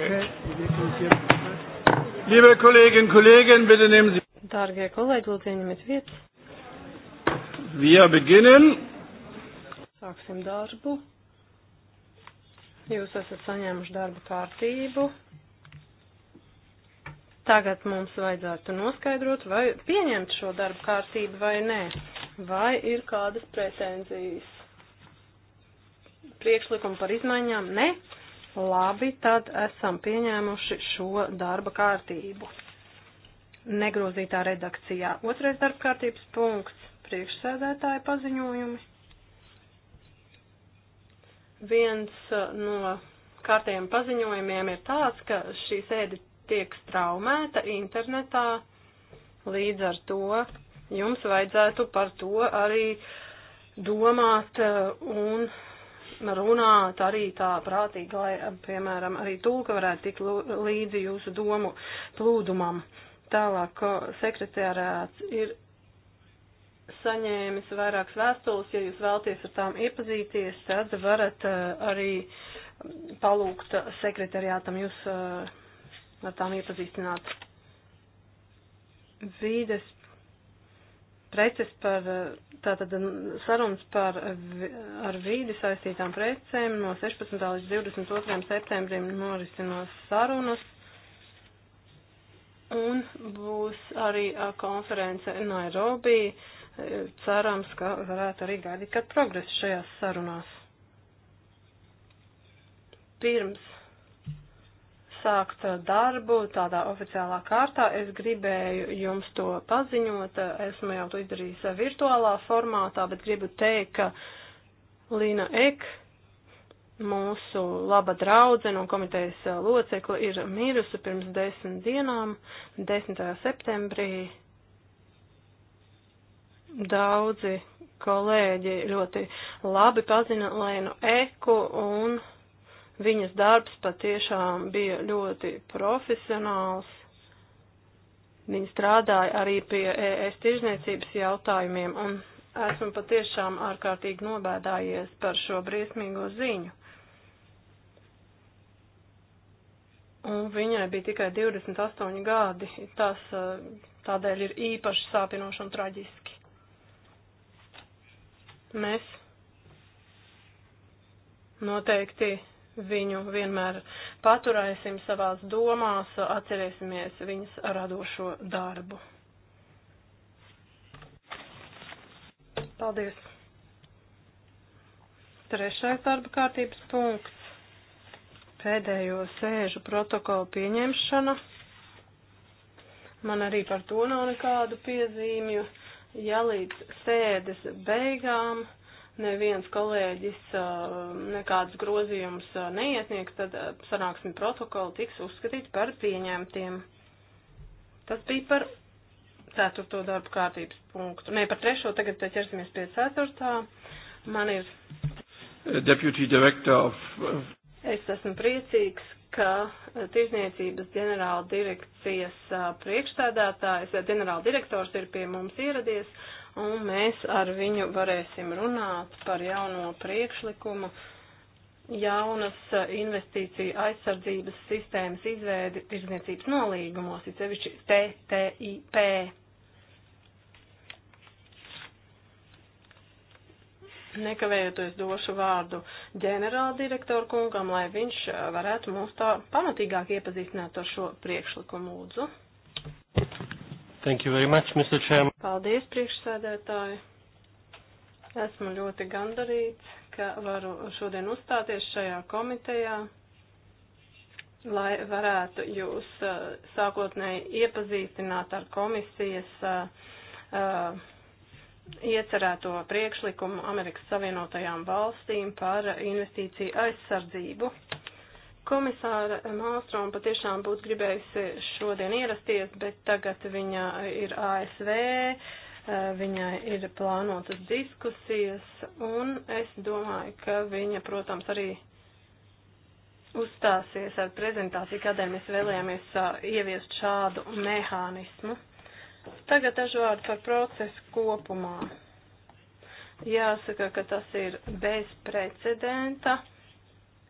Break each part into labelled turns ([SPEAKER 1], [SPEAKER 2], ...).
[SPEAKER 1] Okay. Liebe Kolleginnen und Kollegen, bitte nehmen Sie.
[SPEAKER 2] Dārgie kolēģi, lūdzu, ieņemiet vietu.
[SPEAKER 1] Wir beginnen.
[SPEAKER 2] Sāksim darbu. Jūs esat saņēmuši darba kārtību. Tagad mums vajadzētu noskaidrot, vai pieņemt šo darba kārtību vai nē. Vai ir kādas pretenzijas? Priekšlikumi par izmaiņām? Nē. Labi, tad esam pieņēmuši šo darba kārtību. Negrozītā redakcijā. Otrais darba kārtības punkts - priekšsēdētāja paziņojumi. Viens uh, no kārtējiem paziņojumiem ir tāds, ka šī sēde tiek straumēta internetā, līdz ar to jums vajadzētu par to arī domāt uh, un runāt arī tā prātīgi, lai, piemēram, arī tulka varētu tikt līdzi jūsu domu plūdumam. Tālāk sekretārāts ir saņēmis vairākas vēstules, ja jūs vēlties ar tām iepazīties, tad varat eh, arī palūgt sekretariātam jūs eh, ar tām iepazīstināt. Vīdes preces par uh, Tātad sarunas par ar vīdi saistītām precēm no 16. līdz 22. septembrim norisinās sarunas. Un būs arī konference Nairobi. Cerams, ka varētu arī gaidīt kādu progresu šajās sarunās. Pirms atsākt darbu tādā oficiālā kārtā. Es gribēju jums to paziņot, esmu jau to izdarījis virtuālā formātā, bet gribu teikt, ka Līna Ek, mūsu laba draudzene un komitejas locekla, ir mirusi pirms desmit dienām, 10. septembrī. Daudzi kolēģi ļoti labi pazina Lēnu Eku un Viņas darbs patiešām bija ļoti profesionāls. Viņa strādāja arī pie ES tirzniecības jautājumiem, un esmu patiešām ārkārtīgi nobēdājies par šo briesmīgo ziņu. Un viņai bija tikai 28 gadi, tas eh, tādēļ ir īpaši sāpinoši un traģiski. Mēs noteikti viņu vienmēr paturēsim savās domās, atcerēsimies viņas radošo darbu. Paldies! Trešais darba kārtības punkts - pēdējo sēžu protokolu pieņemšana. Man arī par to nav nekādu piezīmju. Ja līdz sēdes beigām neviens kolēģis nekādus grozījumus neiesniegs, tad sanāksmi protokoli tiks uzskatīt par pieņemtiem. Tas bija par ceturto darbu kārtības punktu. Nē, par trešo tagad ķersimies pie ceturtā. Man ir. Uh,
[SPEAKER 3] deputy Director of.
[SPEAKER 2] Uh, es esmu priecīgs, ka Tirzniecības ģenerāla direkcijas priekšstādātājs, ģenerāla direktors ir pie mums ieradies un mēs ar viņu varēsim runāt par jauno priekšlikumu, jaunas eh, investīcija aizsardzības sistēmas izveidi tirzniecības nolīgumos, it sevišķi TTIP. Nekavējoties došu vārdu ģenerāldirektoru kungam, lai viņš eh, varētu mūs tā pamatīgāk iepazīstināt ar šo priekšlikumu lūdzu. Thank you very much, Mr. Chairman. Paldies, priekšsēdētāji. Esmu ļoti gandarīts, ka varu šodien uzstāties šajā komitejā, lai varētu jūs sākotnēji iepazīstināt ar komisijas uh, iecerēto priekšlikumu Amerikas Savienotajām valstīm par investīciju aizsardzību. Komisāra Mālstroma patiešām būtu gribējusi šodien ierasties, bet tagad viņa ir ASV, viņai ir plānotas diskusijas, un es domāju, ka viņa, protams, arī uzstāsies ar prezentāciju, kādēļ mēs vēlējāmies ieviest šādu mehānismu. Tagad dažu vārdu par procesu kopumā. Jāsaka, ka tas ir bez precedenta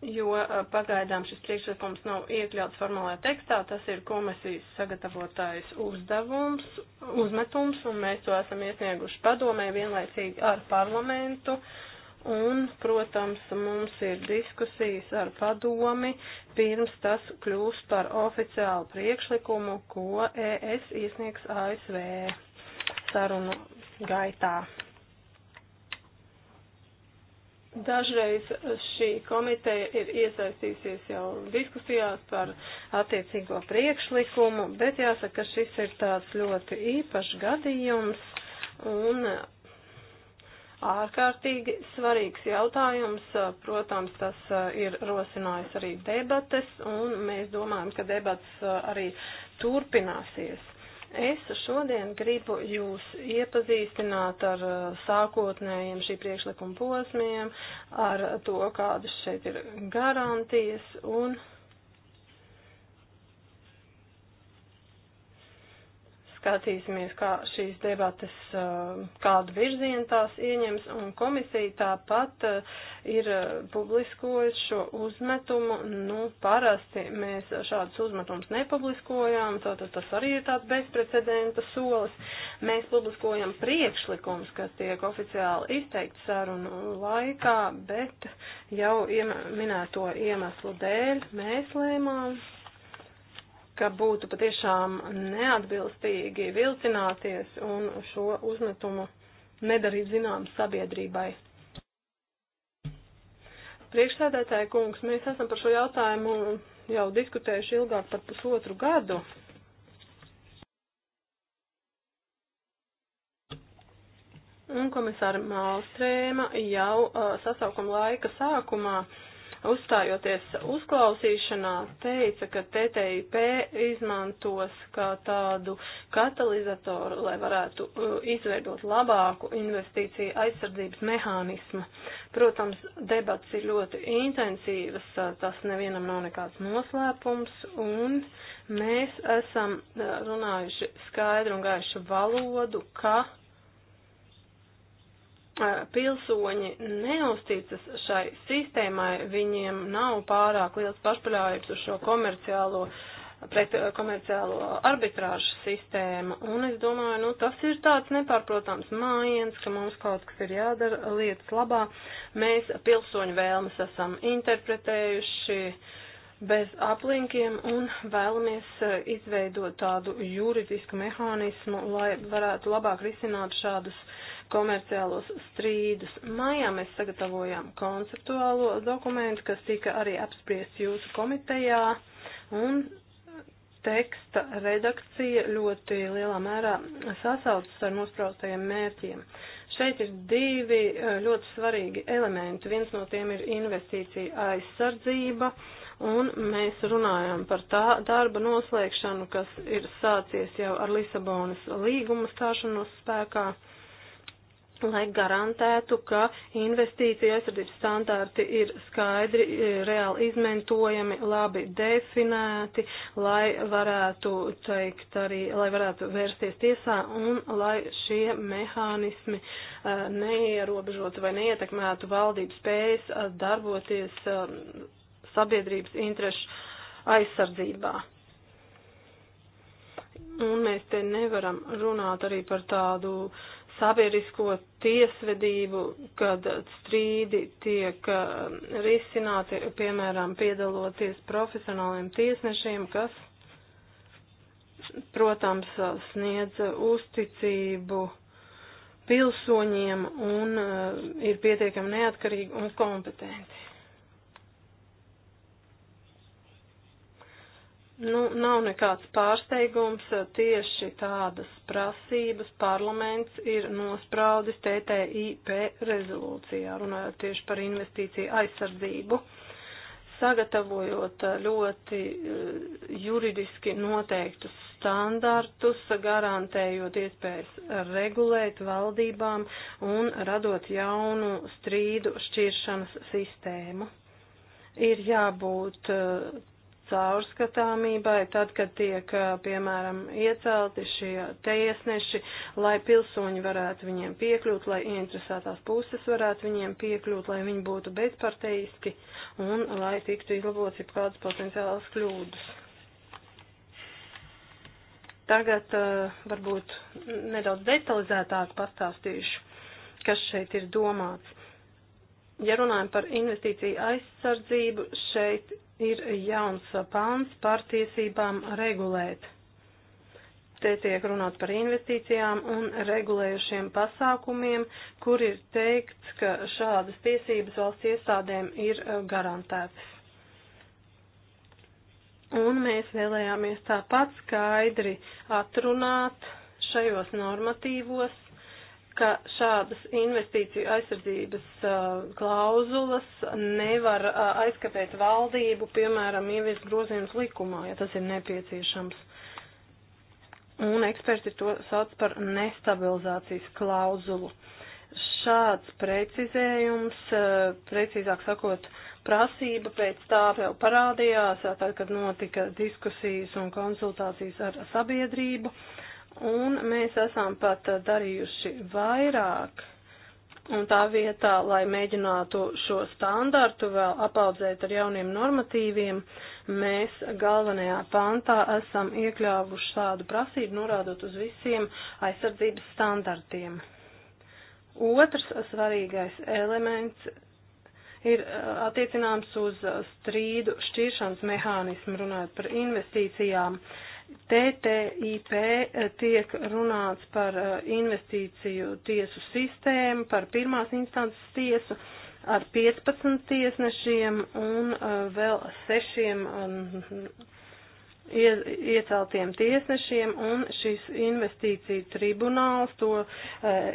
[SPEAKER 2] jo eh, pagaidām šis priekšlikums nav iekļauts formālajā tekstā, tas ir komisijas sagatavotājs uzdevums, uzmetums, un mēs to esam iesnieguši padomē vienlaicīgi ar parlamentu. Un, protams, mums ir diskusijas ar padomi, pirms tas kļūs par oficiālu priekšlikumu, ko ES iesniegs ASV sarunu gaitā. Dažreiz šī komiteja ir iesaistīsies jau diskusijās par attiecīgo priekšlikumu, bet jāsaka, ka šis ir tāds ļoti īpašs gadījums un ārkārtīgi svarīgs jautājums. Protams, tas uh, ir rosinājis arī debates un mēs domājam, ka debates uh, arī turpināsies. Es šodien gribu jūs iepazīstināt ar uh, sākotnējiem šī priekšlikuma posmiem, ar to, kādas šeit ir garantijas un. skatīsimies, kā šīs debates, uh, kādu virzienu tās ieņems, un komisija tāpat uh, ir uh, publiskojuši šo uzmetumu. Nu, parasti mēs šādus uzmetumus nepubliskojām, tātad tas arī ir tāds bezprecedenta solis. Mēs publiskojam priekšlikums, kas tiek oficiāli izteikts sarunu laikā, bet jau minēto iemeslu dēļ mēs lēmām ka būtu patiešām neatbilstīgi vilcināties un šo uzmetumu nedarīt zinām sabiedrībai. Priekšsēdētāji kungs, mēs esam par šo jautājumu jau diskutējuši ilgāk par pusotru gadu. Un komisāra Mālstrēma jau uh, sasaukuma laika sākumā uh, uzstājoties uzklausīšanā, teica, ka TTIP izmantos kā tādu katalizatoru, lai varētu uh, izveidot labāku investīciju aizsardzības mehānismu. Protams, debats ir ļoti intensīvas, uh, tas nevienam nav nekāds noslēpums, un mēs esam uh, runājuši skaidru un gaišu valodu, ka Eh, pilsoņi neusticas šai sistēmai, viņiem nav pārāk liels pašpaļājums uz šo komerciālo uh, pret eh, komerciālo arbitrāžu sistēmu. Un es domāju, nu, tas ir tāds nepārprotams mājiens, ka mums kaut kas ir jādara lietas labā. Mēs pilsoņu vēlmes esam interpretējuši bez aplinkiem un vēlamies eh, izveidot tādu juridisku mehānismu, lai varētu labāk risināt šādus uh, komerciālos strīdus. Mājā mēs sagatavojām konceptuālo dokumentu, kas tika arī apspriests jūsu komitejā, un teksta redakcija ļoti lielā mērā sasaucas ar nospraustajiem mērķiem. Šeit ir divi eh, ļoti svarīgi elementi. Viens no tiem ir investīcija aizsardzība, un mēs runājam par tā darba noslēgšanu, kas ir sācies jau ar Lisabonas līgumu stāšanos spēkā lai garantētu, ka investīcija aizsardzības standarti ir skaidri, e, reāli izmantojami, labi definēti, lai varētu teikt arī, lai varētu vērsties tiesā un lai šie mehānismi e, neierobežotu vai neietekmētu valdības spējas e, darboties sabiedrības interešu aizsardzībā. Un mēs te nevaram runāt arī par tādu uh, sabiedrisko tiesvedību, kad strīdi tiek um, risināti, piemēram, piedaloties profesionāliem tiesnešiem, kas, protams, sniedz uzticību pilsoņiem un uh, ir pietiekami neatkarīgi un kompetenti. Nu, nav nekāds pārsteigums, tieši tādas prasības parlaments ir nospraudis TTIP rezolūcijā, runājot tieši par investīciju aizsardzību, sagatavojot ļoti eh, juridiski noteiktus standartus, garantējot iespējas regulēt valdībām un radot jaunu strīdu šķiršanas sistēmu. Ir jābūt eh, caurskatāmībai, tad, kad tiek, piemēram, iecelti šie tiesneši, lai pilsoņi varētu viņiem piekļūt, lai interesētās puses varētu viņiem piekļūt, lai viņi būtu bezparteiski un lai tiktu izlabots jau kādas potenciālas kļūdas. Tagad uh, varbūt nedaudz detalizētāk pastāstīšu, kas šeit ir domāts Ja runājam par investīciju aizsardzību, šeit ir jauns pāns par tiesībām regulēt. Te tiek runāts par investīcijām un regulējušiem pasākumiem, kur ir teikts, ka šādas tiesības valsts iestādēm ir eh, garantētas. Un mēs vēlējāmies tāpat skaidri atrunāt šajos normatīvos ka šādas investīciju aizsardzības klauzulas nevar aizkavēt valdību, piemēram, ieviest grozījums likumā, ja tas ir nepieciešams. Un eksperti to sauc par nestabilizācijas klauzulu. Šāds precizējums, precīzāk sakot, prasība pēc tā jau parādījās, tad, kad notika diskusijas un konsultācijas ar sabiedrību. Uh, Un mēs esam pat darījuši vairāk. Un tā vietā, lai mēģinātu šo standartu vēl apaudzēt ar jauniem normatīviem, mēs galvenajā pantā esam iekļāvuši tādu prasību, norādot uz visiem aizsardzības standartiem. Otrs svarīgais elements ir uh, attiecināms uz strīdu šķiršanas mehānismu, runājot par investīcijām. Uh, TTIP eh, tiek runāts par eh, investīciju tiesu sistēmu, par pirmās instances tiesu ar 15 tiesnešiem un eh, vēl sešiem mm, ieceltiem tiesnešiem, un šis investīcija tribunāls to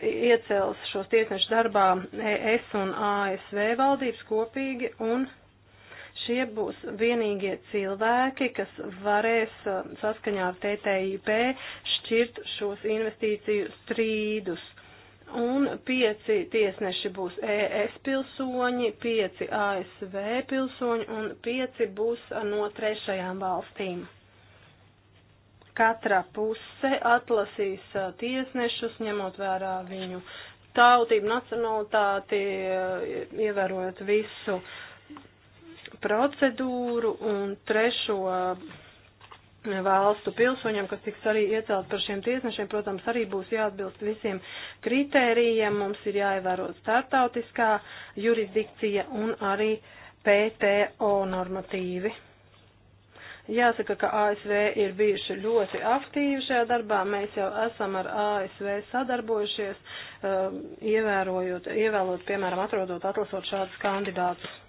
[SPEAKER 2] iecels šos tiesnešu darbā ES un ASV valdības kopīgi, un Šie būs vienīgie cilvēki, kas varēs uh, saskaņā ar TTIP šķirt šos investīciju strīdus. Un pieci tiesneši būs ES pilsoņi, pieci ASV pilsoņi un pieci būs no trešajām valstīm katra puse atlasīs uh, tiesnešus, ņemot vērā viņu tautību, nacionalitāti, uh, ievērojot visu uh, procedūru un trešo eh, valstu pilsoņiem, kas tiks arī iecelt par šiem tiesnešiem, protams, arī būs jāatbilst visiem kritērijiem, mums ir jāievēro startautiskā jurisdikcija un arī PTO normatīvi. Jāsaka, ka ASV ir bijuši ļoti aktīvi šajā darbā, mēs jau esam ar ASV sadarbojušies, eh, ievērojot, ievēlot, piemēram, atrodot, atlasot šādus kandidātus.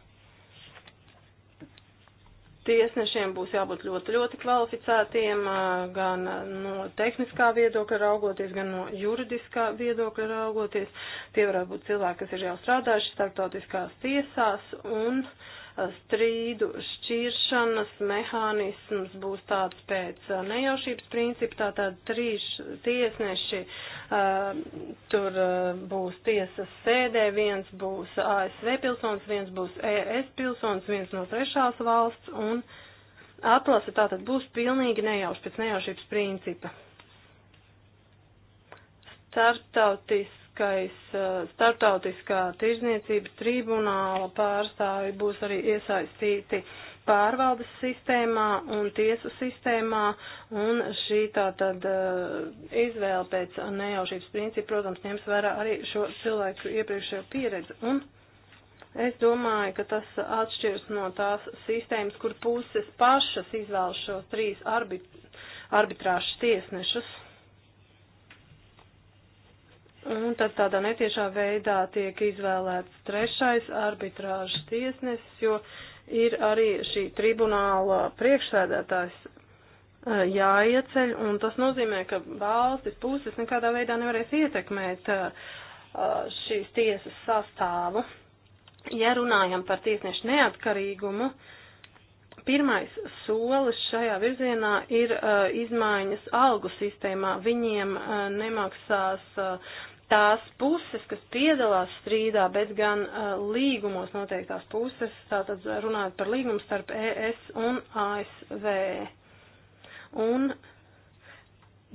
[SPEAKER 2] Tiesnešiem būs jābūt ļoti, ļoti kvalificētiem, gan no tehniskā viedokļa raugoties, gan no juridiskā viedokļa raugoties. Tie varētu būt cilvēki, kas ir jau strādājuši starptautiskās tiesās un uh, strīdu šķiršanas mehānisms būs tāds pēc uh, nejaušības principa, tātad trīs tiesneši uh, tur uh, būs tiesas sēdē, viens būs ASV pilsonis, viens būs ES pilsonis, viens no trešās valsts un atlase tātad būs pilnīgi nejauši pēc nejaušības principa. Starptautis starptautiskais, starptautiskā tirzniecības tribunāla pārstāvi būs arī iesaistīti pārvaldes sistēmā un tiesu sistēmā, un šī tā tad eh, izvēle pēc nejaušības principa, protams, ņems vērā arī šo cilvēku iepriekšējo pieredzi. Un es domāju, ka tas atšķirs no tās sistēmas, kur puses pašas izvēlas šos trīs arbit, arbitrāžu tiesnešus. Un tad tādā netiešā veidā tiek izvēlēts trešais arbitrāžas tiesnesis, jo ir arī šī tribunāla priekšsēdētājs eh, jāieceļ, un tas nozīmē, ka valstis puses nekādā veidā nevarēs ietekmēt eh, eh, šīs tiesas sastāvu. Ja runājam par tiesnešu neatkarīgumu, pirmais solis šajā virzienā ir uh, izmaiņas algu sistēmā. Viņiem uh, nemaksās uh, tās puses, kas piedalās strīdā, bet gan uh, līgumos noteiktās puses, tātad runājot par līgumu starp ES un ASV. Un,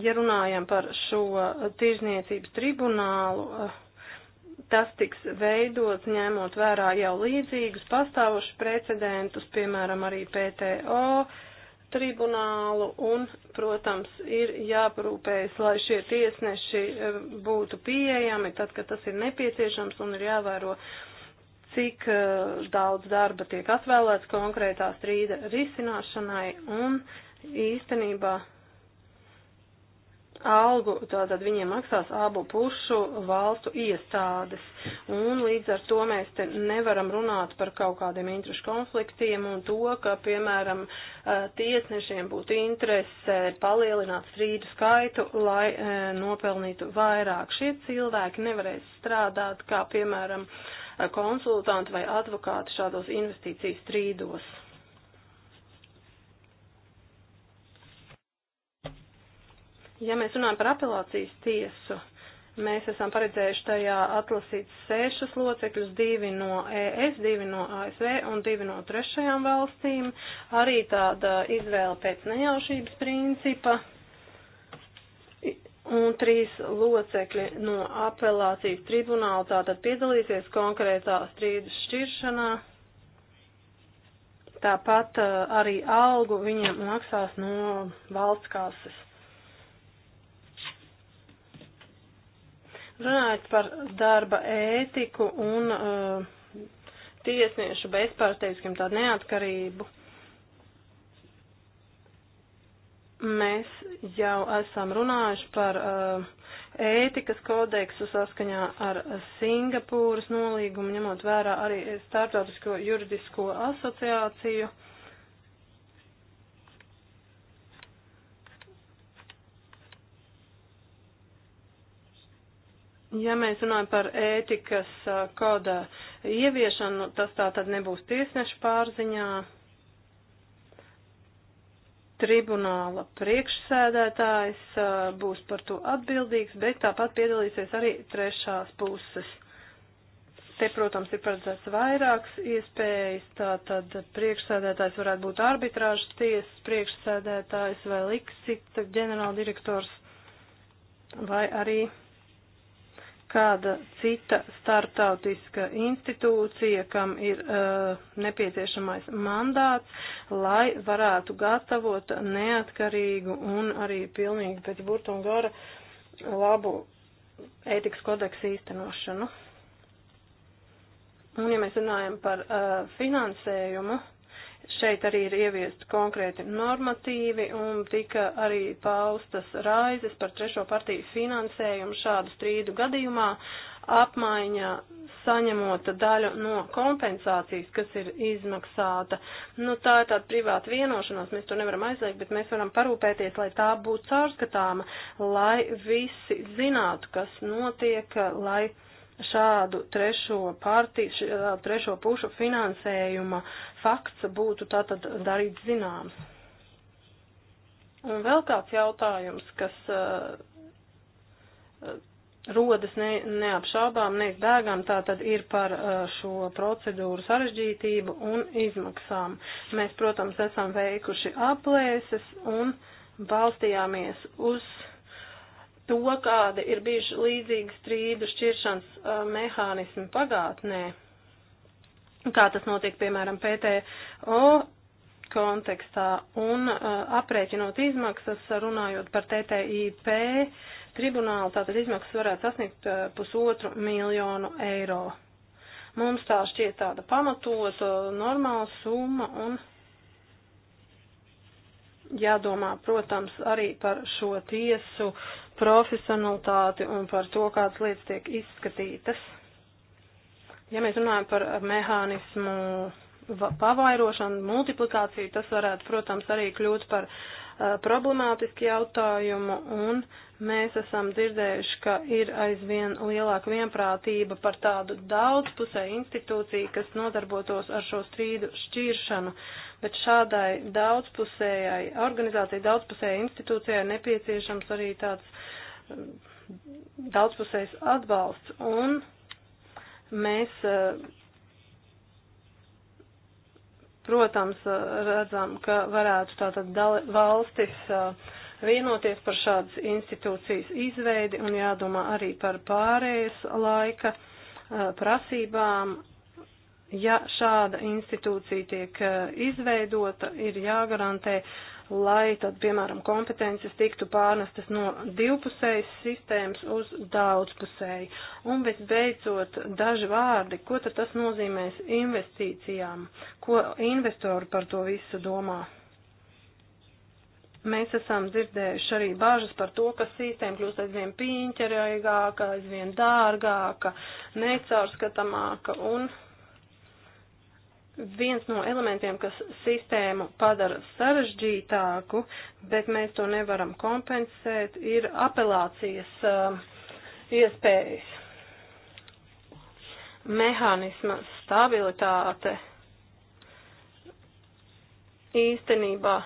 [SPEAKER 2] ja runājam par šo uh, tirzniecības tribunālu, uh, tas tiks veidots ņemot vērā jau līdzīgus pastāvošus precedentus, piemēram, arī PTO, uh, tribunālu un, protams, ir jāparūpējas, lai šie tiesneši eh, būtu pieejami tad, kad tas ir nepieciešams un ir jāvēro, cik eh, daudz darba tiek atvēlēts konkrētā strīda risināšanai un īstenībā algu, tātad viņiem maksās abu pušu valstu iestādes. Un līdz ar to mēs te nevaram runāt par kaut kādiem interešu konfliktiem un to, ka, piemēram, tiesnešiem būtu interese palielināt strīdu skaitu, lai nopelnītu vairāk. Šie cilvēki nevarēs strādāt kā, piemēram, konsultanti vai advokāti šādos investīciju strīdos. Ja mēs runājam par apelācijas tiesu, mēs esam paredzējuši tajā atlasīt sešus locekļus, divi no ES, divi no ASV un divi no trešajām valstīm. Arī tāda izvēle pēc nejaušības principa. Un trīs locekļi no apelācijas tribunāla tātad piedalīsies konkrētā strīdus šķiršanā. Tāpat eh, arī algu viņiem maksās no valsts kases. Runājot par darba ētiku un uh, tiesniešu bezpārteiskiem tādu neatkarību, mēs jau esam runājuši par uh, ētikas kodeksu saskaņā ar Singapūras nolīgumu, ņemot vērā arī starptautisko juridisko asociāciju. Uh, Ja mēs runājam par ētikas koda ieviešanu, tas tā tad nebūs tiesneša pārziņā. Tribunāla priekšsēdētājs būs par to atbildīgs, bet tāpat piedalīsies arī trešās puses. Te, protams, ir paredzēts vairākas iespējas, tā tad priekšsēdētājs varētu būt arbitrāžas tiesas priekšsēdētājs vai liksita ģenerāldirektors vai arī kāda cita startautiska institūcija, kam ir uh, nepieciešamais mandāts, lai varētu gatavot neatkarīgu un arī pilnīgi pēc burtu un gara labu ētikas kodeksu īstenošanu. Un ja mēs runājam par uh, finansējumu, uh, Šeit arī ir ieviest konkrēti normatīvi un tika arī paustas raizes par trešo partiju finansējumu šādu strīdu gadījumā apmaiņā saņemot daļu no kompensācijas, kas ir izmaksāta. Nu, tā ir tāda privāta vienošanās, mēs to nevaram aizliegt, bet mēs varam parūpēties, lai tā būtu caurskatāma, lai visi zinātu, kas notiek, lai šādu trešo partiju, šādu trešo pušu finansējuma fakts būtu tātad darīts zināms. Un vēl kāds jautājums, kas uh, rodas ne, neapšābām, neizbēgām, tā tad ir par uh, šo procedūru sarežģītību un izmaksām. Mēs, protams, esam veikuši aplēses un balstījāmies uz uh, to, kāda ir bijuši līdzīgi strīdu šķiršanas uh, mehānismi pagātnē, kā tas notiek, piemēram, PTO kontekstā un uh, aprēķinot izmaksas, runājot par TTIP, tribunālu tātad izmaksas varētu sasniegt uh, pusotru miljonu eiro. Mums tā šķiet tāda pamatota, normāla summa un jādomā, protams, arī par šo tiesu profesionalitāti un par to, kādas lietas tiek izskatītas. Ja mēs runājam par mehānismu pavairošanu, multiplikāciju, tas varētu, protams, arī kļūt par uh, Uh, problemātiski jautājumu, un mēs esam dzirdējuši, ka ir aizvien lielāka vienprātība par tādu daudzpusēju institūciju, kas nodarbotos ar šo strīdu šķiršanu, bet šādai daudzpusējai organizācijai, daudzpusējai institūcijai nepieciešams arī tāds um, daudzpusējs atbalsts, un mēs uh, Protams, redzam, ka varētu tātad valstis vienoties par šādas institūcijas izveidi un jādomā arī par pārējais laika prasībām. Ja šāda institūcija tiek izveidota, ir jāgarantē lai tad, piemēram, kompetences tiktu pārnestas no divpusējas sistēmas uz daudzpusēju. Un visbeidzot, daži vārdi, ko tad tas nozīmēs investīcijām, ko investori par to visu domā. Mēs esam dzirdējuši arī bāžas par to, ka sistēma kļūst aizvien pīņķerīgāka, aizvien dārgāka, necaurskatāmāka un viens no elementiem, kas sistēmu padara sarežģītāku, bet mēs to nevaram kompensēt, ir apelācijas uh, iespējas. Mehānisma stabilitāte īstenībā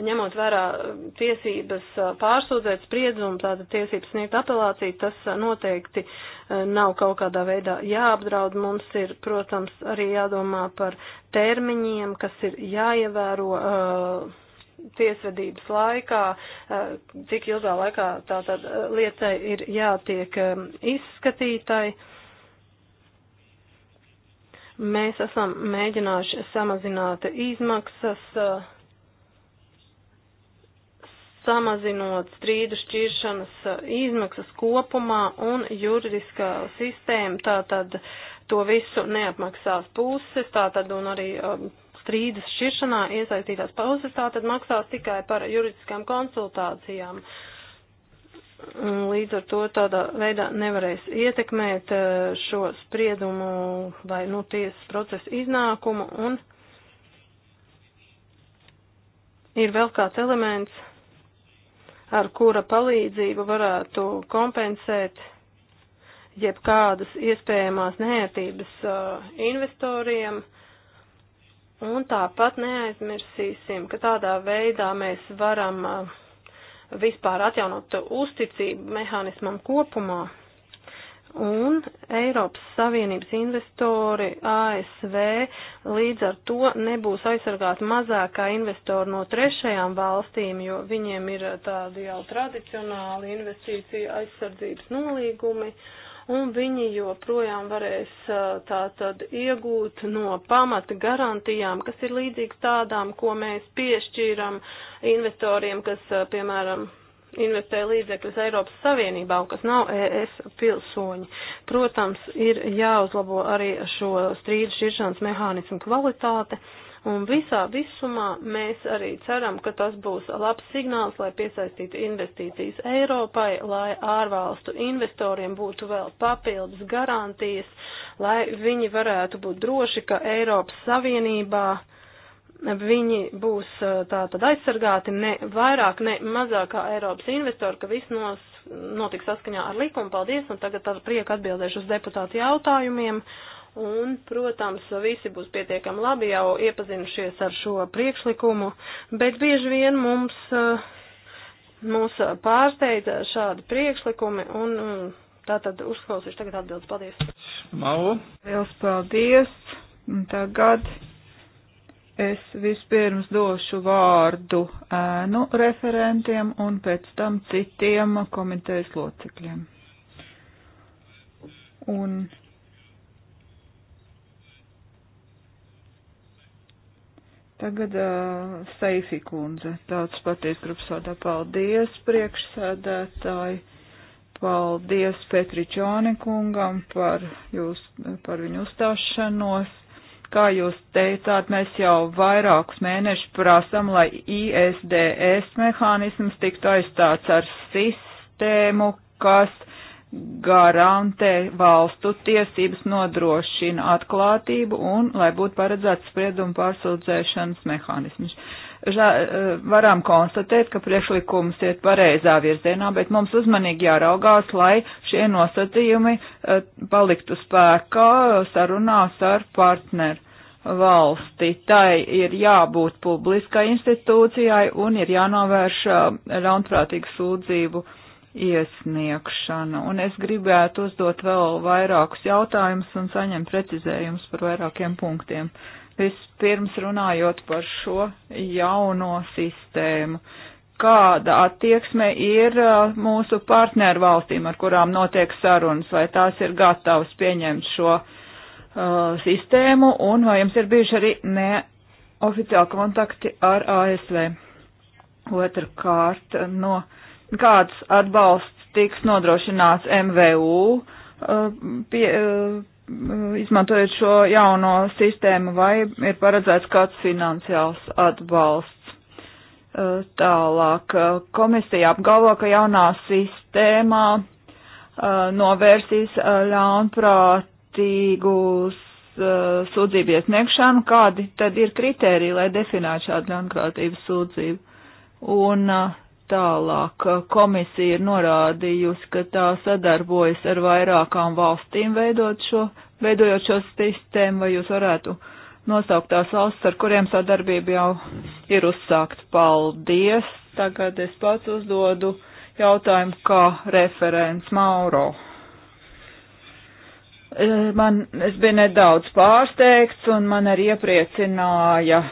[SPEAKER 2] ņemot vērā eh, tiesības eh, pārsūdzēt spriedzumu, tātad tiesības sniegt apelāciju, tas eh, noteikti nav kaut kādā veidā jāapdraud. Mums ir, protams, arī jādomā par termiņiem, kas ir jāievēro uh, tiesvedības laikā, uh, cik ilgā laikā tātad lietai ir jātiek um, izskatītai mēs esam mēģinājuši samazināt izmaksas, samazinot strīdu šķiršanas eh, izmaksas kopumā un juridiskā sistēma tātad to visu neapmaksās puses, tātad un arī um, strīdas šķiršanā iesaistītās puses, tātad maksās tikai par juridiskām konsultācijām. Līdz ar to tādā veidā nevarēs ietekmēt eh, šo spriedumu vai nu tiesas procesu iznākumu un ir vēl kāds elements, ar kura palīdzību varētu kompensēt jebkādas iespējamās nērtības uh, investoriem. Un tāpat neaizmirsīsim, ka tādā veidā mēs varam uh, vispār atjaunot uzticību mehānismam kopumā un Eiropas Savienības investori ASV līdz ar to nebūs aizsargāti mazākā investori no trešajām valstīm, jo viņiem ir eh, tādi jau tradicionāli investīcija aizsardzības nolīgumi. Un viņi joprojām varēs eh, tātad iegūt no pamata garantijām, kas ir līdzīgas tādām, ko mēs piešķīram investoriem, kas, eh, piemēram, investē līdzekļus Eiropas Savienībā un kas nav ES pilsoņi. Protams, ir jāuzlabo arī šo strīdu šķiršanas mehānismu kvalitāte. Un visā visumā mēs arī ceram, ka tas būs labs signāls, lai piesaistītu investīcijas Eiropai, lai ārvalstu investoriem būtu vēl papildus garantijas, lai viņi varētu būt droši, ka Eiropas Savienībā viņi būs tātad aizsargāti ne vairāk, ne mazākā Eiropas investori, ka viss nos, notiks saskaņā ar likumu. Paldies, un tagad ar prieku atbildēšu uz deputātu jautājumiem. Un, protams, visi būs pietiekami labi jau iepazinušies ar šo priekšlikumu, bet bieži vien mums, mūs pārsteidza šādi priekšlikumi un mm, tātad uzklausīšu tagad atbildes. Paldies.
[SPEAKER 3] Mau. Liels paldies. Un tagad Es vispirms došu vārdu ēnu referentiem un pēc tam citiem komitejas locekļiem. Un tagad uh, Seifi kundze, tāds paties grupas vārdā, paldies priekšsēdētāji, paldies Petričoni kungam par, jūs, par viņu uzstāšanos kā jūs teicāt, mēs jau vairākus mēnešus prasam, lai ISDS mehānisms tiktu aizstāts ar sistēmu, kas garantē valstu tiesības nodrošina atklātību un lai būtu paredzēts spriedumu pārsūdzēšanas mehānisms ža, e, varam konstatēt, ka priekšlikums iet pareizā virzienā, bet mums uzmanīgi jāraugās, lai šie nosacījumi e, paliktu spēkā sarunās ar partneru valsti. Tai ir jābūt publiskai institūcijai un ir jānovērš e, ļaunprātīgu sūdzību iesniegšanu. Un es gribētu uzdot vēl vairākus jautājumus un saņemt precizējumus par vairākiem punktiem. Uh, Vispirms runājot par šo jauno sistēmu, kāda attieksme ir uh, mūsu partneru valstīm, ar kurām notiek sarunas, vai tās ir gatavas pieņemt šo uh, sistēmu, un vai jums ir bijuši arī neoficiāli kontakti ar ASV. Otrakārt, no kāds atbalsts tiks nodrošināts MVU uh, pie, uh, Mm, izmantojot šo jauno sistēmu, vai ir paredzēts kāds finansiāls atbalsts. Eh, tālāk eh, komisija apgalvo, ka jaunā sistēmā eh, novērsīs ļaunprātīgus sūdzību iesniegšanu, kādi tad ir kriteriji, lai definētu šādu ļaunprātību sūdzību. Un uh, tālāk. Komisija ir norādījusi, ka tā sadarbojas ar vairākām valstīm veidot šo, veidojot šo sistēmu, vai jūs varētu nosaukt tās valsts, ar kuriem sadarbība jau ir uzsākt. Paldies! Tagad es pats uzdodu jautājumu kā referents Mauro. Eh, man, es biju nedaudz pārsteigts un man arī iepriecināja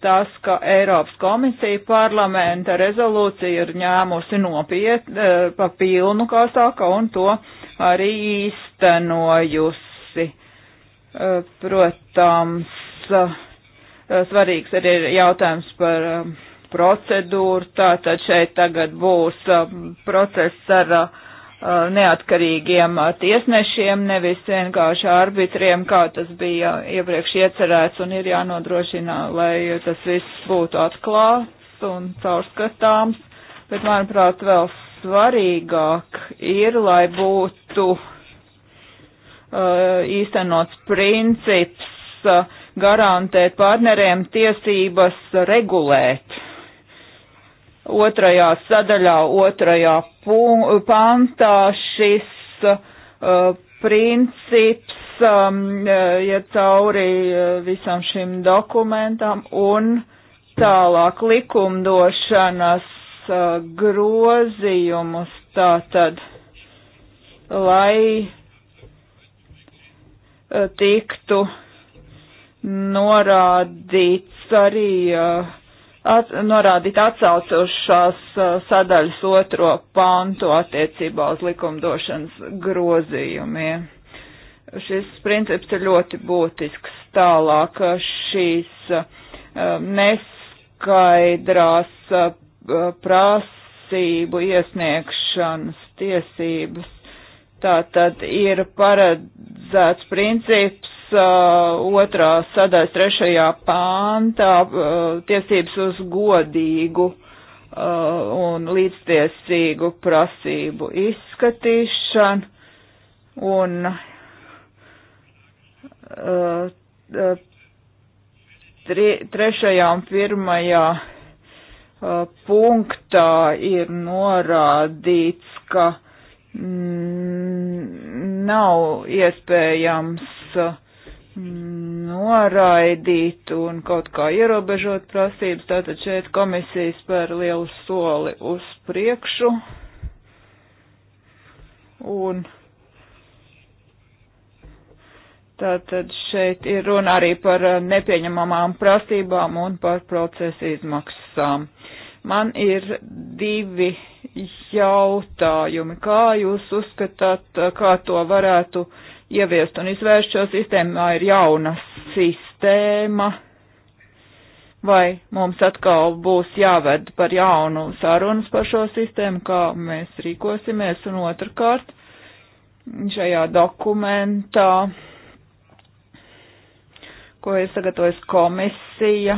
[SPEAKER 3] tas, ka Eiropas komisija parlamenta rezolūcija ir ņēmusi nopiet e, pa pilnu, kā saka, un to arī īstenojusi. E, protams, e, svarīgs arī ir jautājums par procedūru, tātad šeit tagad būs process ar Uh, neatkarīgiem uh, tiesnešiem, nevis vienkārši arbitriem, kā tas bija iepriekš iecerēts, un ir jānodrošina, lai tas viss būtu atklāts un caurskatāms. Bet, manuprāt, vēl svarīgāk ir, lai būtu uh, īstenots princips uh, garantēt partneriem tiesības regulēt otrajā sadaļā, otrajā pantā šis uh, princips um, ja uh, cauri uh, visam šim dokumentam un tālāk likumdošanas uh, grozījumus tātad, lai uh, tiktu norādīts arī uh, at, norādīt atsauci uz šās sadaļas otro pantu attiecībā uz likumdošanas grozījumiem. Šis princips ir ļoti būtisks. Tālāk šīs neskaidrās prasību iesniegšanas tiesības. Tātad ir paredzēts princips uh, otrā sadaļas trešajā pāntā uh, tiesības uz godīgu uh, un līdztiesīgu prasību izskatīšanu un uh, uh tri, trešajā un pirmajā uh, punktā ir norādīts, ka mm, nav iespējams uh, noraidīt un kaut kā ierobežot prasības. Tātad šeit komisijas spēr lielu soli uz priekšu. Un tātad šeit ir runa arī par nepieņemamām prasībām un par procesu izmaksām. Man ir divi jautājumi. Kā jūs uzskatāt, kā to varētu uh, ieviest un izvērst šo sistēmu, vai ir jauna sistēma, vai mums atkal būs jāved par jaunu sarunas par šo sistēmu, kā mēs rīkosimies, un otrkārt šajā dokumentā, ko ir sagatavojis komisija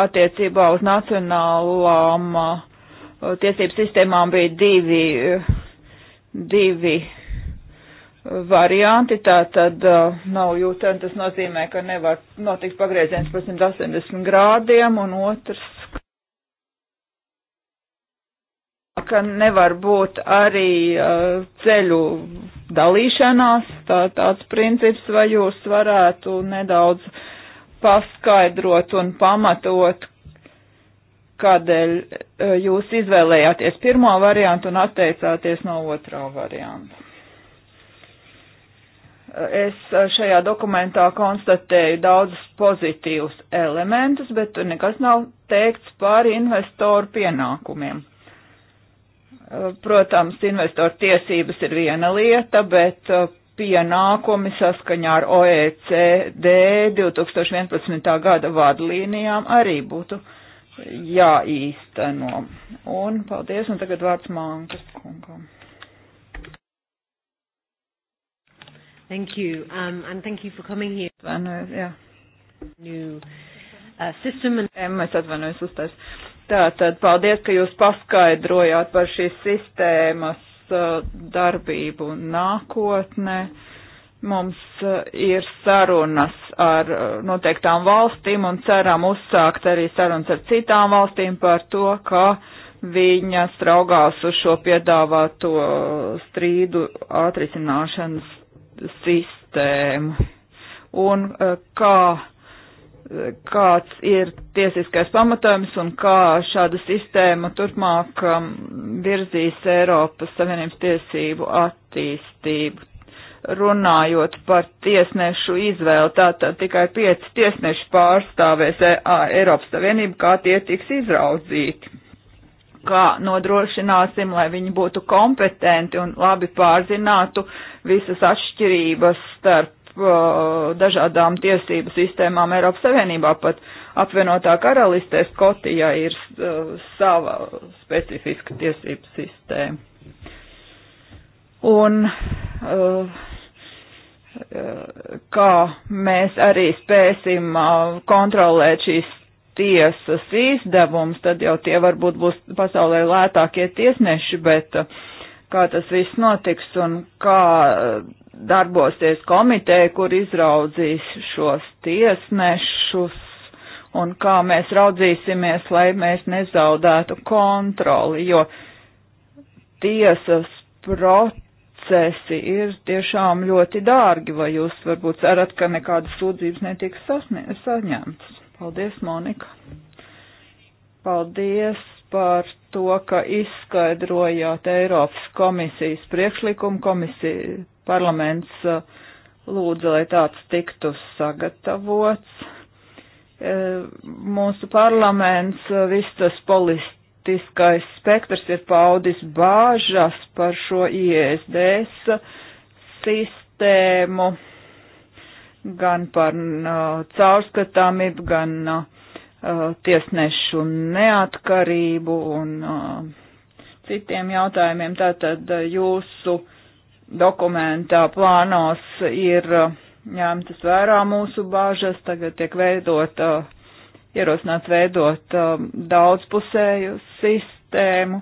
[SPEAKER 3] attiecībā uz nacionālām uh, tiesību sistēmām bija divi uh, divi varianti, tā tad uh, nav jūtama, tas nozīmē, ka nevar notikt pagrieziens par 180 grādiem, un otrs, ka nevar būt arī uh, ceļu dalīšanās, tā, tāds princips, vai jūs varētu nedaudz paskaidrot un pamatot, kādēļ eh, jūs izvēlējāties pirmo variantu un atteicāties no otrā varianta. Eh, es eh, šajā dokumentā konstatēju daudzus pozitīvus elementus, bet tur nekas nav teikts par investoru pienākumiem. Protams, investoru tiesības ir viena lieta, bet pienākumi saskaņā ar OECD 2011. gada vadlīnijām arī būtu uh, jāīsteno. Un paldies, un tagad vārds Mankas kungam. Thank you, um, and thank you for coming here. Atvainojos, jā. New uh, system. And... Es atvainojos uztais. Tātad paldies, ka jūs paskaidrojāt par šīs sistēmas uh, darbību nākotnē. Uh, Mums eh, ir sarunas ar eh, noteiktām valstīm un ceram uzsākt arī sarunas ar citām valstīm par to, kā viņas raugās uz šo piedāvāto strīdu atrisināšanas sistēmu. Un eh, kā, kāds ir tiesiskais pamatojums un kā šāda sistēma turpmāk um, virzīs Eiropas Savienības tiesību attīstību runājot par tiesnešu izvēli, tātad tikai pieci tiesneši pārstāvēs e- Eiropas Savienību, kā tie tiks izraudzīti, kā nodrošināsim, lai viņi būtu kompetenti un labi pārzinātu visas atšķirības starp dažādām tiesību sistēmām Eiropas Savienībā, pat apvienotā karalistē Skotijā ir uh, sava specifiska tiesību sistēma un uh, kā mēs arī spēsim eh, kontrolēt šīs tiesas izdevums, tad jau tie varbūt būs pasaulē lētākie tiesneši, bet kā tas viss notiks un kā darbosies komiteja, kur izraudzīs šos tiesnešus un kā mēs raudzīsimies, lai mēs nezaudētu kontroli, jo tiesas protokols procesi ir tiešām ļoti dārgi, vai jūs varbūt cerat, ka nekādas sūdzības netiks saņemtas? Paldies, Monika. Paldies par to, ka izskaidrojāt Eiropas komisijas priekšlikumu. Komisija, parlaments uh, lūdza, lai tāds tiktu sagatavots. Uh, mūsu parlaments uh, vistas polis politiskais spektrs ir paudis bāžas par šo ISDS e sistēmu, gan par uh, caurskatāmību, gan uh, tiesnešu neatkarību un uh, citiem jautājumiem. Tātad uh, jūsu dokumentā plānos ir uh, ņemtas vērā mūsu bāžas, tagad tiek veidota uh, ierosināts veidot um, daudzpusēju sistēmu.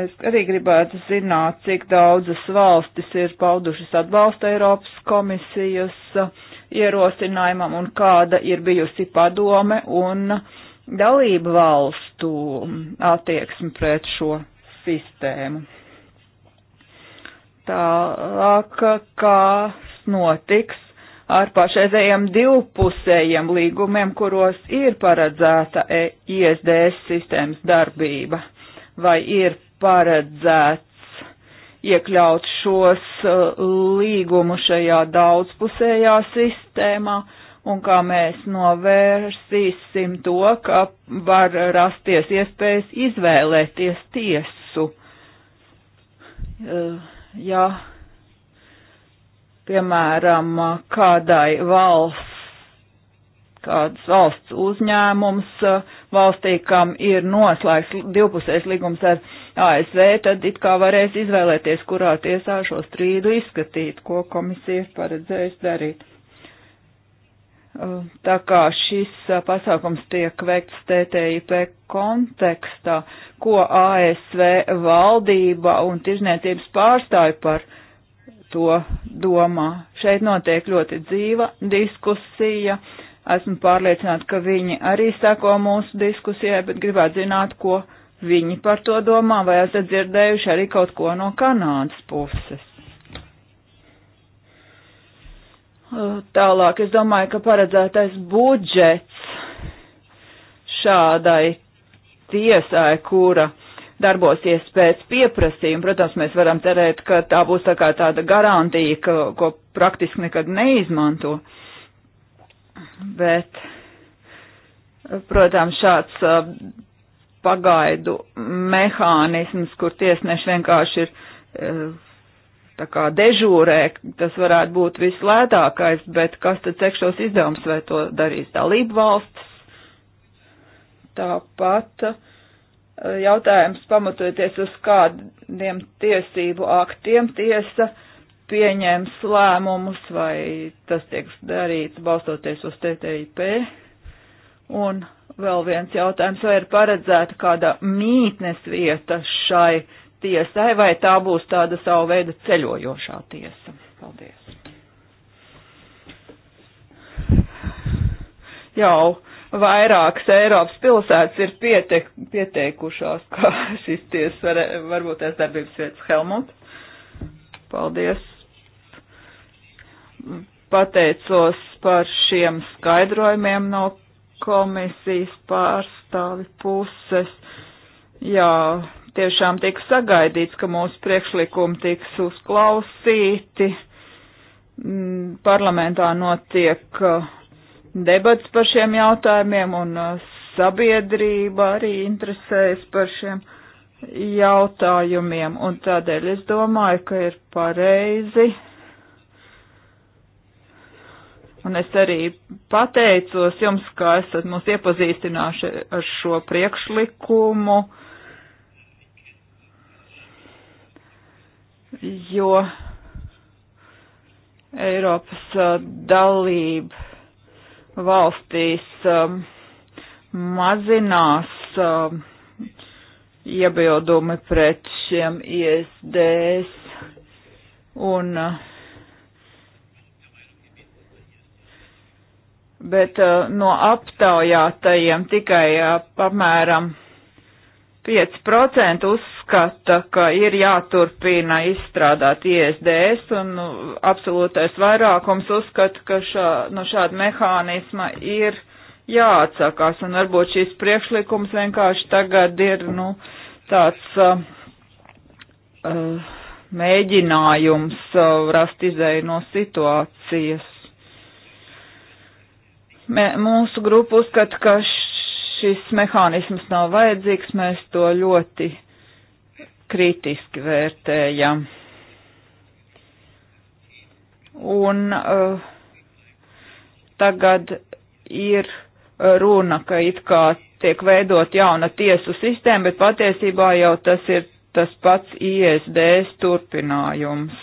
[SPEAKER 3] Es arī gribētu zināt, cik daudzas valstis ir paudušas atbalstu Eiropas komisijas uh, ierosinājumam un kāda ir bijusi padome un dalību valstu attieksme pret šo sistēmu. Tālāk, kā notiks ar pašreizējiem divpusējiem līgumiem, kuros ir paredzēta e- ISDS sistēmas darbība, vai ir paredzēts iekļaut šos uh, līgumu šajā daudzpusējā sistēmā, un kā mēs novērsīsim to, ka var rasties iespējas izvēlēties tiesu. Uh, ja piemēram, kādai valsts, kāds valsts uzņēmums eh, valstī, kam ir noslēgts divpusējs līgums ar ASV, tad it kā varēs izvēlēties, kurā tiesā šo strīdu izskatīt, ko komisija ir paredzējusi darīt. Eh, tā kā šis eh, pasākums tiek veikts TTIP kontekstā, ko ASV valdība un tirzniecības pārstāja par uh, to domā. Šeit notiek ļoti dzīva diskusija. Esmu pārliecināta, ka viņi arī sako mūsu diskusijai, bet gribētu zināt, ko viņi par to domā, vai esat dzirdējuši arī kaut ko no Kanādas puses. Tālāk es domāju, ka paredzētais budžets šādai tiesai, kura darbosies pēc pieprasījuma. Protams, mēs varam cerēt, ka tā būs tā kā tāda garantija, ka, ko praktiski nekad neizmanto. Bet, protams, šāds pagaidu mehānisms, kur tiesneši vienkārši ir tā kā dežūrē, tas varētu būt vislētākais, bet kas tad sekšos izdevums, vai to darīs dalību valsts? Tāpat uh, Eh, jautājums pamatoties uz kādiem tiesību aktiem tiesa pieņems lēmumus, vai tas tiek darīts balstoties uz TTIP. Un vēl viens jautājums, vai ir paredzēta kāda mītnes vieta šai tiesai, vai tā būs tāda savu veidu ceļojošā tiesa. Paldies. Jau vairākas Eiropas pilsētas ir pietek, pieteikušās, kā šis ties var, varbūt aizdarbības vietas Helmut. Paldies. Pateicos par šiem skaidrojumiem no komisijas pārstāvi puses. Jā, tiešām tiks sagaidīts, ka mūsu priekšlikumi tiks uzklausīti. Mm, parlamentā notiek uh, debats par šiem jautājumiem un uh, sabiedrība arī interesējas par šiem jautājumiem. Un tādēļ es domāju, ka ir pareizi. Un es arī pateicos jums, kā esat mūs iepazīstināši ar šo priekšlikumu, jo Eiropas uh, dalība valstīs um, mazinās um, iebildumi pret šiem ISDS un uh, bet uh, no aptaujātajiem tikai uh, apmēram 5% uzskata, ka ir jāturpina izstrādāt ISDS, un nu, absolūtais vairākums uzskata, ka šā, no šāda mehānisma ir jāatsakās, un varbūt šīs priekšlikums vienkārši tagad ir, nu, tāds uh, uh, mēģinājums uh, rast izēju no situācijas. Mē, mūsu grupa uzskata, ka šis mehānisms nav vajadzīgs, mēs to ļoti kritiski vērtējam. Un uh, tagad ir runa, ka it kā tiek veidot jauna tiesu sistēma, bet patiesībā jau tas ir tas pats ISDS turpinājums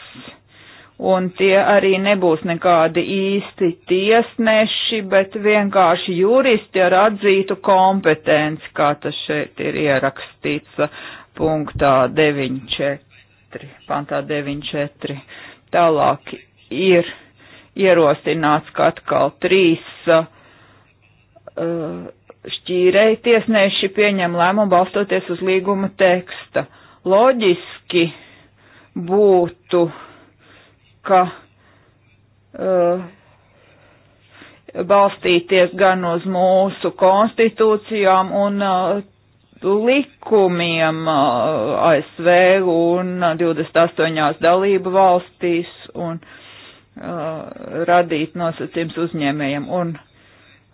[SPEAKER 3] un tie arī nebūs nekādi īsti tiesneši, bet vienkārši juristi ar atzītu kompetenci, kā tas šeit ir ierakstīts uh, punktā 9.4, pantā 9.4. Tālāk ir ierosināts, ka atkal trīs uh, uh šķīrei tiesneši pieņem lēmumu balstoties uz līguma teksta. Loģiski būtu uh, ka uh, balstīties gan uz mūsu konstitūcijām un uh, likumiem uh, ASV un 28 dalību valstīs un uh, radīt nosacījums uzņēmējiem un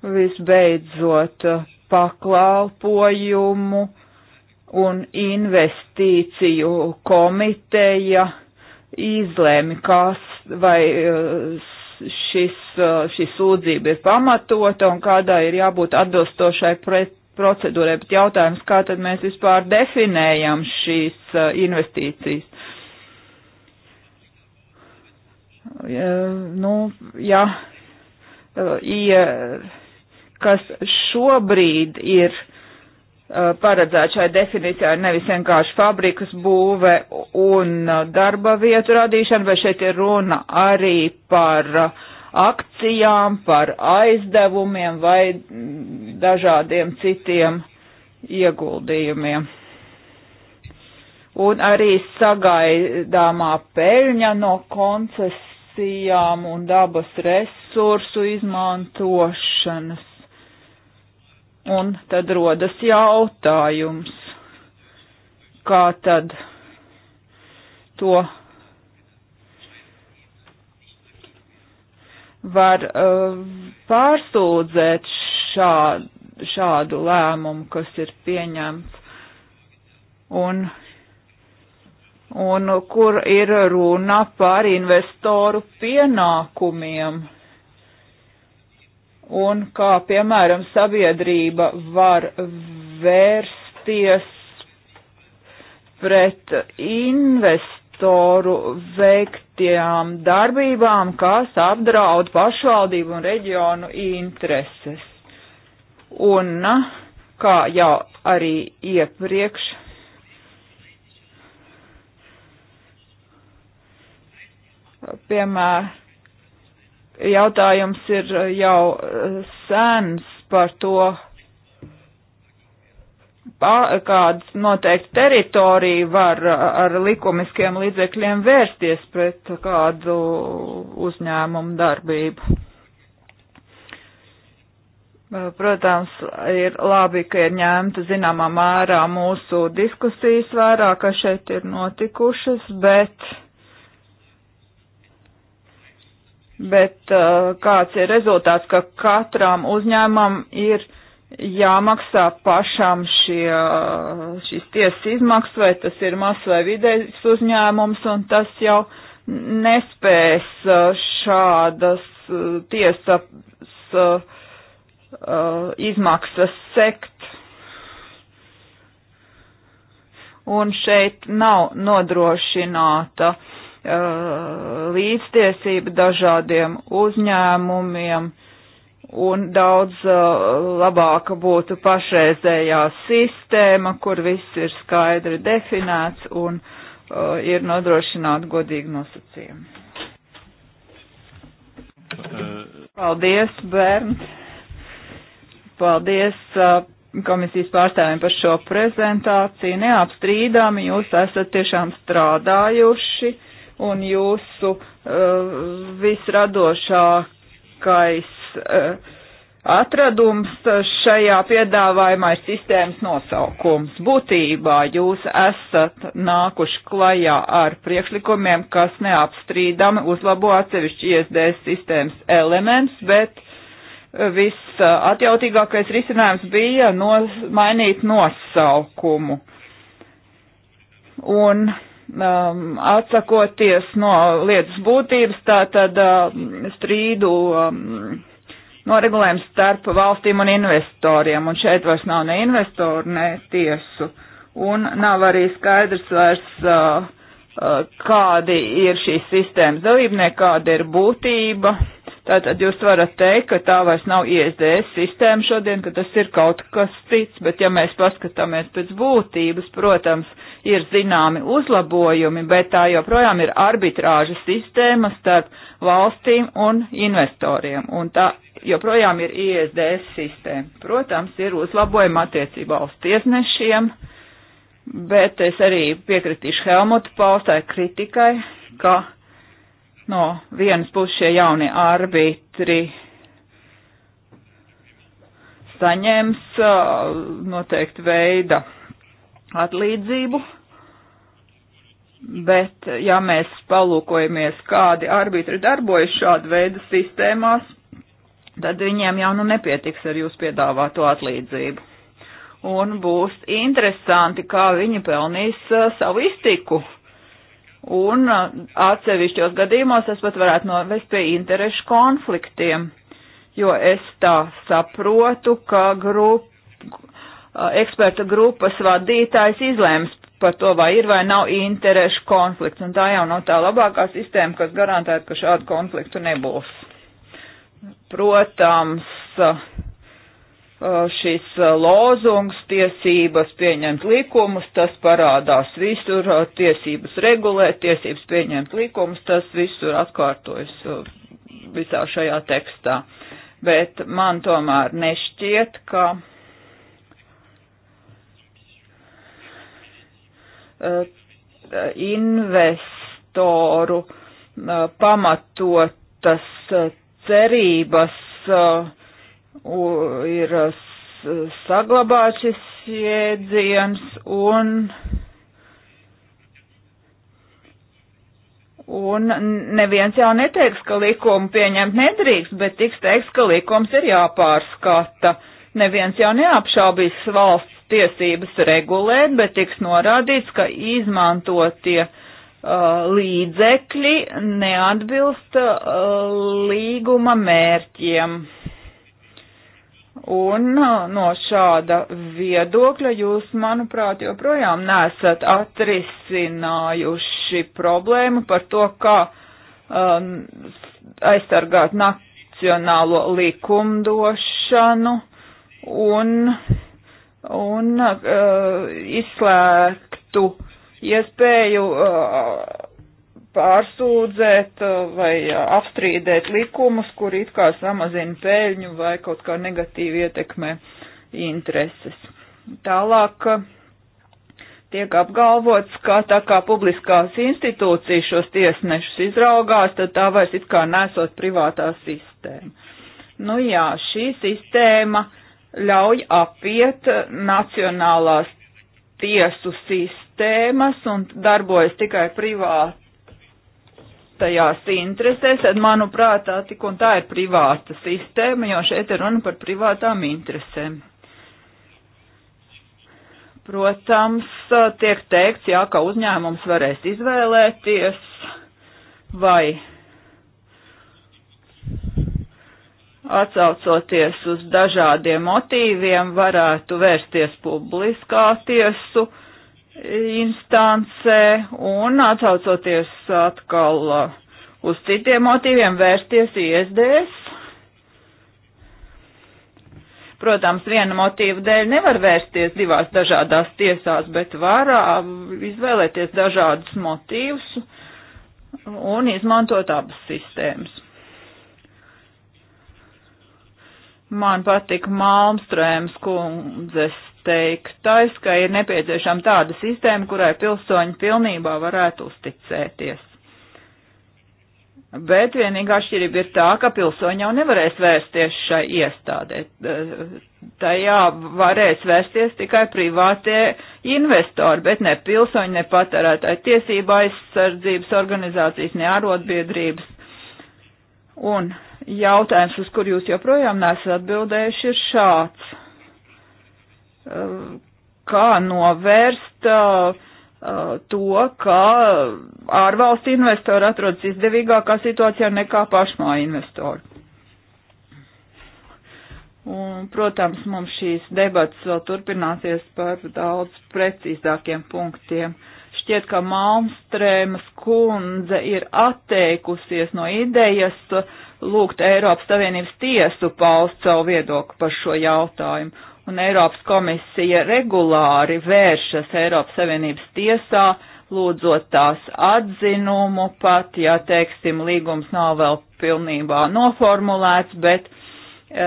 [SPEAKER 3] visbeidzot uh, pakalpojumu un investīciju komiteja izlēmi, kas vai eh, šis, eh, šī sūdzība ir pamatota un kādai ir jābūt atbilstošai pret procedūrai, bet jautājums, kā tad mēs vispār definējam šīs eh, investīcijas. Ja, nu, jā, ja, ja, kas šobrīd ir Uh, paredzēt šai definīcijai nevis vienkārši fabrikas būve un uh, darba vietu radīšana, bet šeit ir runa arī par uh, akcijām, par aizdevumiem vai mm, dažādiem citiem ieguldījumiem. Un arī sagaidāmā peļņa no koncesijām un dabas resursu izmantošanas Un tad rodas jautājums, kā tad to var uh, pārsūdzēt šādu, šādu lēmumu, kas ir pieņemts, un, un kur ir runa par investoru pienākumiem un kā, piemēram, sabiedrība var vērsties pret investoru veiktiem darbībām, kas apdraud pašvaldību un reģionu intereses. Un, kā jau arī iepriekš piemēram, jautājums ir uh, jau uh, sens par to, kādas noteikti teritorija var uh, ar likumiskiem līdzekļiem vērsties pret kādu uzņēmumu darbību. Protams, ir labi, ka ir ņemta zināmā mērā mūsu diskusijas vērā, kas šeit ir notikušas, bet bet uh, kāds ir rezultāts, ka katram uzņēmumam ir jāmaksā pašam šie, uh, šīs tiesas izmaksas, vai tas ir mazs vai vidējs uzņēmums, un tas jau nespēs uh, šādas uh, tiesas uh, izmaksas sekt. Un šeit nav nodrošināta uh, Uh, līdztiesību dažādiem uzņēmumiem un daudz uh, labāka būtu pašreizējā sistēma, kur viss ir skaidri definēts un uh, ir nodrošināti godīgi nosacījumi. Paldies, Bērns! Paldies komisijas pārstāvjiem par šo prezentāciju. Neapstrīdami jūs esat tiešām strādājuši un jūsu uh, visradošākais uh, atradums šajā piedāvājumā ir sistēmas nosaukums. Būtībā jūs esat nākuši klajā ar priekšlikumiem, kas neapstrīdami uzlabo atsevišķi ISDS sistēmas elements, bet eh, viss atjautīgākais risinājums bija no, mainīt nosaukumu. Un um, atsakoties no lietas būtības, tātad um, strīdu um, noregulējums starp valstīm un investoriem, un šeit vairs nav ne investoru, ne tiesu, un nav arī skaidrs vairs, uh, uh, kādi ir šīs sistēmas dalībnieki, kāda ir būtība. Tātad jūs varat teikt, ka tā vairs nav ISDS sistēma šodien, ka tas ir kaut kas cits, bet ja mēs paskatāmies pēc būtības, protams, ir zināmi uzlabojumi, bet tā joprojām ir arbitrāža sistēma starp valstīm un investoriem, un tā joprojām ir ISDS sistēma. Protams, ir uzlabojumi attiecībā uz tiesnešiem, bet es arī piekritīšu Helmuta paustai kritikai, ka no vienas puses šie jaunie arbitri saņems uh, noteikti veida atlīdzību, bet ja mēs palūkojamies, kādi arbitri darbojas šāda veida sistēmās, tad viņiem jau nu nepietiks ar jūs piedāvāto atlīdzību. Un būs interesanti, kā viņi pelnīs uh, savu iztiku. Un uh, atsevišķos gadījumos tas pat varētu novest pie interešu konfliktiem, jo es tā saprotu, ka grupa eksperta grupas vadītājs izlēms par to, vai ir vai nav interešu konflikts, un tā jau nav tā labākā sistēma, kas garantētu, ka šādu konfliktu nebūs. Protams, šis lozungs tiesības pieņemt likumus, tas parādās visur, tiesības regulēt, tiesības pieņemt likumus, tas visur atkārtojas visā šajā tekstā. Bet man tomēr nešķiet, ka Eh, investoru eh, pamatotas eh, cerības ir saglabāt šis jēdziens un, un neviens jau neteiks, ka likumu pieņemt nedrīkst, bet tiks teiks, ka likums ir jāpārskata. Neviens jau neapšaubīs valsts tiesības regulēt, bet tiks norādīts, ka izmantotie uh, līdzekļi neatbilst uh, līguma mērķiem. Un uh, no šāda viedokļa jūs, manuprāt, joprojām nesat atrisinājuši problēmu par to, kā um, aizsargāt nacionālo likumdošanu un uh, un uh, izslēgtu iespēju uh, pārsūdzēt uh, vai uh, apstrīdēt likumus, kur it kā samazina pēļņu vai kaut kā negatīvi ietekmē intereses. Tālāk uh, tiek apgalvots, ka tā kā publiskās institūcijas šos tiesnešus izraugās, tad tā vairs it kā nesot privātā sistēma. Nu jā, šī sistēma uh, ļauj apiet nacionālās tiesu sistēmas un darbojas tikai privātajās interesēs, tad, manuprāt, tā tik un tā ir privāta sistēma, jo šeit ir runa par privātām interesēm. Protams, tiek teikts, jā, ka uzņēmums varēs izvēlēties vai atsaucoties uz dažādiem motīviem, varētu vērsties publiskā tiesu instancē un atsaucoties atkal uz citiem motīviem vērsties ISDS. Protams, viena motīva dēļ nevar vērsties divās dažādās tiesās, bet var izvēlēties dažādus motīvus un izmantot abas sistēmas. Man patika Malmstrēms kundzes teiktais, ka ir nepieciešama tāda sistēma, kurai pilsoņi pilnībā varētu uzticēties. Bet vienīgā atšķirība ir tā, ka pilsoņi jau nevarēs vērsties šai iestādē. Tajā varēs vērsties tikai privātie investori, bet ne pilsoņi, ne patērētāji tiesība aizsardzības organizācijas, ne arotbiedrības. Un jautājums, uz kur jūs joprojām nesat atbildējuši, ir šāds. Ehm, kā novērst uh, to, ka ārvalstu investori atrodas izdevīgākā situācijā nekā pašmā investori? Un, protams, mums šīs debatas vēl turpināsies par daudz precīzākiem punktiem. Šķiet, ka Malmstrēmas kundze ir atteikusies no idejas lūgt Eiropas Savienības tiesu paust savu viedokli par šo jautājumu. Un Eiropas komisija regulāri vēršas Eiropas Savienības tiesā, lūdzot tās atzinumu pat, ja, teiksim, līgums nav vēl pilnībā noformulēts, bet e,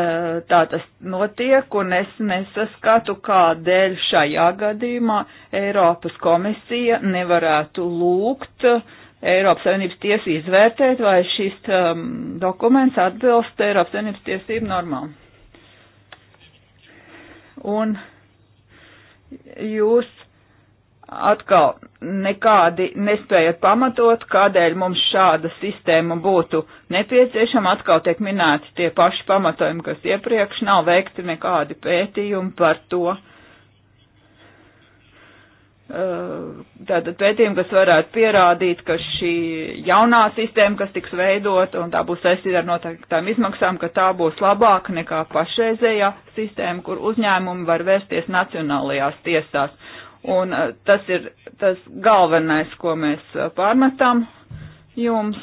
[SPEAKER 3] tā tas notiek, un es nesaskatu, kādēļ šajā gadījumā Eiropas komisija nevarētu lūgt uh, Eiropas Savienības tiesa izvērtēt, vai šis um, dokuments atbilst Eiropas Savienības tiesību normām. Un jūs atkal nekādi nespējat pamatot, kādēļ mums šāda sistēma būtu nepieciešama. Atkal tiek minēti tie paši pamatojumi, kas iepriekš nav veikti nekādi pētījumi par to, uh, tātad pētījumi, kas varētu pierādīt, ka šī jaunā sistēma, kas tiks veidota un tā būs saistīta ar noteiktām izmaksām, ka tā būs labāka nekā pašreizējā sistēma, kur uzņēmumi var vērsties nacionālajās tiesās. Un tas ir tas galvenais, ko mēs pārmetam jums.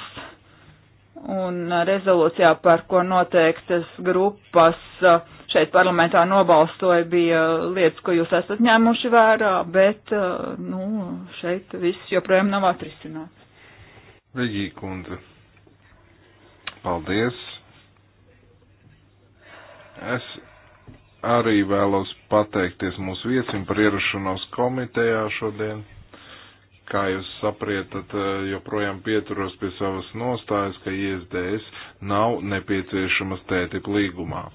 [SPEAKER 3] Un rezolūcijā, par ko noteiktas grupas uh, šeit parlamentā nobalstoja, bija uh, lietas, ko jūs esat ņēmuši vērā, bet, uh, nu, šeit viss joprojām nav atrisināts.
[SPEAKER 1] Reģī kundze, paldies. Es arī vēlos pateikties mūsu viesim par ierašanos komitejā šodien. Kā jūs saprietat, uh, joprojām pieturos pie savas nostājas, ka ISDS nav nepieciešamas tētip līgumā.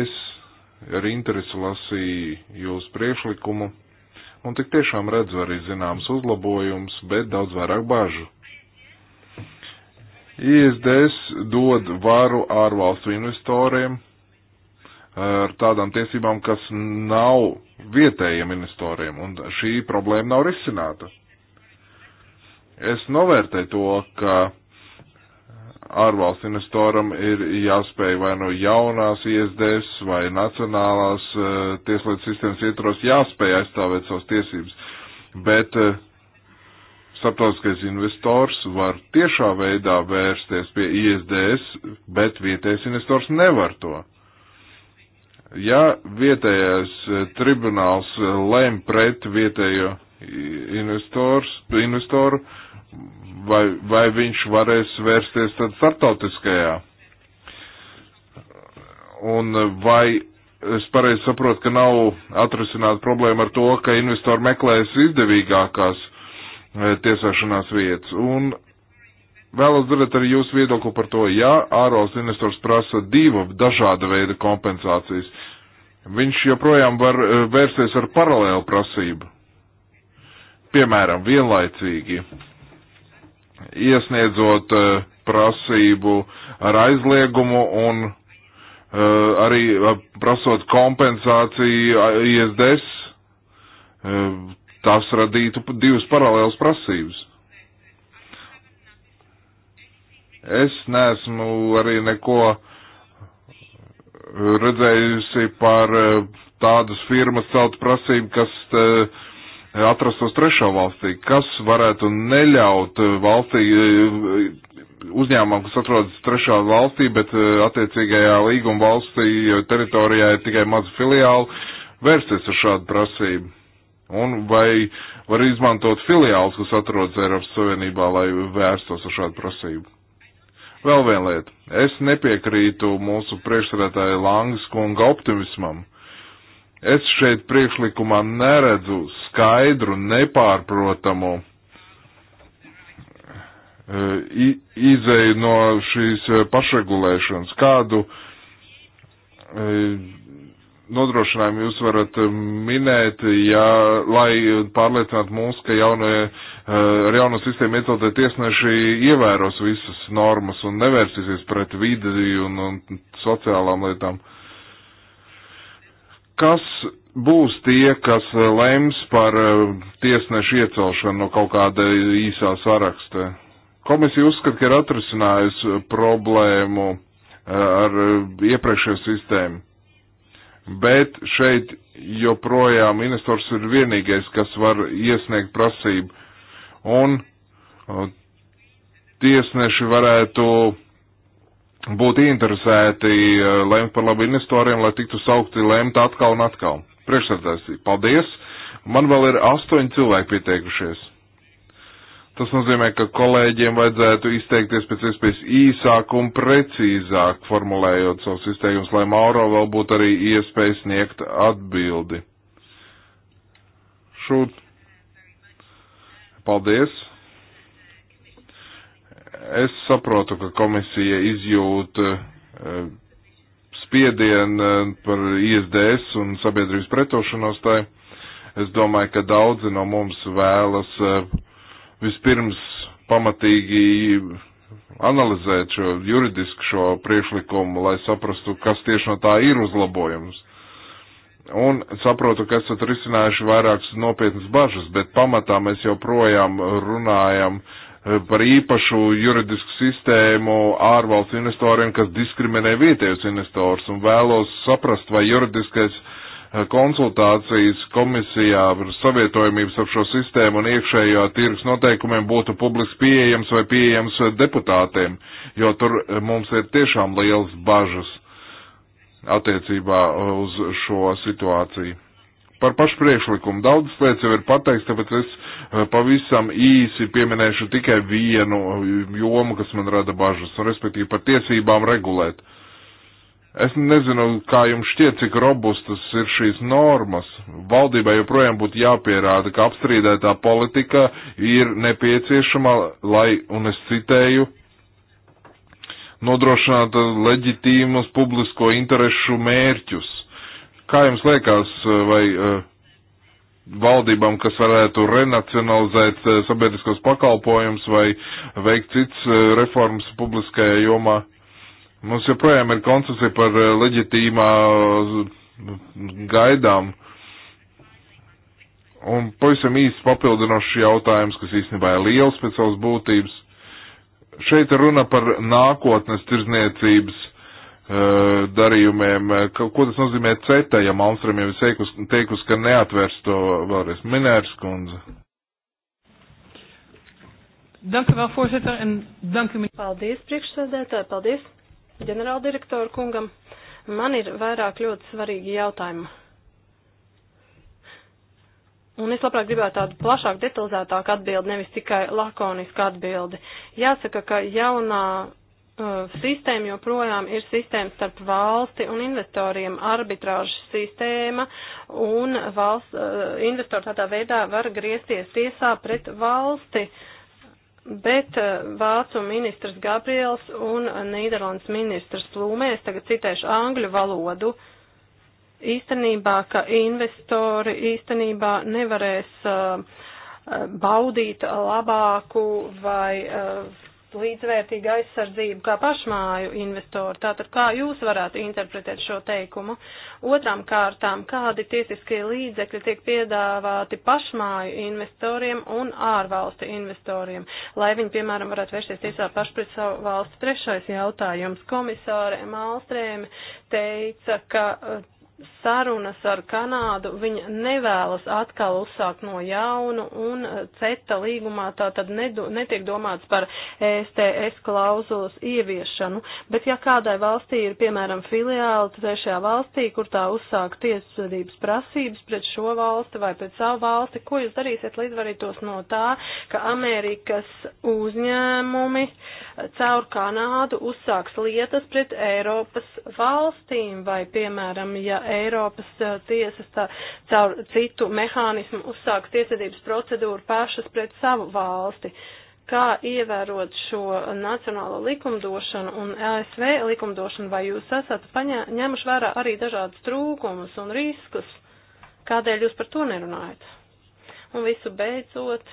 [SPEAKER 1] Es ar interesi lasīju jūsu priekšlikumu, un tik tiešām redzu arī zināms uzlabojums, bet daudz vairāk bažu. ISDS dod varu ārvalstu investoriem ar tādām tiesībām, kas nav vietējiem investoriem, un šī problēma nav risināta. Es novērtēju to, ka ārvalstu investoram ir jāspēj vai no nu jaunās ISDS vai nacionālās uh, tieslietu sistēmas ietvaros jāspēj aizstāvēt savas tiesības. Bet uh, starptautiskais investors var tiešā veidā vērsties pie ISDS, bet vietējais investors nevar to. Ja vietējais eh, tribunāls lem pret vietējo investors, investoru, vai, vai viņš varēs vērsties tad startautiskajā? Un vai es pareizi saprotu, ka nav atrisināt problēma ar to, ka investori meklēs izdevīgākās eh, tiesāšanās vietas. Un vēlos dzirdēt arī jūsu viedokli par to, ja ārvalsts investors prasa divu dažāda veida kompensācijas, viņš joprojām var eh, vērsties ar paralēlu prasību. Piemēram, vienlaicīgi iesniedzot eh, prasību ar aizliegumu un eh, arī eh, prasot kompensāciju ISDS, e tas radītu divas paralēlas prasības. Es neesmu arī neko redzējusi par tādas firmas celtu prasību, kas uh, atrastos trešā valstī, kas varētu neļaut eh, valstī eh, uzņēmumam, kas atrodas trešā valstī, bet eh, attiecīgajā līguma valstī teritorijā ir tikai maza filiāla, vērsties ar šādu prasību. Un vai var izmantot filiāls, kas atrodas Eiropas Savienībā, lai vērstos ar šādu prasību? Vēl viena lieta. Es nepiekrītu mūsu priekšsēdētāja Langas kunga optimismam. Uh, Es šeit priekšlikumā neredzu skaidru, nepārprotamu e, izēju no šīs e, pašregulēšanas. Kādu e, nodrošinājumu jūs varat minēt, ja, lai pārliecinātu mūs, ka jaunie, ar jauno sistēmu iecautie tiesneši ievēros visas normas un nevērsīsies pret vidi un, un sociālām lietām? Uh, kas būs tie, kas eh, lems par eh, tiesnešu iecelšanu no kaut kāda īsā saraksta? Komisija uzskata, ka ir atrisinājusi eh, problēmu ar iepriekšējo sistēmu, bet šeit joprojām investors ir vienīgais, kas var iesniegt prasību, un tiesneši varētu būtu interesēti eh, lemt par labu investoriem, lai tiktu saukti lemt atkal un atkal. Priekšsēdētāji, paldies! Man vēl ir astoņi cilvēki pieteikušies. Tas nozīmē, ka kolēģiem vajadzētu izteikties pēc iespējas īsāk un precīzāk formulējot savus izteikumus, lai Mauro vēl būtu arī iespēja sniegt atbildi. Šūt. Paldies. Es saprotu, ka komisija izjūt eh, spiedienu eh, par ISDS un sabiedrības pretošanos tai. Es domāju, ka daudzi no mums vēlas eh, vispirms pamatīgi analizēt šo juridisku šo priekšlikumu, lai saprastu, kas tieši no tā ir uzlabojums. Un saprotu, ka esat risinājuši vairākas nopietnas bažas, bet pamatā mēs joprojām runājam Eh, par īpašu juridisku sistēmu ārvalstu investoriem, kas diskriminē vietējos investors, un vēlos saprast, vai juridiskais eh, konsultācijas komisijā par savietojumības ap šo sistēmu un iekšējā tirgus noteikumiem būtu publiski pieejams vai pieejams eh, deputātiem, jo tur mums ir tiešām liels bažas attiecībā uz šo situāciju. Par pašu priekšlikumu daudz lietas jau ir pateikts, tāpēc es Eh, pavisam īsi pieminēšu tikai vienu eh, jomu, kas man rada bažas, respektīvi par tiesībām regulēt. Es nezinu, kā jums šķiet, cik robustas ir šīs normas. Valdībai joprojām būtu jāpierāda, ka apstrīdētā politika ir nepieciešama, lai, un es citēju, nodrošināt leģitīmus publisko interešu mērķus. Kā jums liekas, vai uh, valdībām, kas varētu renacionalizēt eh, sabiedriskos pakalpojumus vai veikt cits eh, reformas publiskajā jomā. Mums joprojām ir koncepcija par eh, leģitīmā gaidām. Un pavisam īsts papildinošs jautājums, kas īstenībā ir liels pēc savas būtības. Šeit runa par nākotnes tirzniecības Eh, darījumiem, eh, ko tas nozīmē CETA, ja Malmstrēm jau ir teikusi, ka neatvērs to vēlreiz Minērs kundze.
[SPEAKER 2] Dank u wel, voorzitter, en dank u, meneer. Paldies, priekšsēdētāji, paldies ģenerāldirektoru kungam. Man ir vairāk ļoti svarīgi jautājumi. Un es labprāt gribētu tādu plašāku, detalizētāku atbildi, nevis tikai lakonisku atbildi. Jāsaka, ka jaunā Uh, sistēma joprojām ir sistēma starp valsti un investoriem, arbitrāžas sistēma, un valsts, uh, investori tādā veidā var griezties tiesā pret valsti. Bet uh, Vācu ministrs Gabriels un Nīderlandes ministrs Lūmēs, tagad citēšu angļu valodu, īstenībā, ka investori īstenībā nevarēs uh, baudīt labāku vai uh, līdzvērtīgu aizsardzību kā pašmāju investoru. Tātad, kā jūs varētu interpretēt šo teikumu? Otram kārtām, kādi tiesiskie līdzekļi tiek piedāvāti pašmāju investoriem un ārvalstu investoriem, lai viņi, piemēram, varētu vērsties tiesā paši pret savu valstu? Trešais jautājums. Komisāre Malstrēme teica, ka sarunas ar Kanādu viņa nevēlas atkal uzsākt no jaunu un CETA līgumā tā tad nedu, netiek domāts par ESTS klauzulas ieviešanu. Bet ja kādai valstī ir, piemēram, filiāli trešajā valstī, kur tā uzsāk tiesvedības prasības pret šo valsti vai pret savu valsti, ko jūs darīsiet, lai izvarītos no tā, ka Amerikas uzņēmumi caur Kanādu uzsāks lietas pret Eiropas valstīm vai, piemēram, ja Eiropas tiesas tā, caur citu mehānismu uzsāks tiesvedības procedūru pašas pret savu valsti. Kā ievērot šo nacionālo likumdošanu un ASV likumdošanu, vai jūs esat ņemuši vērā arī dažādas trūkumus un riskus? Kādēļ jūs par to nerunājat? Un visu beidzot,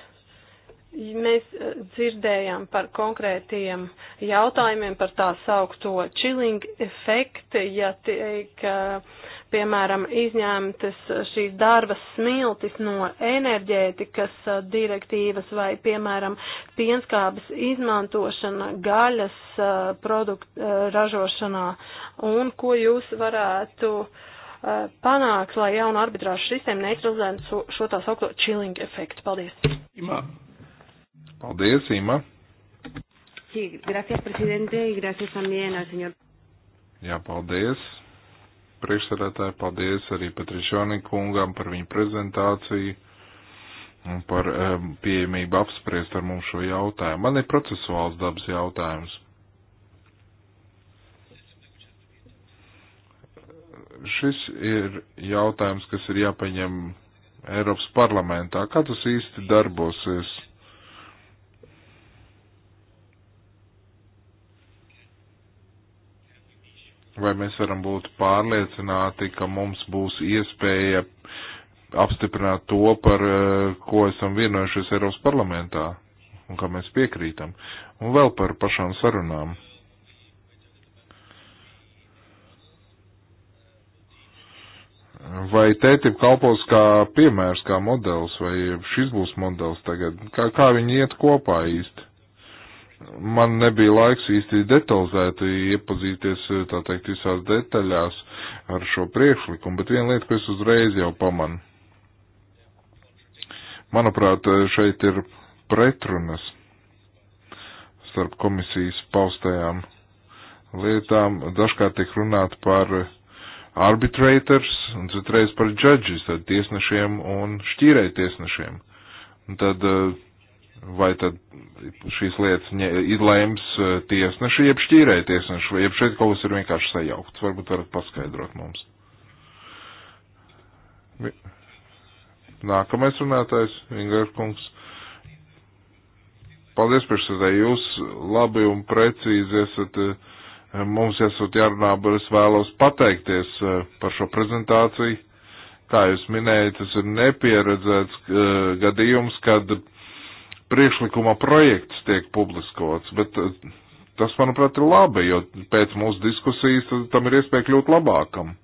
[SPEAKER 2] mēs dzirdējām par konkrētiem jautājumiem par tā saukto chilling efektu, ja tiek uh, piemēram, izņemtas šīs darbas smiltis no enerģētikas uh, direktīvas vai, piemēram, pienskābes izmantošana gaļas uh, produktu uh, ražošanā un ko jūs varētu panākt, lai jauna arbitrāža sistēma neutralizētu šo tā saukto chilling efektu. Paldies. Ima.
[SPEAKER 1] Paldies, Ima.
[SPEAKER 2] Sí, gracias, presidente, y gracias también al señor.
[SPEAKER 1] Jā, paldies priekšsarētāji, paldies arī Patrišonī kungam par viņu prezentāciju un par um, pieejamību apspriest ar mums šo jautājumu. Man ir procesuāls dabas jautājums. Šis ir jautājums, kas ir jāpaņem Eiropas parlamentā. Kā tas īsti darbosies? vai mēs varam būt pārliecināti, ka mums būs iespēja apstiprināt to, par eh, ko esam vienojušies Eiropas parlamentā un kā mēs piekrītam. Un vēl par pašām sarunām. Vai tētim kalpos kā piemērs, kā modelis, vai šis būs modelis tagad? Kā, kā viņi iet kopā īsti? man nebija laiks īsti detalizēti iepazīties, tā teikt, visās detaļās ar šo priekšlikumu, bet viena lieta, ko es uzreiz jau pamanu. Manuprāt, šeit ir pretrunas starp komisijas paustajām lietām. Dažkārt tiek runāt par arbitrators un citreiz par judges, tad tiesnešiem un šķīrēji tiesnešiem. Un tad uh, vai tad šīs lietas izlēms eh, tiesneši, jeb šķīrēja tiesneši, vai jeb šeit kaut kas ir vienkārši sajaukts. Varbūt varat paskaidrot mums. Nākamais runātājs, Ingārs Kungs. Paldies, priekšsēdēji, jūs labi un precīzi esat, eh, mums esat jārunā, bet es vēlos pateikties eh, par šo prezentāciju. Kā jūs minējat, tas ir nepieredzēts gadījums, kad priekšlikuma projekts tiek publiskots, bet eh, tas, manuprāt, ir labi, jo pēc mūsu diskusijas tam ir iespēja kļūt labākam.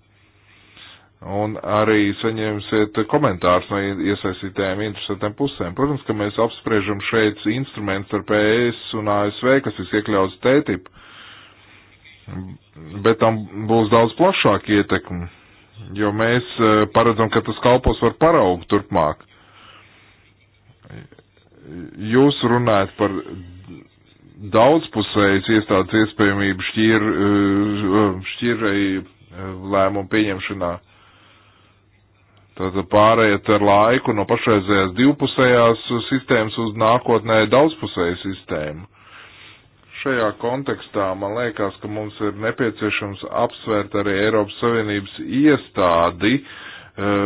[SPEAKER 1] Un arī saņemsiet komentārus no iesaistītējiem interesantiem pusēm. Protams, ka mēs apspriežam šeit instruments ar PS un ASV, kas viss iekļauts TTIP, bet tam būs daudz plašāka ietekme, jo mēs eh, paredzam, ka tas kalpos var paraugu turpmāk jūs runājat par daudzpusējas iestādes iespējamību šķir, eh, šķirrai eh, lēmumu pieņemšanā. Tātad pārējiet ar laiku no pašreizējās divpusējās sistēmas uz nākotnē daudzpusēju sistēmu. Šajā kontekstā man liekas, ka mums ir nepieciešams apsvērt arī Eiropas Savienības iestādi uh, Eh,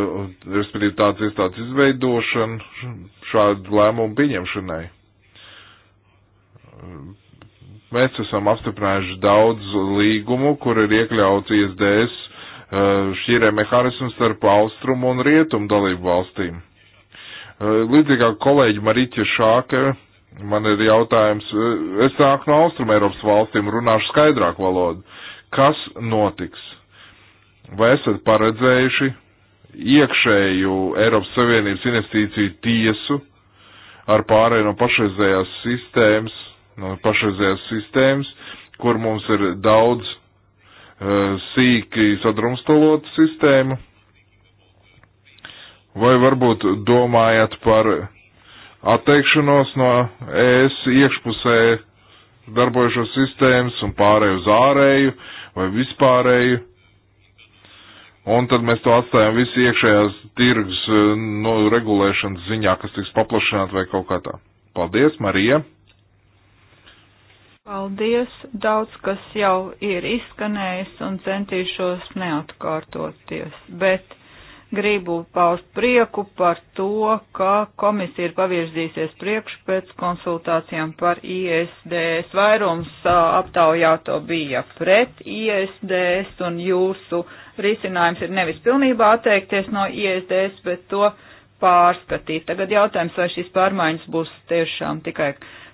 [SPEAKER 1] respektīvi tāds iestādes izveidošana šādu lēmumu pieņemšanai. Mēs esam apstiprinājuši daudz līgumu, kur ir iekļauts ISDS eh, šķīrē mehānismu starp austrumu un rietumu dalību valstīm. Eh, līdzīgā kolēģi Marīķa Šāke, man ir jautājums, es nāku no austrumu Eiropas valstīm, runāšu skaidrāk valodu. Kas notiks? Vai esat paredzējuši iekšēju Eiropas Savienības investīciju tiesu ar pārēju no pašreizējās sistēmas, no pašreizējās sistēmas, kur mums ir daudz uh, sīki sadrumstalotu sistēmu. Vai varbūt domājat par atteikšanos no ES iekšpusē darbojušos sistēmas un pārēju uz ārēju vai vispārēju? Un tad mēs to atstājam visu iekšējās tirgus eh, no regulēšanas ziņā, kas tiks paplašināt vai kaut kā tā. Paldies, Marija!
[SPEAKER 3] Paldies! Daudz, kas jau ir izskanējis un centīšos neatkārtoties, bet gribu paust prieku par to, ka komisija ir pavirzīsies priekš pēc konsultācijām par ISDS. Vairums aptaujā to bija pret ISDS un jūsu risinājums ir nevis pilnībā atteikties no ISDS, bet to pārskatīt. Tagad jautājums, vai šīs pārmaiņas būs tiešām tikai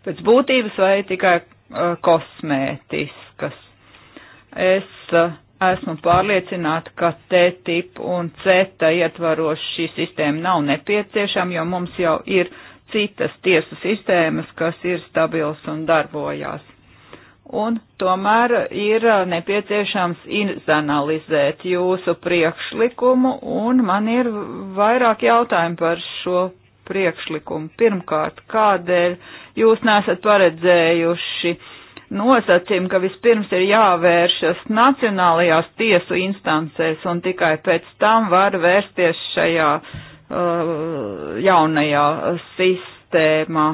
[SPEAKER 3] pēc būtības vai tikai uh, kosmētiskas. Es uh, esmu pārliecināta, ka TTIP un CETA ietvaros šī sistēma nav nepieciešama, jo mums jau ir citas tiesu sistēmas, kas ir stabils un darbojās un tomēr ir uh, nepieciešams izanalizēt jūsu priekšlikumu, un man ir vairāk jautājumu par šo priekšlikumu. Pirmkārt, kādēļ jūs nesat paredzējuši nosacījumu, ka vispirms ir jāvēršas nacionālajās tiesu instancēs, un tikai pēc tam var vērsties šajā uh, jaunajā sistēmā?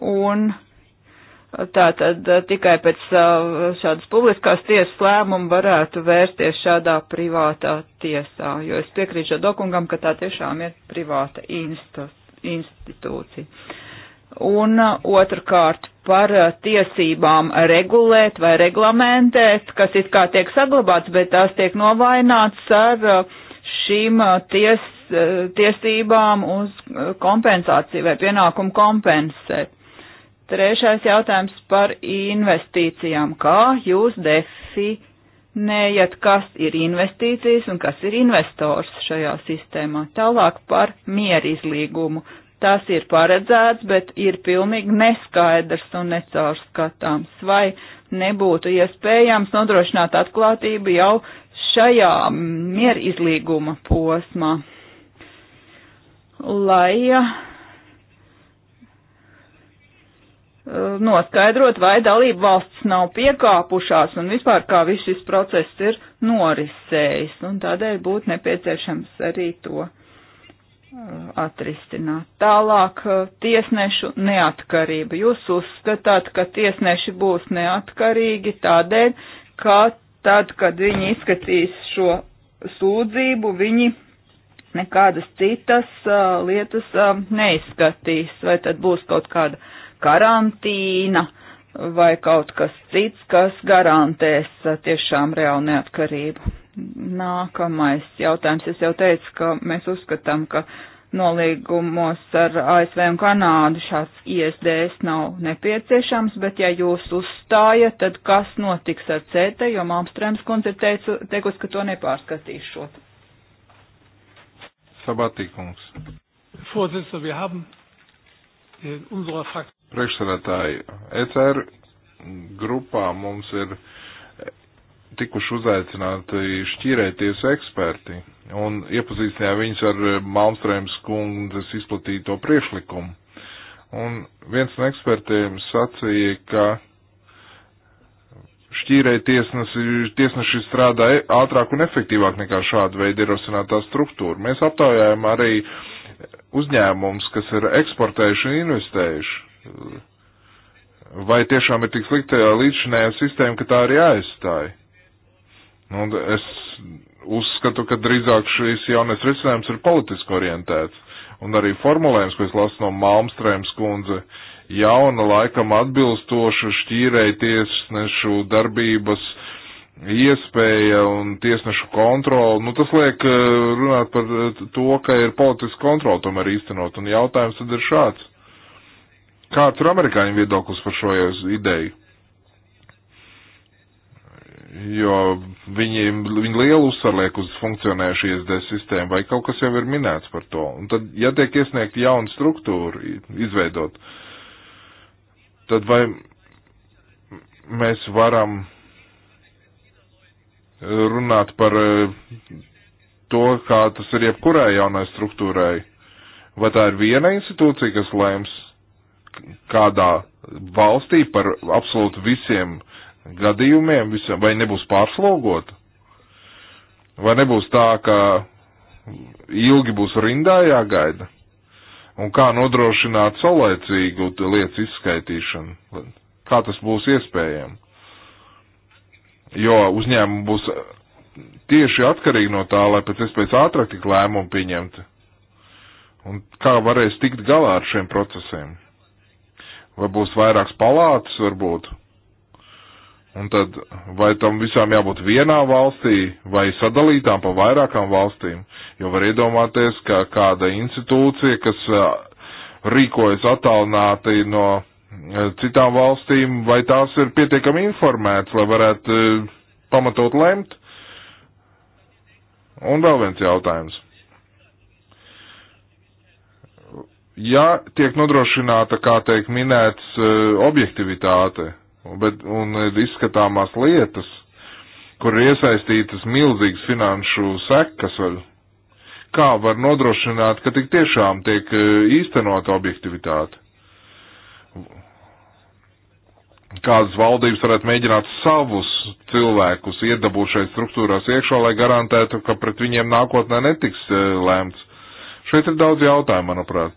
[SPEAKER 3] Un Tātad eh, tikai pēc eh, šādas publiskās tiesas lēmuma varētu vērsties šādā privātā tiesā, jo es piekrītu dokungam, ka tā tiešām ir privāta institūcija. Un eh, otrkārt par tiesībām regulēt vai reglamentēt, kas it kā tiek saglabāts, bet tās tiek novaināts ar šīm ties, tiesībām uz kompensāciju vai pienākumu kompensēt Trešais jautājums par investīcijām. Kā jūs definējat, kas ir investīcijas un kas ir investors šajā sistēmā? Tālāk par mierizlīgumu. Tas ir paredzēts, bet ir pilnīgi neskaidrs un necaurskatāms. Vai nebūtu iespējams nodrošināt atklātību jau šajā mierizlīguma posmā? Lai Uh, noskaidrot, vai dalību valsts nav piekāpušās un vispār kā viss šis process ir norisējis, un tādēļ būtu nepieciešams arī to uh, atrisināt. Tālāk uh, tiesnešu neatkarība. Jūs uzskatāt, ka tiesneši būs neatkarīgi tādēļ, ka tad, kad viņi izskatīs šo sūdzību, viņi nekādas citas uh, lietas uh, neizskatīs, vai tad būs kaut kāda uh, karantīna vai kaut kas cits, kas garantēs uh, tiešām reālu neatkarību. Nākamais jautājums. Es jau teicu, ka mēs uzskatām, ka nolīgumos ar ASV un Kanādu šāds ISDS nav nepieciešams, bet ja jūs uzstājat, tad kas notiks ar CETA, jo Malmstrēms kundze ir teikusi, ka to nepārskatīšot.
[SPEAKER 1] Sabatīkums.
[SPEAKER 3] Vorsitzender, wir haben in äh, unserer Fraktion
[SPEAKER 1] priekšsarētāji. ECR grupā mums ir tikuši uzaicināti šķīrēties eksperti un iepazīstināja viņus ar Malmstrēmas kundzes izplatīto priešlikumu. Un viens no ekspertiem sacīja, ka šķīrēja tiesnesi, tiesneši strādā e, ātrāk un efektīvāk nekā šāda veida ierosinātā struktūra. Mēs aptaujājam arī uzņēmums, kas ir eksportējuši un investējuši vai tiešām ir tik slikta līdzinējā sistēma, ka tā arī aizstāja. Nu, un es uzskatu, ka drīzāk šīs jaunais risinājums ir politiski orientēts. Un arī formulējums, ko es lasu no Malmstrēms kundze, jauna laikam atbilstoša šķīrēja tiesnešu darbības iespēja un tiesnešu kontrola. Nu, tas liek eh, runāt par eh, to, ka ir politiska kontrola tomēr īstenot. Un jautājums tad ir šāds Kāds ir amerikāņu viedoklis par šo ideju? Jo viņi, viņi lielu uzsvarliek uz funkcionējušu ISD sistēmu, vai kaut kas jau ir minēts par to. Un tad, ja tiek iesniegta jauna struktūra, izveidot, tad vai mēs varam runāt par eh, to, kā tas ir jebkurai jaunai struktūrai? Vai tā ir viena institūcija, kas lēms? kādā valstī par absolūti visiem gadījumiem, visiem, vai nebūs pārslogota? Vai nebūs tā, ka ilgi būs rindā jāgaida? Un kā nodrošināt saulēcīgu lietas izskaitīšanu? Kā tas būs iespējams? Jo uzņēmumi būs tieši atkarīgi no tā, lai pēc iespējas ātrāk tik lēmumi pieņemti. Un kā varēs tikt galā ar šiem procesiem? Vai būs vairāks palātas varbūt? Un tad vai tam visām jābūt vienā valstī vai sadalītām pa vairākām valstīm? Jo var iedomāties, ka kāda institūcija, kas rīkojas attālināti no citām valstīm, vai tās ir pietiekami informētas, lai varētu pamatot lemt? Un vēl viens jautājums. ja tiek nodrošināta, kā teikt, minēts e, objektivitāte, bet, un ir e, izskatāmās lietas, kur ir iesaistītas milzīgas finanšu sekas, var, kā var nodrošināt, ka tik tiešām tiek e, īstenota objektivitāte? Kādas valdības varētu mēģināt savus cilvēkus iedabūt šeit struktūrās iekšā, lai garantētu, ka pret viņiem nākotnē netiks lēmts? Šeit ir daudz jautājumu, manuprāt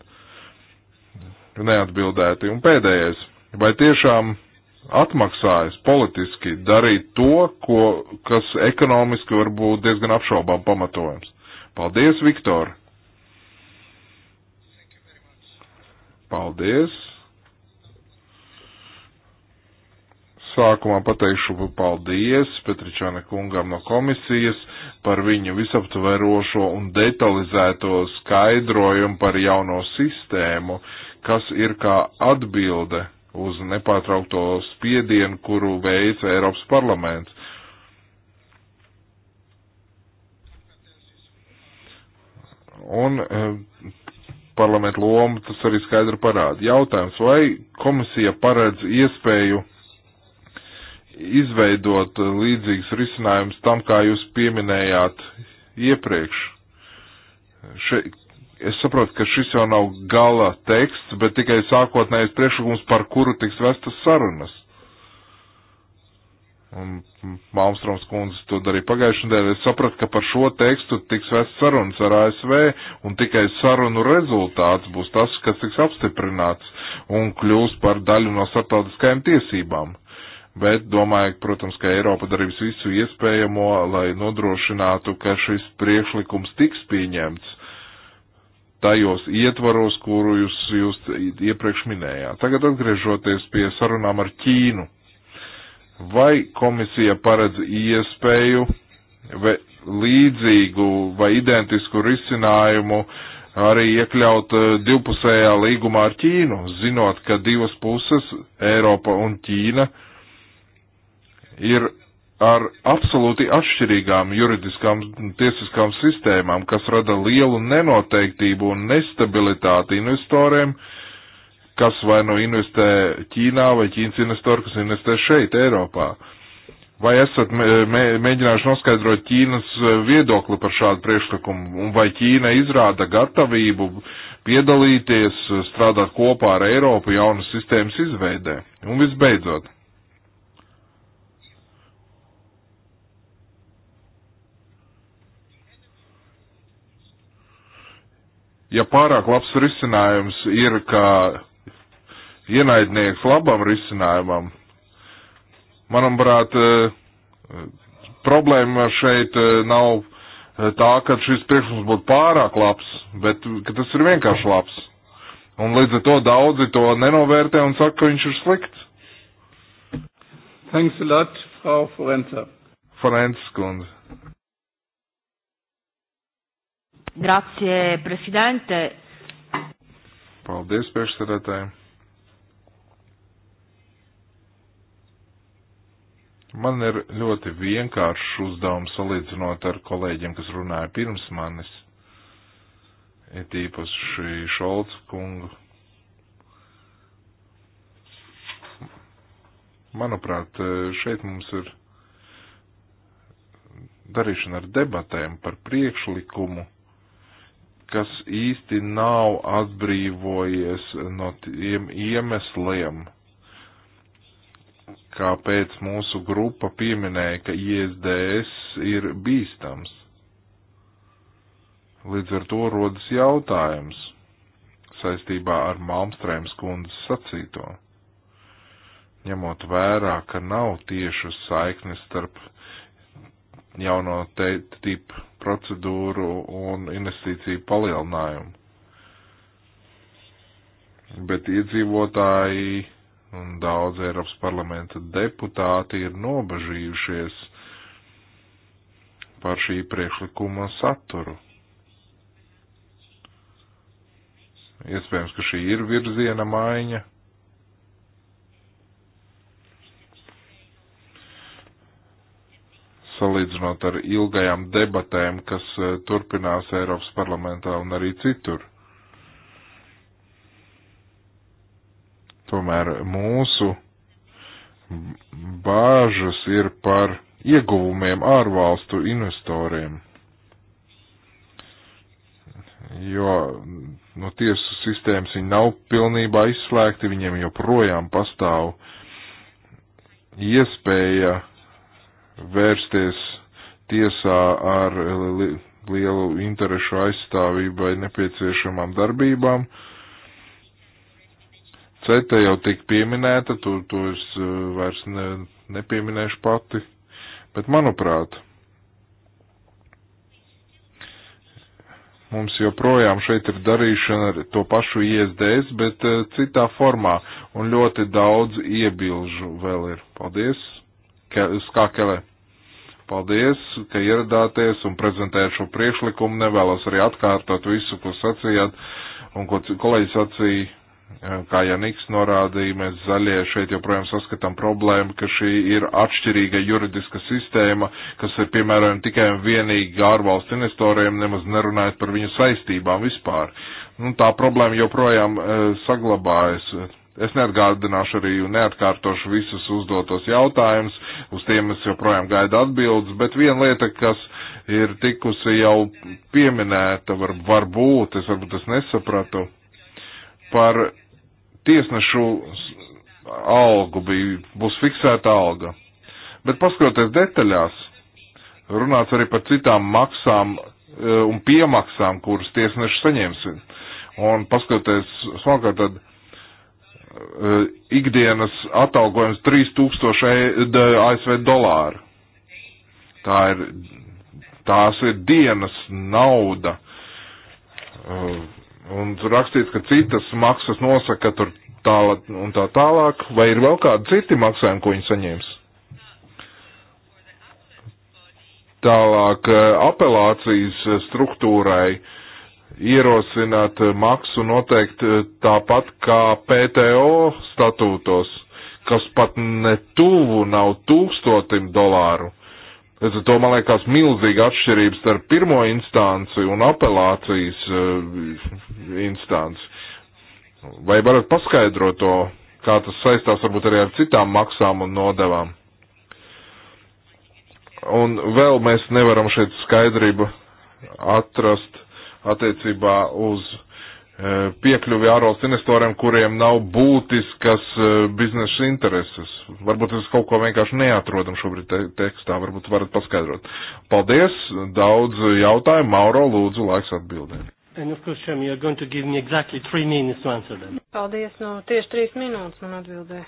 [SPEAKER 1] neatbildēti. Un pēdējais, vai tiešām atmaksājas politiski darīt to, ko, kas ekonomiski var būt diezgan apšaubām pamatojums? Paldies, Viktor! Paldies! Sākumā pateikšu paldies Petričāne kungam no komisijas par viņu visaptverošo un detalizēto skaidrojumu par jauno sistēmu. Uh, kas ir kā atbilde uz nepārtraukto spiedienu, kuru veica Eiropas parlaments. Un eh, parlamentu lomu tas arī skaidri parāda. Jautājums, vai komisija paredz iespēju izveidot līdzīgs risinājums tam, kā jūs pieminējāt iepriekš? Še, Es saprotu, ka šis jau nav gala teksts, bet tikai sākotnējais priekšlikums, par kuru tiks vestas sarunas. Un Malmstroms kundze to darīja pagājušajā nedēļā. Es sapratu, ka par šo tekstu tiks vestas sarunas ar ASV, un tikai sarunu rezultāts būs tas, kas tiks apstiprināts un kļūs par daļu no starptautiskajām tiesībām. Bet domāju, protams, ka Eiropa darīs visu iespējamo, lai nodrošinātu, ka šis priekšlikums tiks pieņemts tajos ietvaros, kuru jūs, jūs iepriekš minējāt. Tagad atgriežoties pie sarunām ar Ķīnu, vai komisija paredz iespēju vai līdzīgu vai identisku risinājumu arī iekļaut eh, divpusējā līgumā ar Ķīnu, zinot, ka divas puses, Eiropa un Ķīna, ir ar absolūti atšķirīgām juridiskām tiesiskām sistēmām, kas rada lielu nenoteiktību un nestabilitāti investoriem, kas vai nu investē Ķīnā vai Ķīnas investori, kas investē šeit, Eiropā. Vai esat mē, mēģinājuši noskaidrot Ķīnas viedokli par šādu priekšlikumu, un vai Ķīna izrāda gatavību piedalīties, strādāt kopā ar Eiropu jaunas sistēmas izveidē? Un visbeidzot, ja pārāk labs risinājums ir kā ienaidnieks labam risinājumam, manuprāt, eh, problēma šeit eh, nav eh, tā, ka šis priekšlikums būtu pārāk labs, bet ka tas ir vienkārši labs. Un līdz ar to daudzi to nenovērtē un saka, ka viņš ir slikts. Thanks a lot, Frau Forenza. Forenza, kundze. Grazie, prezidente. Paldies, priekšsēdētāji. Man ir ļoti vienkāršs uzdevums salīdzinot ar kolēģiem, kas runāja pirms manis, it īpaši Šolts kungu. Manuprāt, šeit mums ir darīšana ar debatēm par priekšlikumu kas īsti nav atbrīvojies no tiem iemesliem, kāpēc mūsu grupa pieminēja, ka ISDS ir bīstams. Līdz ar to rodas jautājums saistībā ar Malmstrēmas kundzes sacīto. Ņemot vērā, ka nav tiešu saiknes starp jauno tipu procedūru un investīciju palielinājumu. Bet iedzīvotāji un daudz Eiropas parlamenta deputāti ir nobažījušies par šī priekšlikuma saturu. Iespējams, ka šī ir virziena maiņa salīdzinot ar ilgajām debatēm, kas eh, turpinās Eiropas parlamentā un arī citur. Tomēr mūsu bāžas ir par ieguvumiem ārvalstu investoriem. Jo no nu, tiesu sistēmas viņi nav pilnībā izslēgti, viņiem joprojām pastāv iespēja vērsties tiesā ar lielu interešu aizstāvību vai nepieciešamām darbībām. Ceta jau tik pieminēta, to, to es uh, vairs ne, nepieminēšu pati, bet manuprāt, mums joprojām šeit ir darīšana ar to pašu ISDS, bet uh, citā formā, un ļoti daudz iebilžu vēl ir. Paldies! Ke Skā Kelē. Paldies, ka ieradāties un prezentējat šo priekšlikumu. Nevēlos arī atkārtot visu, ko sacījāt un ko kolēģis sacīja. Kā Janiks norādīja, mēs zaļie šeit joprojām saskatām problēmu, ka šī ir atšķirīga juridiska sistēma, kas ir piemērojama tikai un vienīgi ārvalstu investoriem, nemaz nerunājot par viņu saistībām vispār. Nu, tā problēma joprojām e, saglabājas Es neatgādināšu arī un neatkārtošu visus uzdotos jautājumus, uz tiem es joprojām gaidu atbildes, bet viena lieta, kas ir tikusi jau pieminēta, var, varbūt, es varbūt es nesapratu, par tiesnešu algu bija, būs fiksēta alga. Bet paskatoties detaļās, runāts arī par citām maksām e, un piemaksām, kuras tiesneši saņemsim. Un paskatoties savukārt, tad Eh, ikdienas atalgojums 3000 ASV dolāru. Tā ir, tās ir dienas nauda. Eh, un rakstīts, ka citas maksas nosaka tur tālāk un tā tālāk, vai ir vēl kādi citi maksājumi, ko viņi saņems? Tālāk eh, apelācijas struktūrai uh, ierosināt eh, maksu noteikti eh, tāpat kā PTO statūtos, kas pat ne tuvu nav tūkstotim dolāru. Es to man liekas milzīga atšķirības starp pirmo instanci un apelācijas uh, instanci. Vai varat paskaidrot to, kā tas saistās varbūt arī ar citām maksām un nodevām? Un vēl mēs nevaram šeit skaidrību atrast attiecībā uz e, piekļuvi ārvalstu investoriem, kuriem nav būtiskas e, biznesa intereses. Varbūt es kaut ko vienkārši neatrodam šobrīd te tekstā, varbūt varat paskaidrot. Paldies, daudz jautājumu, Mauro, lūdzu, laiks atbildēt.
[SPEAKER 2] Exactly Paldies, nu tieši trīs minūtes man atbildēja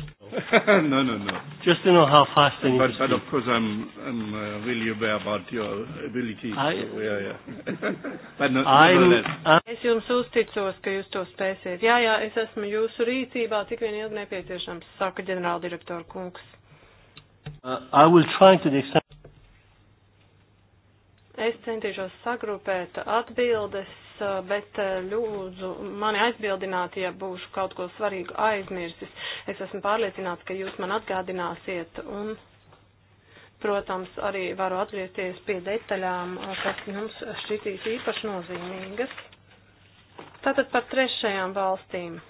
[SPEAKER 1] no, no, no.
[SPEAKER 2] Just to know how fast things But, but of
[SPEAKER 1] course, I'm, I'm uh, really aware about your ability. I, so, yeah, yeah. but no, no
[SPEAKER 2] es jums uzticos, ka jūs to spēsiet. Jā, jā, es esmu jūsu rīcībā, cik vien ilgi nepieciešams, saka ģenerāldirektora kungs.
[SPEAKER 1] Uh, I will try to the extent.
[SPEAKER 2] Es centīšos sagrupēt atbildes Eh, bet eh, ļūdzu mani aizbildināt, ja būšu kaut ko svarīgu aizmirsis. Es esmu pārliecināts, ka jūs man atgādināsiet un, protams, arī varu atgriezties pie detaļām, eh, kas jums šķitīs īpaši nozīmīgas. Tātad par trešajām valstīm.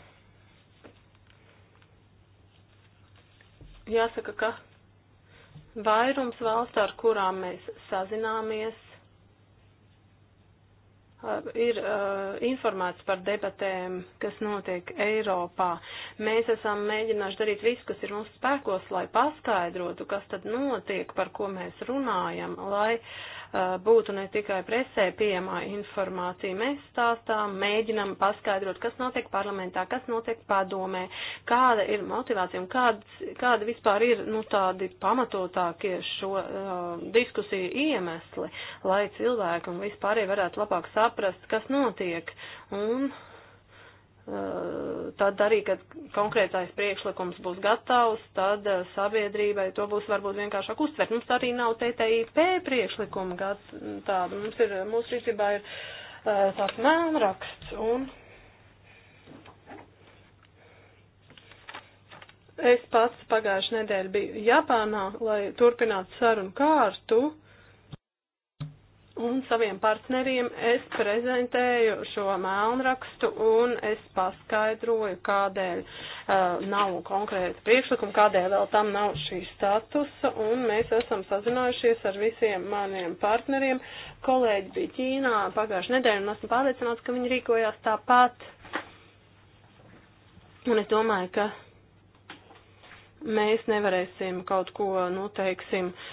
[SPEAKER 2] Jāsaka, ka vairums valstu, ar kurām mēs sazināmies, ir uh, informēts par debatēm, kas notiek Eiropā. Mēs esam mēģinājuši darīt visu, kas ir mūsu spēkos, lai paskaidrotu, kas tad notiek, par ko mēs runājam, lai uh, būtu ne tikai presē pieejamā informācija. Mēs stāstām, mēģinam paskaidrot, kas notiek parlamentā, kas notiek padomē, kāda ir motivācija un kāds, kāda vispār ir nu, tādi pamatotākie šo uh, diskusiju iemesli, lai cilvēki un vispārēji varētu labāk saprast, kas notiek. Un tad arī, kad konkrētais priekšlikums būs gatavs, tad eh, sabiedrībai to būs varbūt vienkāršāk uztvert. Mums arī nav TTIP priekšlikuma gat, tāda. Mums ir, mūsu rīcībā ir eh, tāds mēmraksts un. Es pats pagājušajā nedēļā biju Japānā, lai turpinātu sarunu kārtu un saviem partneriem es prezentēju šo mēlnrakstu un es paskaidroju, kādēļ uh, nav konkrēta priekšlikuma, kādēļ vēl tam nav šī statusa, un mēs esam sazinājušies ar visiem maniem partneriem. Kolēģi bija Ķīnā pagājušajā nedēļā, un esmu pārliecināts, ka viņi rīkojās tāpat. Un es domāju, ka mēs nevarēsim kaut ko, nu, teiksim, uh,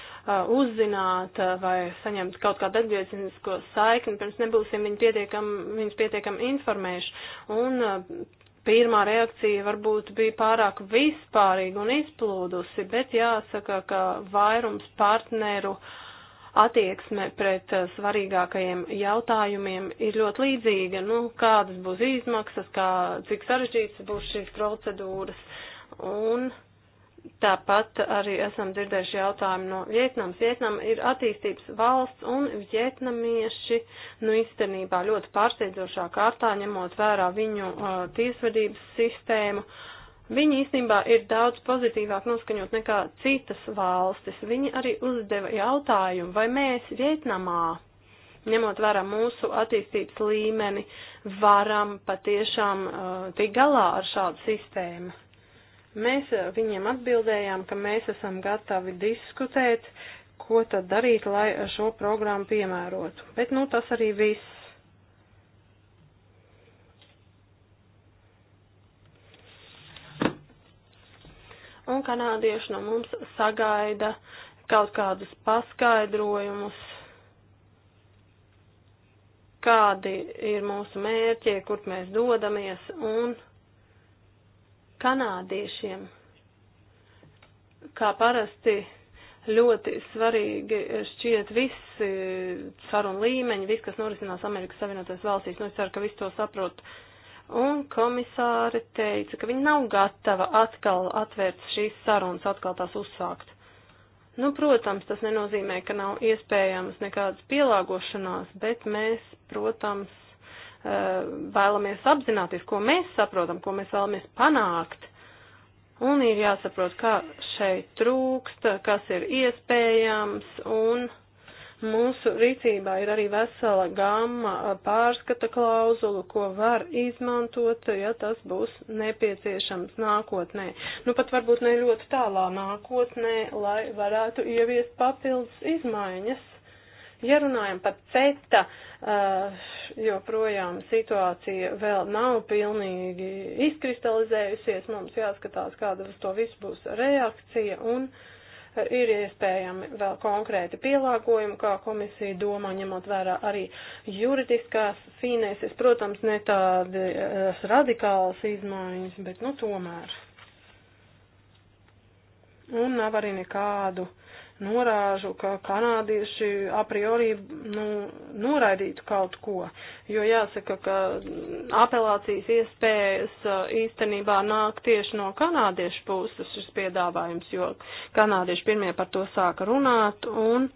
[SPEAKER 2] uzzināt vai saņemt kaut kādu atgriezinisko saikni, pirms nebūsim viņu pietiekam, viņus pietiekam informējuši. Un pirmā reakcija varbūt bija pārāk vispārīga un izplūdusi, bet jāsaka, ka vairums partneru attieksme pret svarīgākajiem jautājumiem ir ļoti līdzīga. Nu, kādas būs izmaksas, kā, cik sarežģītas būs šīs procedūras. Un uh, Tāpat arī esam dzirdējuši jautājumu no Vietnams. Vietnama ir attīstības valsts un vietnamieši, nu, īstenībā ļoti pārsteidzošā kārtā, ņemot vērā viņu uh, tiesvedības sistēmu, viņi īstenībā ir daudz pozitīvāk noskaņot nekā citas valstis. Viņi arī uzdeva jautājumu, vai mēs Vietnamā, ņemot vērā mūsu attīstības līmeni, varam patiešām uh, tik galā ar šādu sistēmu. Mēs eh, viņiem atbildējām, ka mēs esam gatavi diskutēt, ko tad darīt, lai šo programmu piemērotu. Bet, nu, tas arī viss. Un kanādieši no mums sagaida kaut kādus paskaidrojumus, kādi ir mūsu mērķi, kur mēs dodamies un kanādiešiem, kā parasti, ļoti svarīgi šķiet visi sarunu līmeņi, viss, kas norisinās Amerikas Savienotajās valstīs. Nu, es ceru, ka visi to saprot. Un komisāri teica, ka viņi nav gatava atkal atvērt šīs sarunas, atkal tās uzsākt. Nu, protams, tas nenozīmē, ka nav iespējams nekādas pielāgošanās, bet mēs, protams, Eh, vēlamies apzināties, ko mēs saprotam, ko mēs vēlamies panākt. Un ir jāsaprot, kā šeit trūkst, kas ir iespējams, un mūsu rīcībā ir arī vesela gama eh, pārskata klauzulu, ko var izmantot, ja tas būs nepieciešams nākotnē. Nu, pat varbūt ne ļoti tālā nākotnē, lai varētu ieviest papildus izmaiņas. Ja runājam par CETA, uh, Eh, joprojām situācija vēl nav pilnīgi izkristalizējusies, mums jāskatās, kāda uz to visu būs reakcija un eh, ir iespējami vēl konkrēti pielāgojumi, kā komisija domā, ņemot vērā arī juridiskās fīnēses, protams, ne tādas eh, radikālas izmaiņas, bet nu tomēr. Un nav arī nekādu uh, norāžu, ka kanādieši a priori nu, noraidītu kaut ko, jo jāsaka, ka apelācijas iespējas īstenībā nāk tieši no kanādiešu puses šis piedāvājums, jo kanādieši pirmie par to sāka runāt un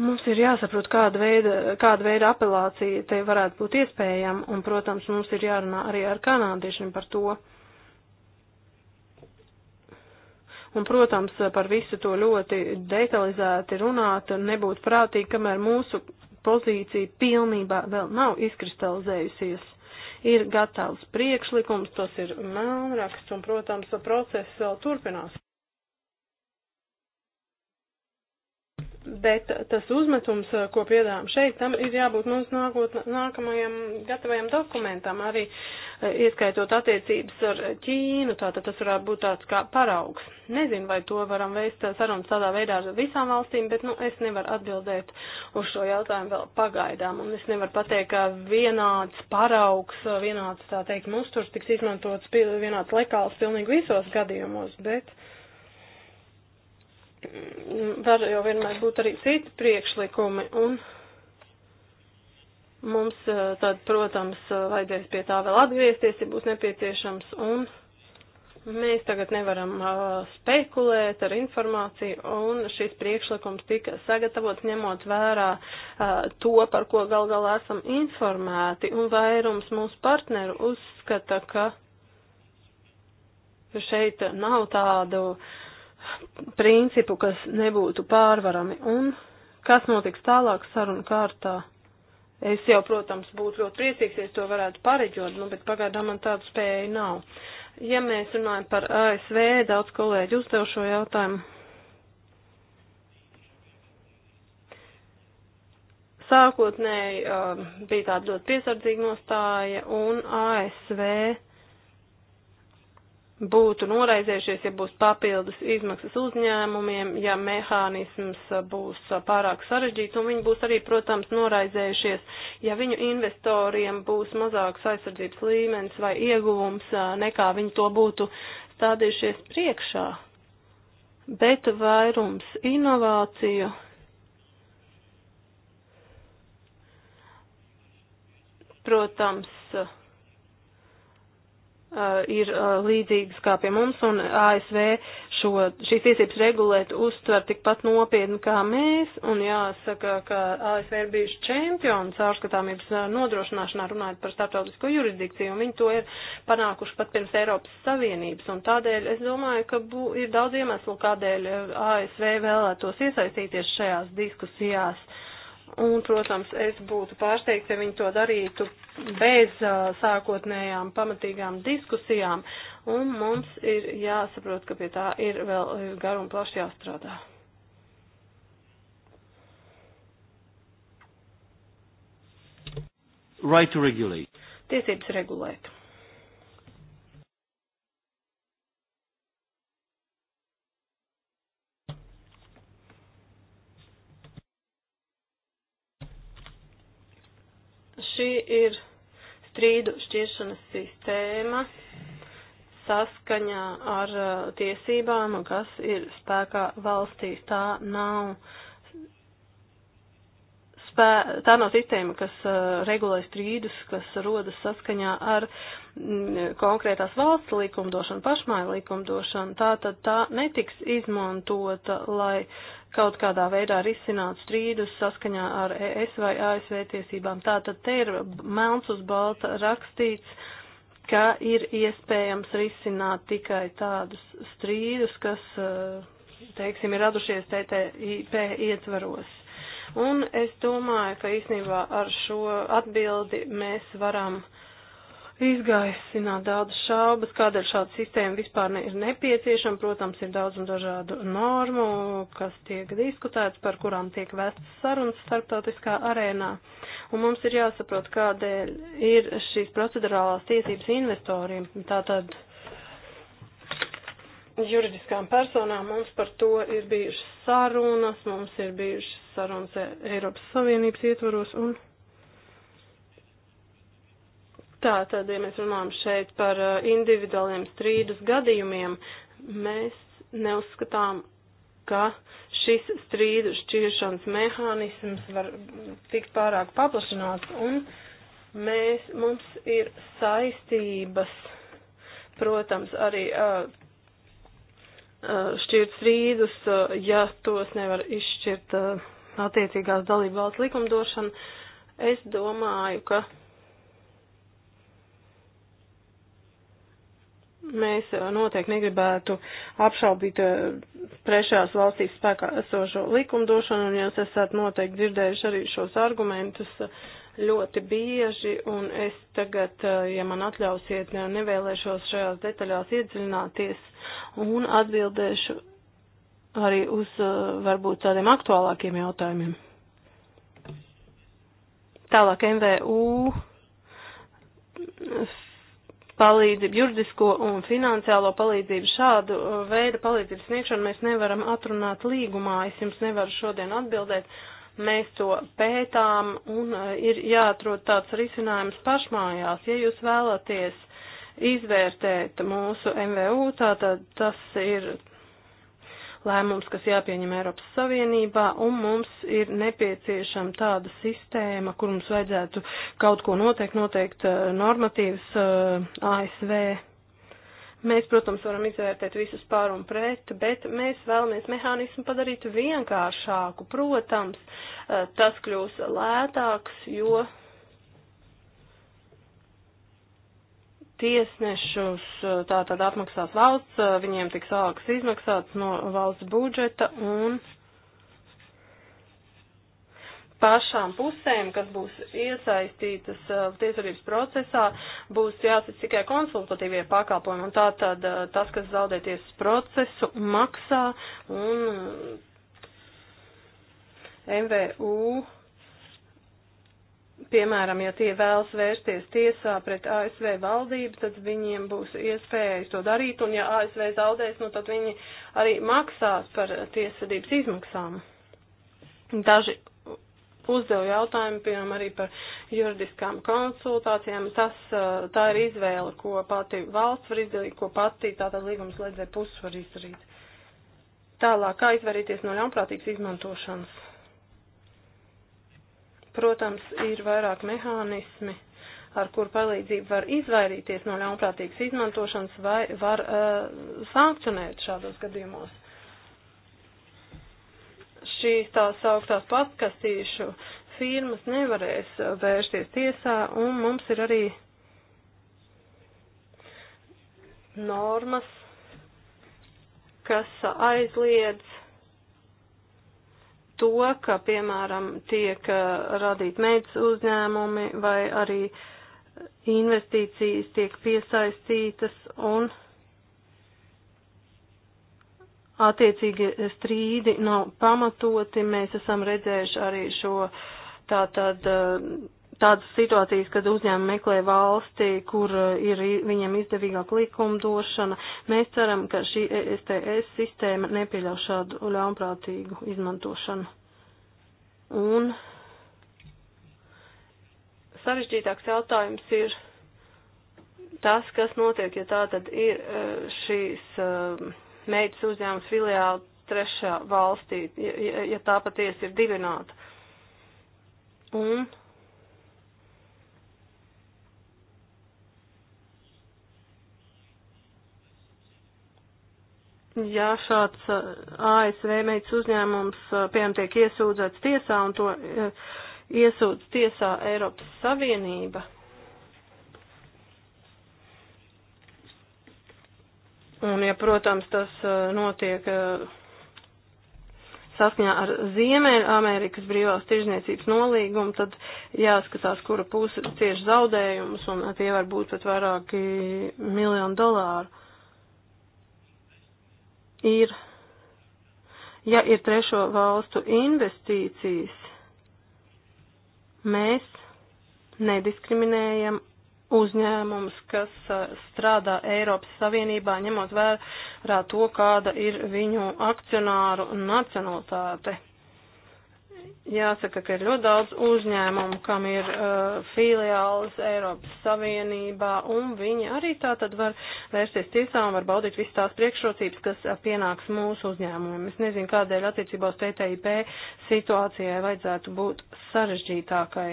[SPEAKER 2] Mums ir jāsaprot, kāda veida, kāda veida apelācija te varētu būt iespējama, un, protams, mums ir jārunā arī ar kanādiešiem par to. Uh, Un, protams, par visu to ļoti detalizēti runāt nebūtu prātīgi, kamēr mūsu pozīcija pilnībā vēl nav izkristalizējusies. Ir gatavs priekšlikums, tas ir melnraksts, un, protams, process vēl turpinās. Bet tas uzmetums, ko piedāvājam šeit, tam ir jābūt mums nākot, nākamajam gatavajam dokumentam. Arī ieskaitot attiecības ar Ķīnu, tātad tas varētu būt tāds kā paraugs. Nezinu, vai to varam veist sarunas tādā veidā ar visām valstīm, bet, nu, es nevaru atbildēt uz šo jautājumu vēl pagaidām, un es nevaru pateikt, ka vienāds paraugs, vienāds, tā teikt, musturs tiks izmantots, vienāds lekāls pilnīgi visos gadījumos, bet mm, var jau vienmēr būt arī citi priekšlikumi, un Mums tad, protams, vajadzēs pie tā vēl atgriezties, ja būs nepieciešams, un mēs tagad nevaram spekulēt ar informāciju, un šis priekšlikums tika sagatavots ņemot vērā to, par ko gal galā esam informēti, un vairums mūsu partneru uzskata, ka šeit nav tādu principu, kas nebūtu pārvarami. Un kas notiks tālāk sarunu kārtā? Es jau, protams, būtu ļoti priecīgs, ja es to varētu pareģot, nu, bet pagaidām man tādu spēju nav. Ja mēs runājam par ASV, daudz kolēģi uzdev šo jautājumu. Sākotnēji uh, bija tāda ļoti piesardzīga nostāja, un ASV būtu noraizējušies, ja būs papildus izmaksas uzņēmumiem, ja mehānisms būs pārāk sarežģīts, un viņi būs arī, protams, noraizējušies, ja viņu investoriem būs mazāks aizsardzības līmenis vai ieguvums, nekā viņi to būtu stādījušies priekšā. Bet vairums inovāciju protams, Uh, ir uh, līdzīgas kā pie mums, un ASV šo, šīs tiesības regulēt uztver tikpat nopietni kā mēs, un jāsaka, ka ASV ir bijuši čempioni caurskatāmības uh, nodrošināšanā runājot par starptautisko jurisdikciju, un viņi to ir panākuši pat pirms Eiropas Savienības, un tādēļ es domāju, ka bū, ir daudz iemeslu, kādēļ ASV vēlētos iesaistīties šajās diskusijās. Uh, Un, protams, es būtu pārsteigts, ja viņi to darītu bez uh, sākotnējām pamatīgām diskusijām. Un mums ir jāsaprot, ka pie tā ir vēl gar un plaši jāstrādā. Right to regulate. Tiesības regulēt. Šī ir strīdu šķiršanas sistēma saskaņā ar uh, tiesībām, kas ir spēkā valstīs. Tā nav spē, tā nav sistēma, kas uh, regulē strīdus, kas rodas saskaņā ar m, mm, konkrētās valsts likumdošanu, pašmāju likumdošanu. Tā tad tā netiks izmantota, lai kaut kādā veidā risināt strīdus saskaņā ar ES vai ASV tiesībām. Tātad te ir melns uz balta rakstīts, ka ir iespējams risināt tikai tādus strīdus, kas, eh, teiksim, ir radušies TTIP ietvaros. Un es domāju, ka īsnībā ar šo atbildi mēs varam uh, izgaisināt daudz šaubas, kādēļ šāda sistēma vispār ne, ir nepieciešama. Protams, ir daudz un dažādu normu, kas tiek diskutētas, par kurām tiek vēstas sarunas starptautiskā arēnā. Un mums ir jāsaprot, kādēļ ir šīs procedurālās tiesības investoriem. Tātad juridiskām personām mums par to ir bijušas sarunas, mums ir bijušas sarunas Eiropas Savienības ietvaros un. Tātad, ja mēs runājam šeit par uh, individuāliem strīdus gadījumiem, mēs neuzskatām, ka šis strīdu šķiršanas mehānisms var tikt pārāk paplašināts un mēs, mums ir saistības, protams, arī uh, uh šķirt strīdus, uh, ja tos nevar izšķirt uh, attiecīgās dalību valsts likumdošana. Es domāju, ka Mēs uh, noteikti negribētu apšaubīt uh, trešās valstīs spēkā esošo likumdošanu, un jūs esat noteikti dzirdējuši arī šos argumentus uh, ļoti bieži, un es tagad, ja man atļausiet, nevēlēšos šajās detaļās iedziļināties un atbildēšu arī uz varbūt tādiem aktuālākiem jautājumiem. Tālāk MVU palīdzību, juridisko un finansiālo palīdzību. Šādu uh, veidu palīdzības sniegšanu mēs nevaram atrunāt līgumā. Es jums nevaru šodien atbildēt. Mēs to pētām un uh, ir jāatrod tāds risinājums pašmājās. Ja jūs vēlaties izvērtēt mūsu MVU, tātad tas ir lēmums, kas jāpieņem Eiropas Savienībā, un mums ir nepieciešama tāda sistēma, kur mums vajadzētu kaut ko noteikt, noteikt eh, normatīvas eh, ASV. Mēs, protams, varam izvērtēt visus pār un pret, bet mēs vēlamies mehānismu padarīt vienkāršāku. Protams, eh, tas kļūs lētāks, jo tiesnešus eh, tātad apmaksās valsts, eh, viņiem tiks algas izmaksātas no valsts budžeta un pašām pusēm, kas būs iesaistītas eh, tiesvedības procesā, būs jāsas tikai konsultatīvie pakalpojumi, un tātad tas, kas zaudē tiesas procesu, maksā, un MVU piemēram, ja tie vēlas vērsties tiesā pret ASV valdību, tad viņiem būs iespējas to darīt, un ja ASV zaudēs, nu tad viņi arī maksās par tiesvedības izmaksām. Daži uzdeva jautājumu, piemēram, arī par juridiskām konsultācijām. Tas, tā ir izvēle, ko pati valsts var izdarīt, ko pati tātad līgums ledzē puses var izdarīt. Tālāk, kā izvairīties no ļaunprātīgas izmantošanas. Protams, ir vairāk mehānismi, ar kur palīdzību var izvairīties no ļaunprātīgas izmantošanas vai var uh, sankcionēt šādos gadījumos. Šīs tās augstās patkastīšu firmas nevarēs vērsties tiesā un mums ir arī normas, kas aizliedz to, ka, piemēram, tiek uh, radīt meitas uzņēmumi vai arī investīcijas tiek piesaistītas un attiecīgi strīdi nav pamatoti. Mēs esam redzējuši arī šo tātad. Uh, tādas situācijas, kad uzņēmumi meklē valsti, kur uh, ir viņiem izdevīgāk likumdošana. Mēs ceram, ka šī STS e sistēma nepieļaus šādu ļaunprātīgu izmantošanu. Un sarežģītāks jautājums ir tas, kas notiek, ja tā tad ir uh, šīs uh, meitas uzņēmums filiāli trešā valstī, ja, ja tā patiesi ir divināta. Un ja šāds eh, ASV meitas uzņēmums, eh, piemēram, tiek iesūdzēts tiesā un to eh, iesūdz tiesā Eiropas Savienība, un, ja, protams, tas notiek saskaņā ar Ziemeļa Amerikas brīvās tirzniecības nolīgumu, tad jāskatās, kura puse cieši zaudējumus, un tie var būt pat vairāki miljoni dolāru ir, ja ir trešo valstu investīcijas, mēs nediskriminējam uzņēmums, kas strādā Eiropas Savienībā, ņemot vērā to, kāda ir viņu akcionāru nacionalitāte. Jāsaka, ka ir ļoti daudz uzņēmumu, kam ir uh, filiālis Eiropas Savienībā, un viņi arī tā tad var vērsties tiesā un var baudīt visas tās priekšrocības, kas uh, pienāks mūsu uzņēmumiem. Es nezinu, kādēļ attiecībā uz TTIP situācijai vajadzētu būt sarežģītākai.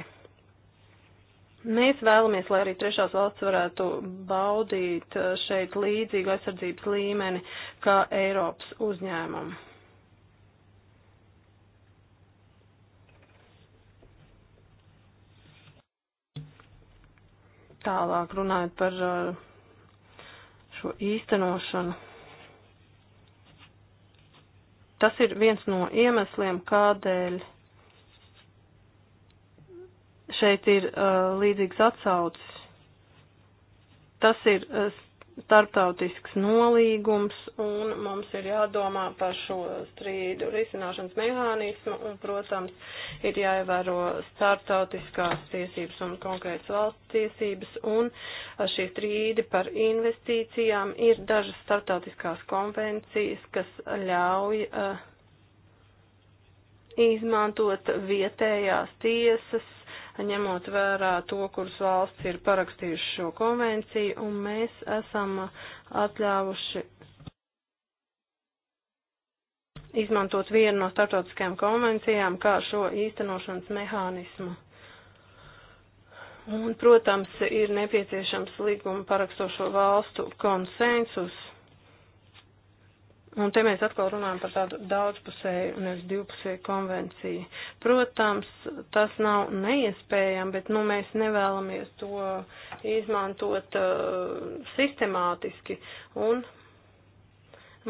[SPEAKER 2] Mēs vēlamies, lai arī trešās valsts varētu baudīt uh, šeit līdzīgu aizsardzības līmeni kā Eiropas uzņēmumu. Tālāk runājot par eh, šo īstenošanu. Tas ir viens no iemesliem, kādēļ šeit ir uh, līdzīgs atsaucis. Tas ir uh, starptautisks nolīgums, un mums ir jādomā par šo strīdu risināšanas mehānismu, un, protams, ir jāievēro starptautiskās tiesības un konkrētas valsts tiesības, un šie strīdi par investīcijām ir dažas starptautiskās konvencijas, kas ļauj uh, izmantot vietējās tiesas ņemot vērā to, kuras valsts ir parakstījuši šo konvenciju, un mēs esam atļāvuši izmantot vienu no starptautiskajām konvencijām kā šo īstenošanas mehānismu. Un, protams, ir nepieciešams līguma parakstošo valstu konsensus, Un te mēs atkal runājam par tādu daudzpusēju, nevis divpusēju konvenciju. Protams, tas nav neiespējami, bet nu, mēs nevēlamies to izmantot uh, sistemātiski. Un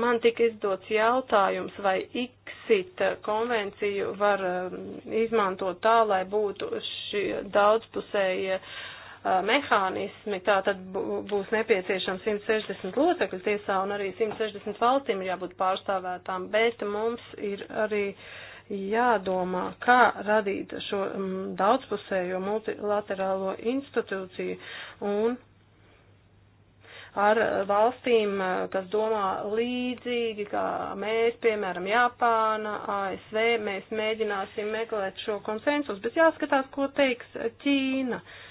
[SPEAKER 2] man tika izdots jautājums, vai ICSIT konvenciju var uh, izmantot tā, lai būtu šie daudzpusējie. Uh, mehānismi, tā tad būs nepieciešams 160 locekļu tiesā un arī 160 valstīm ir jābūt pārstāvētām, bet mums ir arī jādomā, kā radīt šo mm, daudzpusējo multilaterālo institūciju un ar valstīm, kas domā līdzīgi, kā mēs, piemēram, Japāna, ASV, mēs mēģināsim meklēt šo konsensus, bet jāskatās, ko teiks Ķīna. Uh,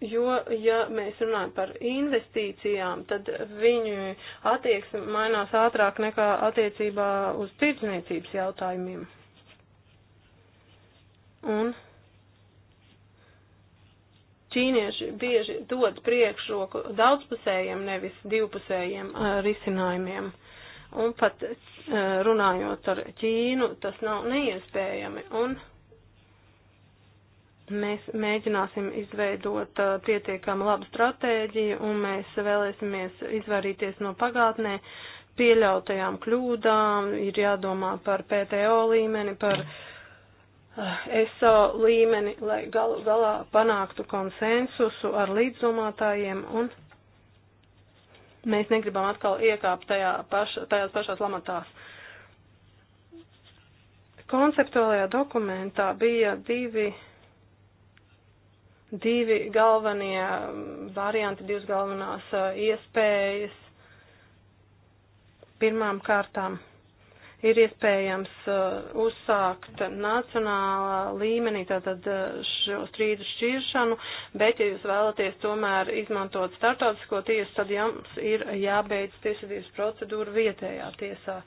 [SPEAKER 2] Jo, ja mēs runājam par investīcijām, tad viņu attieksme mainās ātrāk nekā attiecībā uz tirdzniecības jautājumiem. Un ķīnieši bieži dod priekšroku daudzpusējiem, nevis divpusējiem uh, risinājumiem. Un pat uh, runājot ar Ķīnu, tas nav neiespējami. Un Mēs mēģināsim izveidot uh, pietiekami labu stratēģiju un mēs vēlēsimies izvairīties no pagātnē pieļautajām kļūdām. Ir jādomā par PTO līmeni, par ESO uh, līmeni, lai galu galā panāktu konsensusu ar līdzdomātājiem un mēs negribam atkal iekāpt tajā paša, tajās pašās lamatās. Konceptuālajā dokumentā bija divi divi galvenie mm, varianti, divas galvenās iespējas. Pirmām kārtām ir iespējams uzsākt nacionālā līmenī tātad šo strīdu šķiršanu, bet ja jūs vēlaties tomēr izmantot startautisko tiesu, tad jums ir jābeidz tiesvedības procedūra vietējā tiesā.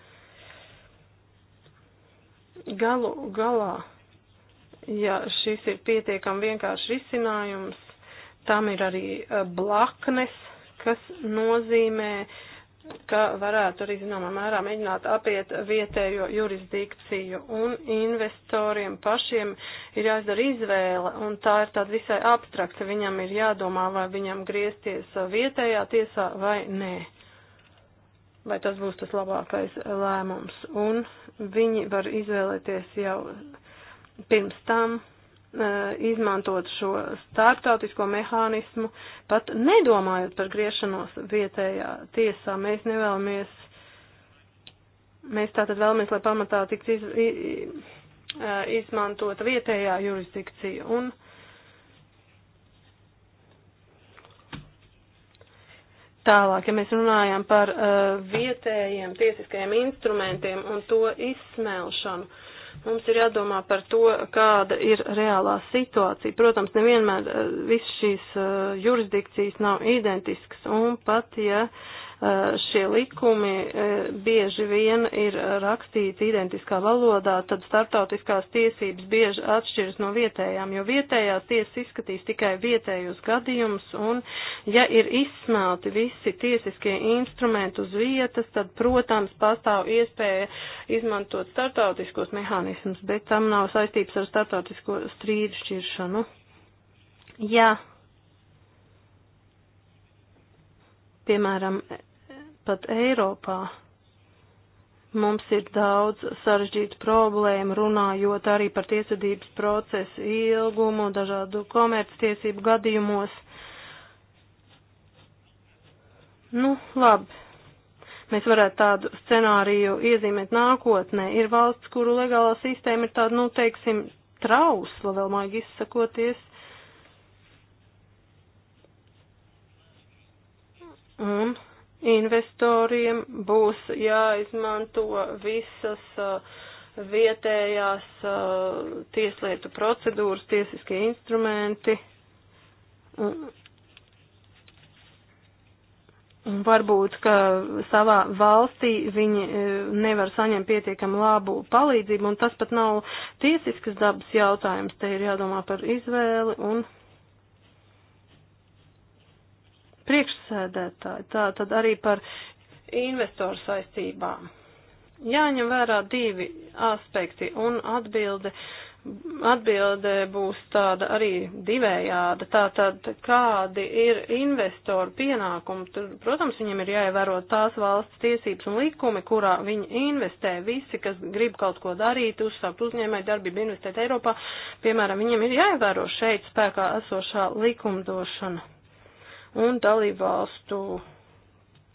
[SPEAKER 2] Galu galā ja šis ir pietiekami vienkāršs risinājums, tam ir arī eh, blaknes, kas nozīmē, ka varētu arī zināmā mērā mēģināt apiet vietējo jurisdikciju un investoriem pašiem ir jāizdara izvēle un tā ir tāda visai abstrakta, viņam ir jādomā, vai viņam griezties vietējā tiesā vai nē vai tas būs tas labākais eh, lēmums. Un viņi var izvēlēties jau pirms tam e, izmantot šo starptautisko mehānismu, pat nedomājot par griešanos vietējā tiesā. Mēs nevēlamies, mēs tātad vēlamies, lai pamatā tiks iz, e, izmantota vietējā jurisdikcija. Un Tālāk, ja mēs runājam par uh, vietējiem tiesiskajiem instrumentiem un to izsmelšanu, uh, Mums ir jādomā par to, kāda ir reālā situācija. Protams, nevienmēr eh, visas šīs eh, jurisdikcijas nav identiskas, un pat ja uh, Eh, šie likumi eh, bieži vien ir rakstīti identiskā valodā, tad startautiskās tiesības bieži atšķiras no vietējām, jo vietējā tiesa izskatīs tikai vietējos gadījumus, un ja ir izsmelti visi tiesiskie instrumenti uz vietas, tad, protams, pastāv iespēja izmantot startautiskos mehānismus, bet tam nav saistības ar startautisko strīdu šķiršanu. Jā. Piemēram, pat Eiropā. Mums ir daudz sarežģītu problēmu runājot arī par tiesvedības procesu ilgumu, dažādu komerctiesību gadījumos. Nu, labi. Mēs varētu tādu scenāriju iezīmēt nākotnē. Ir valsts, kuru legālā sistēma ir tāda, nu, teiksim, trausla, vēl maigi izsakoties. Un Investoriem būs jāizmanto visas uh, vietējās uh, tieslietu procedūras, tiesiskie instrumenti. Un, un varbūt, ka savā valstī viņi uh, nevar saņemt pietiekam labu palīdzību, un tas pat nav tiesiskas dabas jautājums, te ir jādomā par izvēli un priekšsēdētāji, tā tad arī par investoru saistībām. Jāņem vērā divi aspekti un atbilde, atbilde būs tāda arī divējāda. Tātad, kādi ir investoru pienākumi? Tur, protams, viņiem ir jāievēro tās valsts tiesības un likumi, kurā viņi investē. Visi, kas grib kaut ko darīt, uzsākt uzņēmēju darbību, investēt Eiropā, piemēram, viņiem ir jāievēro šeit spēkā esošā likumdošana un dalību valstu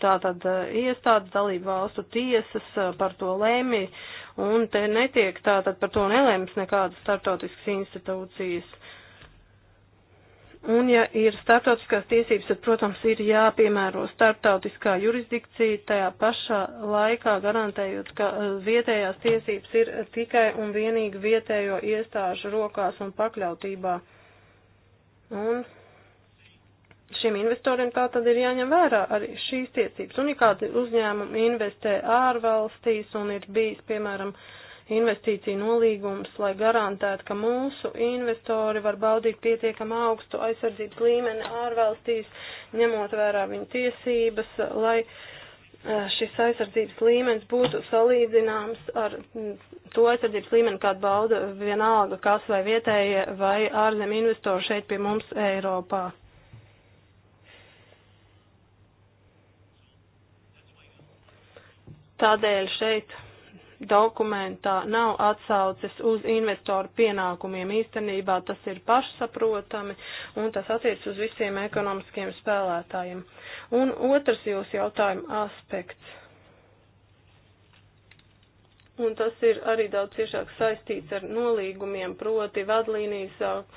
[SPEAKER 2] tātad eh, iestādes dalību valstu tiesas eh, par to lēmi, un te netiek tātad par to nelēmas nekādas startautiskas institūcijas. Un, ja ir startautiskās tiesības, tad, protams, ir jāpiemēro startautiskā jurisdikcija, tajā pašā laikā garantējot, ka eh, vietējās tiesības ir tikai un vienīgi vietējo iestāžu rokās un pakļautībā. Un šiem investoriem tā tad ir jāņem vērā arī šīs tiesības. Un ja kādi uzņēmumi investē ārvalstīs un ir bijis, piemēram, investīcija nolīgums, lai garantētu, ka mūsu investori var baudīt pietiekam augstu aizsardzības līmeni ārvalstīs, ņemot vērā viņu tiesības, lai e, šis aizsardzības līmenis būtu salīdzināms ar to aizsardzības līmeni, kādu bauda vienalga kas vai vietējie vai ārzem investori šeit pie mums Eiropā. Tādēļ šeit dokumentā nav atsauces uz investoru pienākumiem. Īstenībā tas ir pašsaprotami un tas attiec uz visiem ekonomiskiem spēlētājiem. Un otrs jūsu jautājuma aspekts. Un tas ir arī daudz ciešāk saistīts ar nolīgumiem, proti vadlīnijas,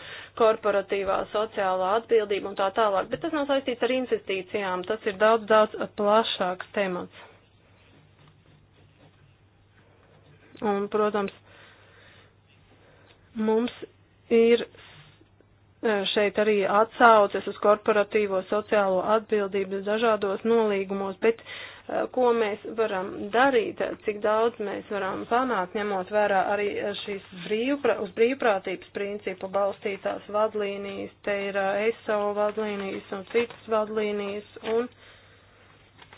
[SPEAKER 2] korporatīvā sociālā atbildība un tā tālāk. Bet tas nav saistīts ar investīcijām, tas ir daudz, daudz plašāks temats. Un, protams, mums ir e, šeit arī atsauces uz korporatīvo sociālo atbildību dažādos nolīgumos, bet e, ko mēs varam darīt, cik daudz mēs varam panākt, ņemot vērā arī šīs brīvprā, uz brīvprātības principu balstītās vadlīnijas, te ir ESO vadlīnijas un citas vadlīnijas un. Uh,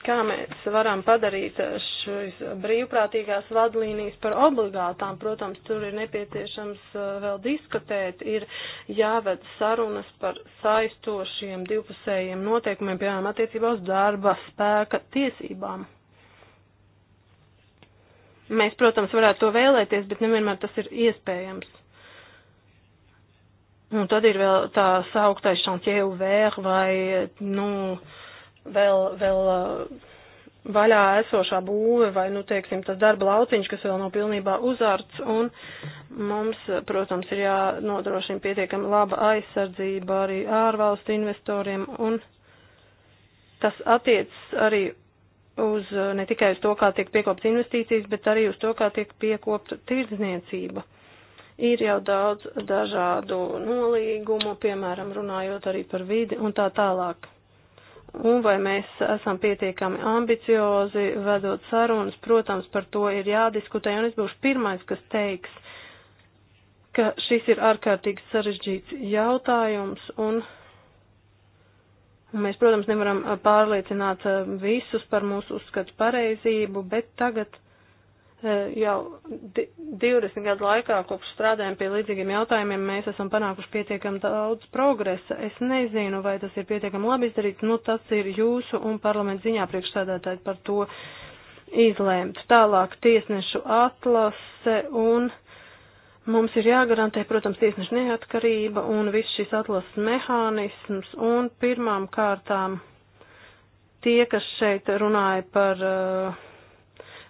[SPEAKER 2] kā mēs varam padarīt šīs brīvprātīgās vadlīnijas par obligātām. Protams, tur ir nepieciešams uh, vēl diskutēt, ir jāved sarunas par saistošiem divpusējiem noteikumiem, piemēram, attiecībā uz darba spēka tiesībām. Mēs, protams, varētu to vēlēties, bet nevienmēr tas ir iespējams. Un tad ir vēl tā sauktais šantievu vēr vai, nu, uh, vēl, vēl uh, vaļā esošā būve vai, nu, teiksim, tas darba lauciņš, kas vēl nav pilnībā uzārts, un mums, protams, ir jānodrošina pietiekami laba aizsardzība arī ārvalstu investoriem, un tas attiecas arī uz uh, ne tikai uz to, kā tiek piekopts investīcijas, bet arī uz to, kā tiek piekopta tirdzniecība. Ir jau daudz dažādu nolīgumu, piemēram, runājot arī par vidi un tā tālāk un vai mēs esam pietiekami ambiciozi vedot sarunas, protams, par to ir jādiskutē, un es būšu pirmais, kas teiks, ka šis ir ārkārtīgi sarežģīts jautājums, un mēs, protams, nevaram pārliecināt eh, visus par mūsu uzskatu pareizību, bet tagad jau 20 gadu laikā, kopš strādājam pie līdzīgiem jautājumiem, mēs esam panākuši pietiekam daudz progresa. Es nezinu, vai tas ir pietiekam labi izdarīts, nu tas ir jūsu un parlamentu ziņā priekšsēdētāji par to izlēmt. Tālāk tiesnešu atlase un mums ir jāgarantē, protams, tiesnešu neatkarība un viss šis atlases mehānisms un pirmām kārtām tie, kas šeit runāja par uh,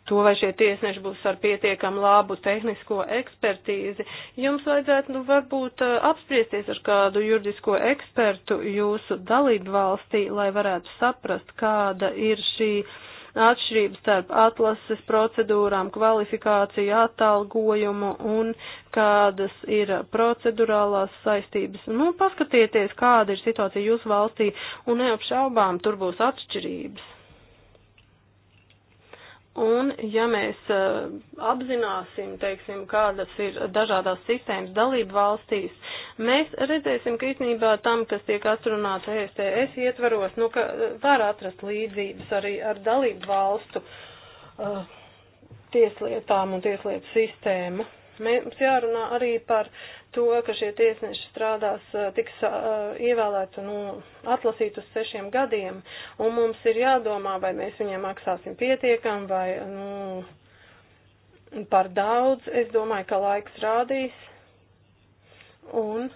[SPEAKER 2] to, vai šie tiesneši būs ar pietiekam labu tehnisko ekspertīzi. Jums vajadzētu nu, varbūt eh, apspriesties ar kādu juridisko ekspertu jūsu dalību valstī, lai varētu saprast, kāda ir šī atšķirības starp atlases procedūrām, kvalifikāciju, atalgojumu un kādas ir procedurālās saistības. Nu, paskatieties, kāda ir situācija jūsu valstī un neapšaubām tur būs atšķirības. Un, ja mēs uh, apzināsim, teiksim, kādas ir dažādās sistēmas dalību valstīs, mēs redzēsim, ka īstenībā tam, kas tiek atrunāts ESTS ietvaros, nu, ka eh, var atrast līdzības arī ar dalību valstu uh, tieslietām un tieslietu sistēmu. Mums jārunā arī par to, ka šie tiesneši strādās, tiks uh, ievēlēti nu, atlasīt uz sešiem gadiem, un mums ir jādomā, vai mēs viņiem maksāsim pietiekam vai nu, par daudz. Es domāju, ka laiks rādīs. Un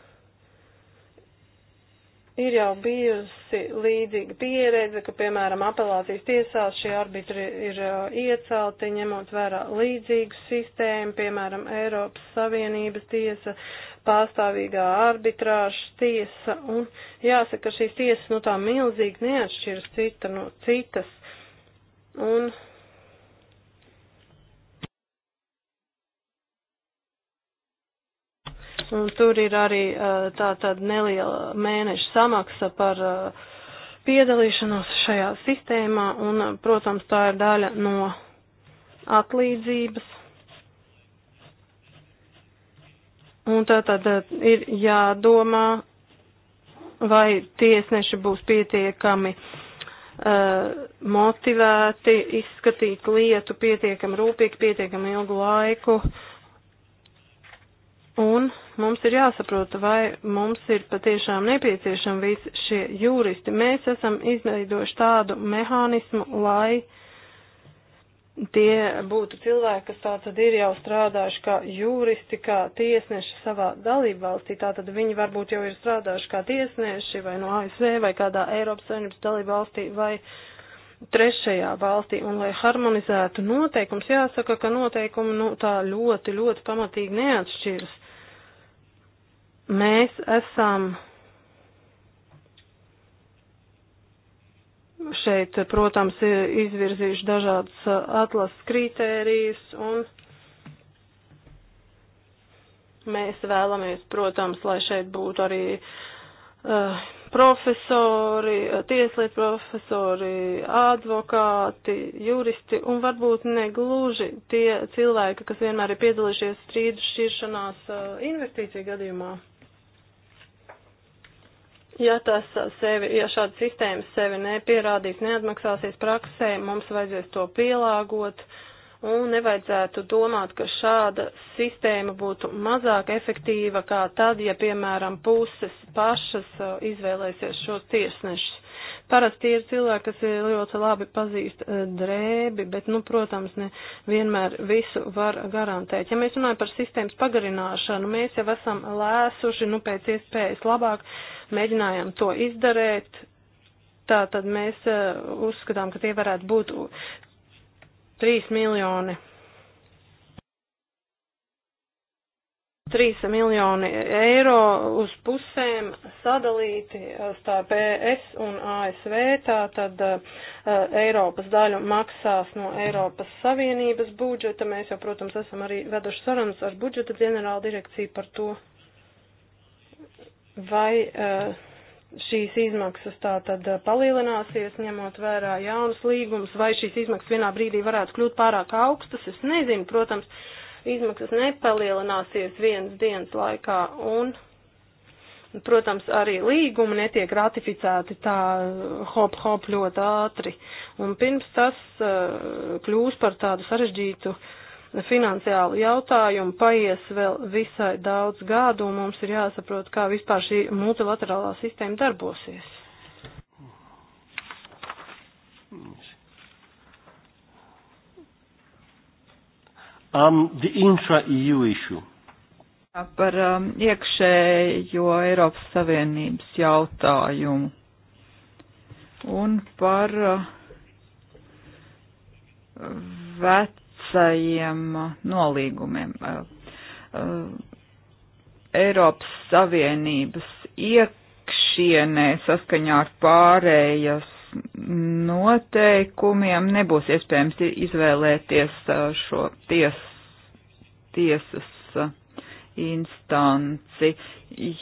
[SPEAKER 2] ir jau bijusi līdzīga pieredze, ka, piemēram, apelācijas tiesās šie arbitri ir iecelti, ņemot vērā līdzīgu sistēmu, piemēram, Eiropas Savienības tiesa, pārstāvīgā arbitrāža tiesa, un jāsaka, ka šīs tiesas no nu, tā milzīgi neatšķiras cita no citas. Un Un tur ir arī eh, tā tāda neliela mēneša samaksa par eh, piedalīšanos šajā sistēmā, un, eh, protams, tā ir daļa no atlīdzības. Un tā tad ir jādomā, vai tiesneši būs pietiekami uh, motivēti izskatīt lietu pietiekami rūpīgi, pietiekami ilgu laiku. Un Mums ir jāsaprot, vai mums ir patiešām nepieciešami visi šie juristi. Mēs esam izveidojuši tādu mehānismu, lai tie būtu cilvēki, kas tātad ir jau strādājuši kā juristi, kā tiesneši savā dalību valstī. Tātad viņi varbūt jau ir strādājuši kā tiesneši vai no ASV vai kādā Eiropas Savienības dalību valstī vai trešajā valstī. Un, lai harmonizētu noteikums, jāsaka, ka noteikumi nu, tā ļoti, ļoti pamatīgi neatšķiras mēs esam šeit, protams, izvirzījuši dažādas uh, atlases kritērijas un mēs vēlamies, protams, lai šeit būtu arī uh, profesori, tieslietu profesori, advokāti, juristi un varbūt negluži tie cilvēki, kas vienmēr ir piedalījušies strīdu šķiršanās uh, investīciju gadījumā. Ja tas sevi, ja šāda sistēma sevi nepierādīs, neatmaksāsies praksē, mums vajadzēs to pielāgot un nevajadzētu domāt, ka šāda sistēma būtu mazāk efektīva kā tad, ja, piemēram, puses pašas uh, izvēlēsies šos tiesnešus. Parasti ir cilvēki, kas ļoti labi pazīst eh, drēbi, bet, nu, protams, ne vienmēr visu var garantēt. Ja mēs runājam par sistēmas pagarināšanu, mēs jau esam lēsuši, nu, pēc iespējas labāk mēģinājām to izdarēt. Tā tad mēs eh, uzskatām, ka tie varētu būt 3 miljoni 3 miljoni eiro uz pusēm sadalīti eh, starp ES un ASV, tātad uh, Eiropas daļu maksās no Eiropas Savienības budžeta. Mēs jau, protams, esam arī veduši sarunas ar budžeta ģenerāla direkciju par to, vai uh, šīs izmaksas tātad palielināsies, ņemot vērā jaunas līgumas, vai šīs izmaksas vienā brīdī varētu kļūt pārāk augstas, es nezinu, protams, uh, izmaksas nepalielināsies vienas dienas laikā un, protams, arī līgumi netiek ratificēti tā hop hop ļoti ātri. Un pirms tas uh, kļūs par tādu sarežģītu finansiālu jautājumu, paies vēl visai daudz gadu un mums ir jāsaprot, kā vispār šī multilaterālā sistēma darbosies. Um, the intra-EU issue.
[SPEAKER 3] Par um, iekšējo Eiropas Savienības jautājumu un par uh, vecajiem nolīgumiem. Uh, Eiropas Savienības iekšienē saskaņā ar pārējas noteikumiem nebūs iespējams izvēlēties šo ties, tiesas instanci,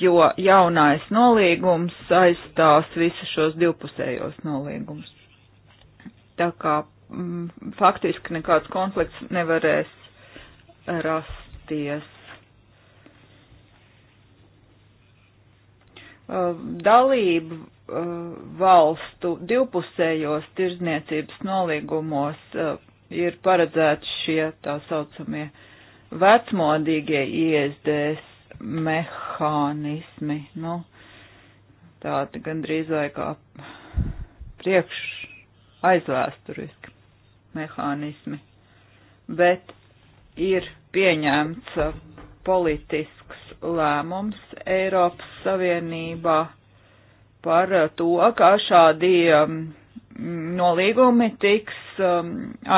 [SPEAKER 3] jo jaunais nolīgums aizstās visus šos divpusējos nolīgumus. Tā kā m, mm, faktiski nekāds konflikts nevarēs rasties. Uh, dalību uh, valstu divpusējos tirzniecības nolīgumos uh, ir paredzēts šie tā saucamie vecmodīgie ISDS mehānismi, nu, tādi gandrīz vai kā priekš aizvēsturiski mehānismi, bet ir pieņemts politisks lēmums Eiropas Savienībā par to, kā šādi um, nolīgumi tiks um,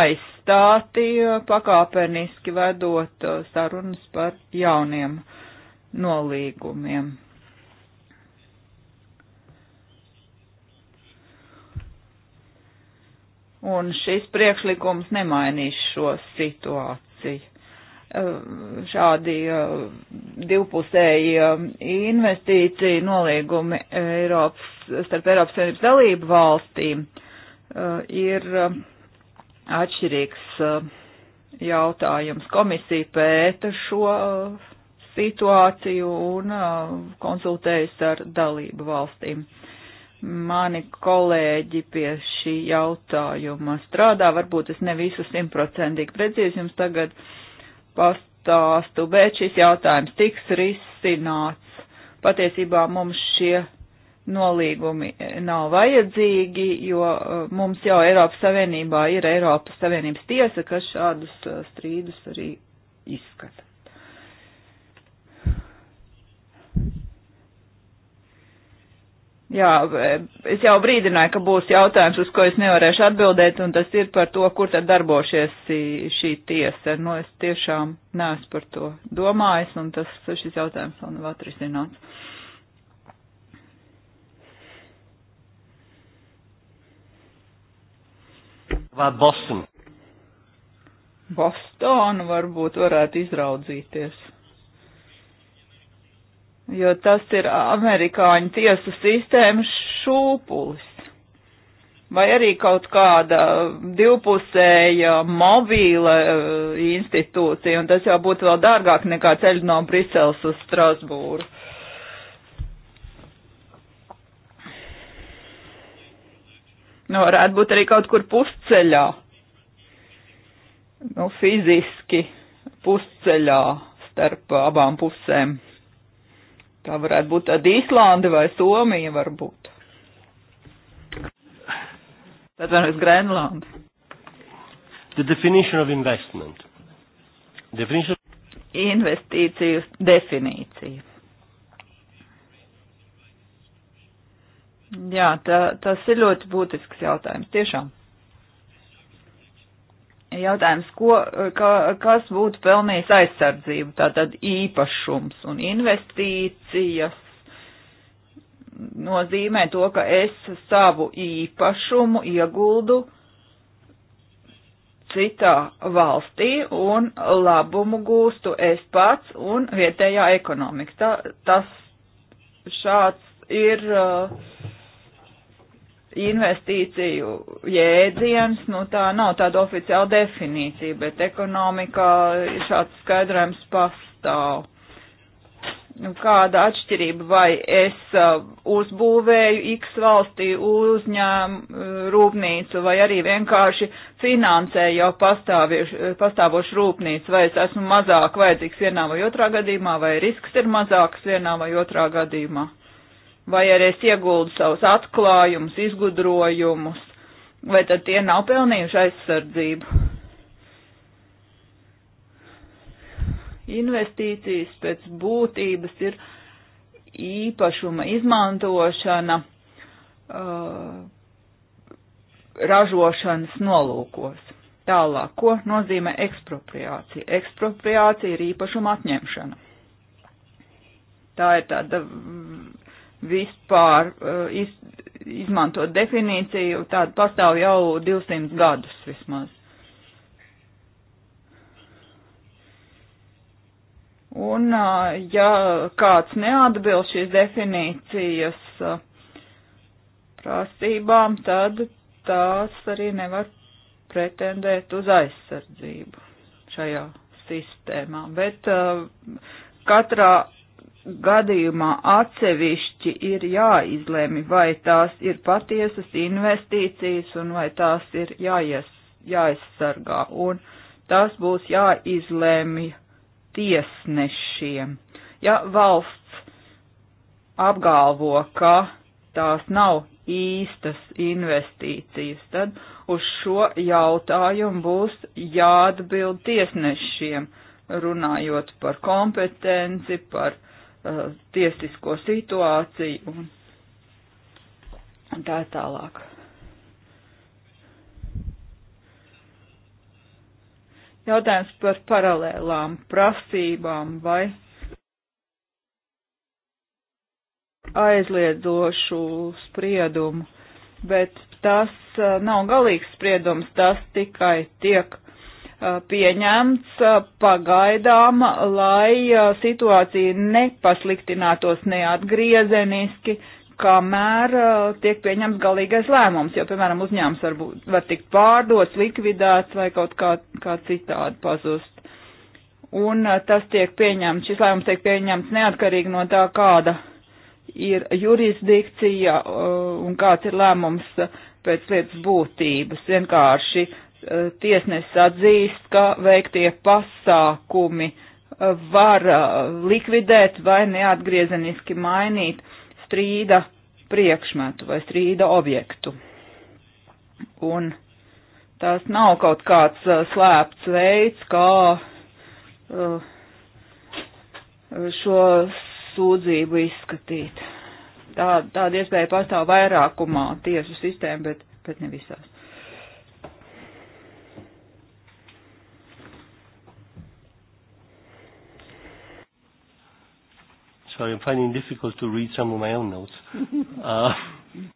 [SPEAKER 3] aizstāti pakāpeniski vedot uh, sarunas par jauniem nolīgumiem. Un šis priekšlikums nemainīs šo situāciju. Ehm, šādi ehm, divpusēji ehm, investīcija nolīgumi Eiropas, starp Eiropas Savienības dalību valstīm ir atšķirīgs jautājums. Komisija pēta šo situāciju un konsultējas ar dalību valstīm. Mani kolēģi pie šī jautājuma strādā, varbūt es ne visu simtprocentīgi precīzi jums tagad uh, pastāstu, bet šis jautājums tiks risināts. Patiesībā mums šie nolīgumi nav vajadzīgi, jo uh, mums jau Eiropas Savienībā ir Eiropas Savienības tiesa, kas šādus uh, strīdus arī izskata. Jā, es jau brīdināju, ka būs jautājums, uz ko es nevarēšu atbildēt, un tas ir par to, kur tad darbošies šī tiesa. Nu, es tiešām neesmu par to domājis, un tas, šis jautājums vēl nav atrisināts.
[SPEAKER 2] Vai Boston?
[SPEAKER 3] Bostonu varbūt varētu izraudzīties jo tas ir amerikāņu tiesu sistēmas šūpulis. Vai arī kaut kāda divpusēja mobīla eh, institūcija, un tas jau būtu vēl dārgāk nekā ceļš no Briseles uz Strasbūru. Nu, varētu būt arī kaut kur pusceļā. Nu, fiziski pusceļā starp abām pusēm. Tā varētu būt tāda Īslanda vai Somija varbūt. Tad varbūt Grenlanda. The definition of investment. Definition... Investīciju definīcija. Jā, tā, tas ir ļoti būtisks jautājums, tiešām jautājums, ko, ka, kas būtu pelnījis aizsardzību, tātad īpašums un investīcijas nozīmē to, ka es savu īpašumu ieguldu citā valstī un labumu gūstu es pats un vietējā ekonomika. Tā, tas šāds ir uh, investīciju jēdziens, nu tā nav tāda oficiāla definīcija, bet ekonomikā šāds skaidrojums pastāv. Nu, kāda atšķirība vai es uh, uzbūvēju X valstī uzņēmu rūpnīcu vai arī vienkārši finansēju jau pastāvošu rūpnīcu, vai es esmu mazāk vajadzīgs vienā vai otrā gadījumā, vai risks ir mazāks vienā vai otrā gadījumā vai arī es ieguldu savus atklājumus, izgudrojumus, vai tad tie nav pelnījuši aizsardzību? Investīcijas pēc būtības ir īpašuma izmantošana uh, ražošanas nolūkos. Tālāk, ko nozīmē ekspropriācija? Ekspropriācija ir īpašuma atņemšana. Tā ir tāda vispār uh, iz, izmantot definīciju, tāda pastāv jau 200 gadus vismaz. Un, uh, ja kāds neatbilst šīs definīcijas uh, prasībām, tad tās arī nevar pretendēt uz aizsardzību šajā sistēmā. Bet katrā gadījumā atsevišķi ir jāizlēmi, vai tās ir patiesas investīcijas un vai tās ir jāies, jāizsargā. Un tas būs jāizlēmi tiesnešiem. Ja valsts apgalvo, ka tās nav īstas investīcijas, tad uz šo jautājumu būs jāatbild tiesnešiem runājot par kompetenci, par uh, tiesisko situāciju un, un tā tālāk. Jautājums par paralēlām prasībām vai aizliedzošu spriedumu, bet tas uh, nav galīgs spriedums, tas tikai tiek Uh, pieņemts uh, pagaidām, lai uh, situācija nepasliktinātos neatgriezeniski, kamēr tiek pieņemts galīgais lēmums, jo, piemēram, uzņēmums var, būt, var tikt pārdots, likvidēts vai kaut kā, kā citādi pazust. Un tas tiek pieņemts, šis lēmums tiek pieņemts neatkarīgi no tā, kāda ir jurisdikcija un kāds ir lēmums pēc lietas būtības. Vienkārši uh, Eh, tiesnes atzīst, ka veiktie pasākumi eh, var eh, likvidēt vai neatgriezeniski mainīt strīda priekšmetu vai strīda objektu. Un tas nav kaut kāds slēpts veids, kā šo sūdzību izskatīt. Tā, tāda iespēja pastāv vairākumā tiesu sistēma, bet, bet ne visās.
[SPEAKER 2] Sorry, I'm finding it difficult to read some of my own notes. Uh,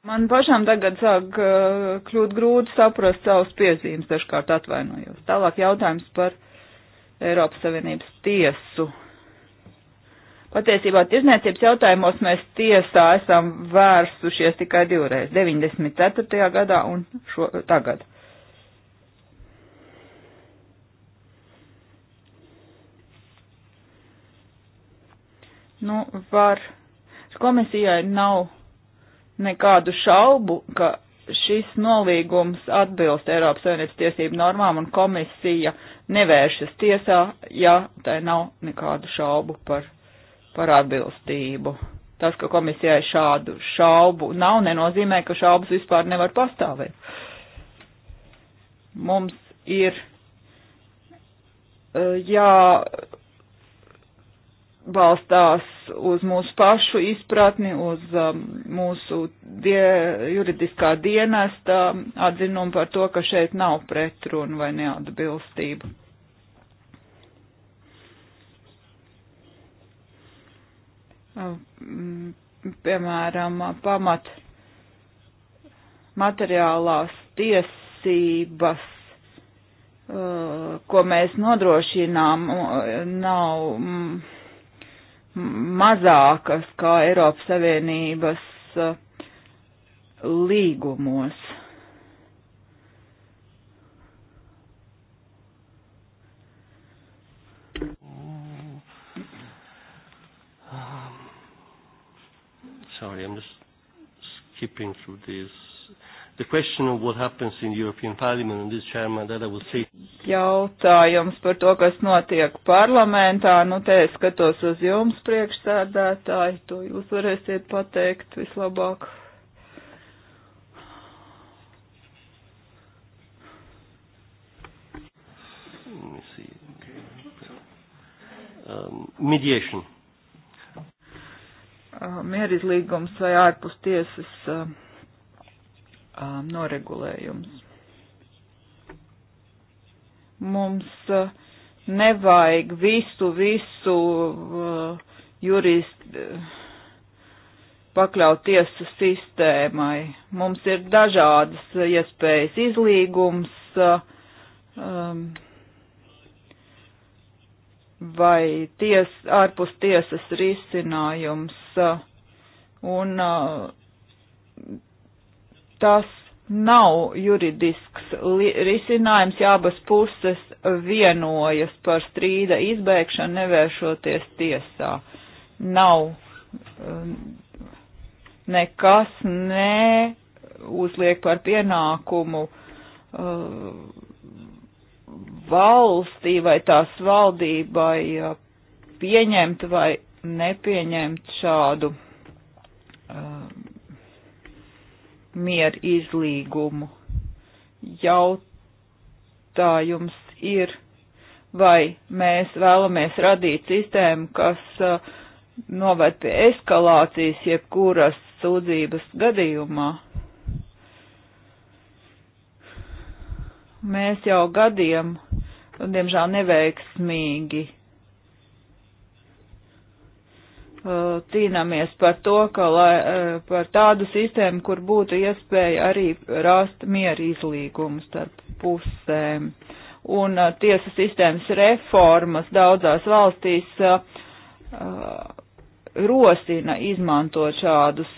[SPEAKER 3] Man pašām tagad sāk uh, kļūt grūti saprast savus piezīmes, dažkārt atvainojos. Tālāk jautājums par Eiropas Savienības tiesu. Patiesībā tirzniecības jautājumos mēs tiesā esam vērsušies tikai divreiz - 94. gadā un šo, tagad. Nu, var. Komisijai nav nekādu šaubu, ka šis nolīgums atbilst Eiropas Savienības tiesību normām un komisija nevēršas tiesā, ja tai nav nekādu šaubu par, par atbilstību. Tas, ka komisijai šādu šaubu nav, nenozīmē, ka šaubas vispār nevar pastāvēt. Mums ir eh, jā balstās uz mūsu pašu izpratni, uz um, mūsu die, juridiskā dienesta atzinumu par to, ka šeit nav pretrunu vai neatbilstību. Um, piemēram, pamat materiālās tiesības uh, ko mēs nodrošinām, uh, nav mm, mazākas kā Eiropas Savienības uh, līgumos.
[SPEAKER 1] Sorry, I'm just skipping through these. The question of what happens in European Parliament and this chairman that I will say.
[SPEAKER 3] Jautājums par to, kas notiek parlamentā, nu te es skatos uz jums priekšsēdētāji, to jūs varēsiet pateikt vislabāk.
[SPEAKER 2] Let me see. Okay. Um, mediation.
[SPEAKER 3] Uh, mierizlīgums vai ārpus tiesas. Uh, um, noregulējums. Mums uh, nevajag visu, visu uh, juristu uh, pakļaut tiesu sistēmai. Mums ir dažādas iespējas izlīgums. Uh, um, vai ties, ārpus tiesas risinājums. Uh, un uh, tas nav juridisks risinājums, ja abas puses vienojas par strīda izbēgšanu, nevēršoties tiesā. Nav um, nekas neuzliek par pienākumu uh, valstī vai tās valdībai uh, pieņemt vai nepieņemt šādu mieru izlīgumu. Jautājums ir, vai mēs vēlamies radīt sistēmu, kas uh, noved pie eskalācijas jebkuras sūdzības gadījumā. Mēs jau gadiem, un diemžēl neveiksmīgi, Eh, cīnāmies par to, ka lai, eh, par tādu sistēmu, kur būtu iespēja arī rast mieru izlīgumu starp pusēm. Un eh, tiesa sistēmas reformas daudzās valstīs rosina izmantot šādus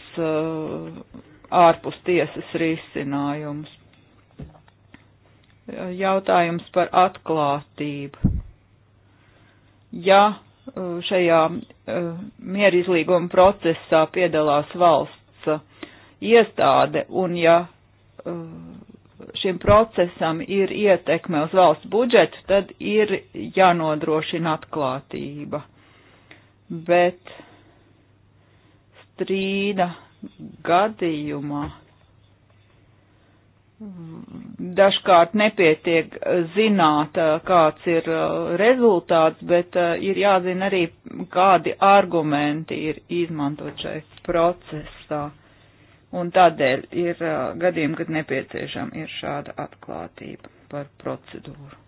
[SPEAKER 3] ārpus tiesas risinājumus. Jautājums par atklātību. Ja šajā e, mierizlīguma procesā piedalās valsts iestāde, un ja e, šim procesam ir ietekme uz valsts budžetu, tad ir jānodrošina atklātība. Bet strīda gadījumā dažkārt nepietiek zināt, kāds ir rezultāts, bet ir jāzina arī, kādi argumenti ir izmantot šai procesā. Un tādēļ ir gadījumi, kad nepieciešama ir šāda atklātība par procedūru.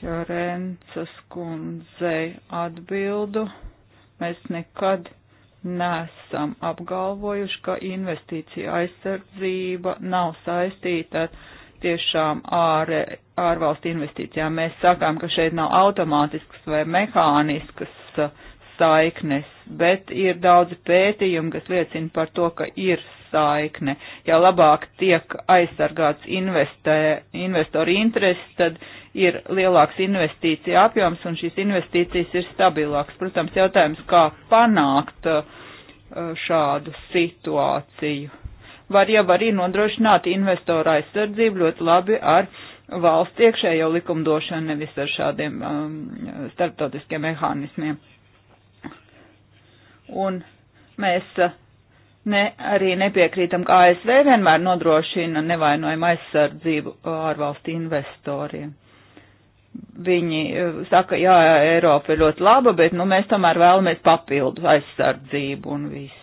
[SPEAKER 3] Fiorencas kundzei atbildu. Mēs nekad nesam apgalvojuši, ka investīcija aizsardzība nav saistīta ar tiešām ār, ārvalstu investīcijām. Mēs sakām, ka šeit nav automātiskas vai mehāniskas saiknes, bet ir daudzi pētījumi, kas liecina par to, ka ir saikne. Ja labāk tiek aizsargāts investē, investoru intereses, tad ir lielāks investīcija apjoms un šīs investīcijas ir stabilāks. Protams, jautājums, kā panākt uh, šādu situāciju. Var jau arī nodrošināt investoru aizsardzību ļoti labi ar valsts iekšējo likumdošanu, nevis ar šādiem um, starptautiskiem mehānismiem un mēs uh, ne, arī nepiekrītam, ka ASV vienmēr nodrošina nevainojumu aizsardzību ārvalstu investoriem. Viņi uh, saka, jā, Eiropa ir ļoti laba, bet nu, mēs tomēr vēlamies papildus aizsardzību un viss.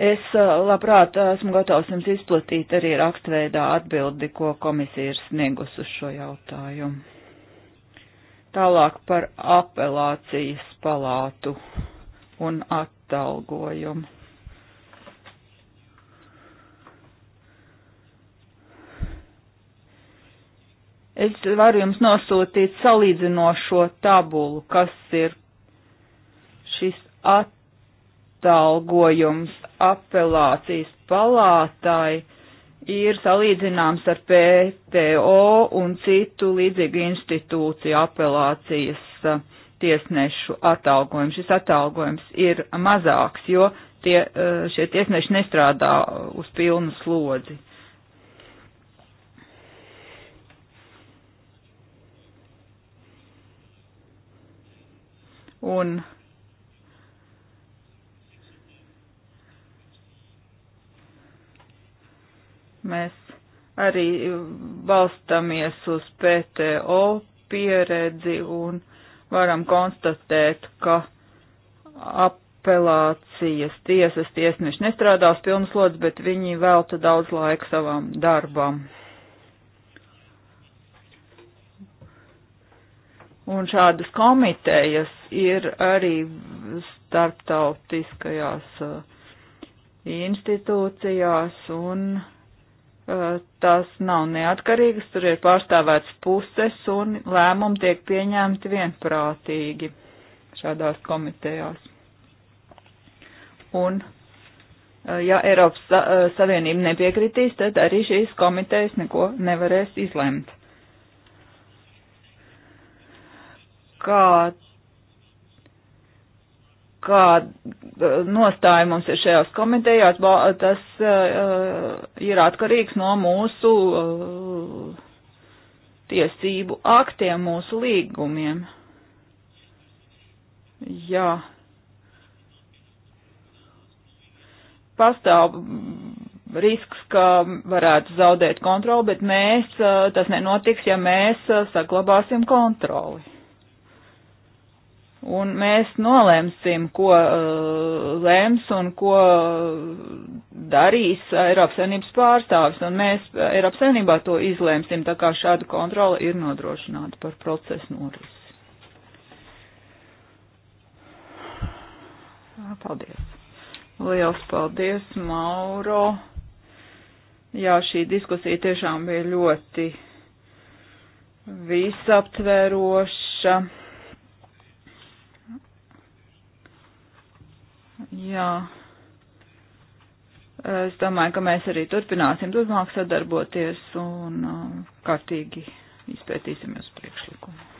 [SPEAKER 3] Es uh, labprāt esmu gatavs jums izplatīt arī rakstveidā atbildi, ko komisija ir sniegusi uz šo jautājumu. Tālāk par apelācijas palātu un atalgojumu. Es varu jums nosūtīt salīdzinošo tabulu, kas ir šis atalgojums apelācijas palātai ir salīdzināms ar PTO un citu līdzīgu institūciju apelācijas uh, tiesnešu atalgojumu. Šis atalgojums ir mazāks, jo tie, uh, šie tiesneši nestrādā uz pilnu slodzi. Un Mēs arī balstamies uz PTO pieredzi un varam konstatēt, ka apelācijas tiesas tiesneši nestrādā uz pilnas lodas, bet viņi velta daudz laika savam darbam. Un šādas komitejas ir arī starptautiskajās uh, institūcijās un tās nav neatkarīgas, tur ir pārstāvēts puses un lēmumi tiek pieņemti vienprātīgi šādās komitejās. Un, ja Eiropas Savienība nepiekritīs, tad arī šīs komitejas neko nevarēs izlemt. Kāds kā nostāja mums ir šajās komitejās, tas uh, ir atkarīgs no mūsu uh, tiesību aktiem, mūsu līgumiem. Jā. Pastāv risks, ka varētu zaudēt kontroli, bet mēs, tas nenotiks, ja mēs saglabāsim kontroli. Un mēs nolēmsim, ko uh, lēms un ko uh, darīs Eiropas Savienības pārstāvis, un mēs uh, Eiropas Savienībā to izlēmsim, tā kā šāda kontrola ir nodrošināta par procesu norisi. Ah, paldies. Liels paldies, Mauro. Jā, šī diskusija tiešām bija ļoti visaptveroša. Jā. Es domāju, ka mēs arī turpināsim turpmāk sadarboties un um, kārtīgi izpētīsim jūsu priekšlikumu.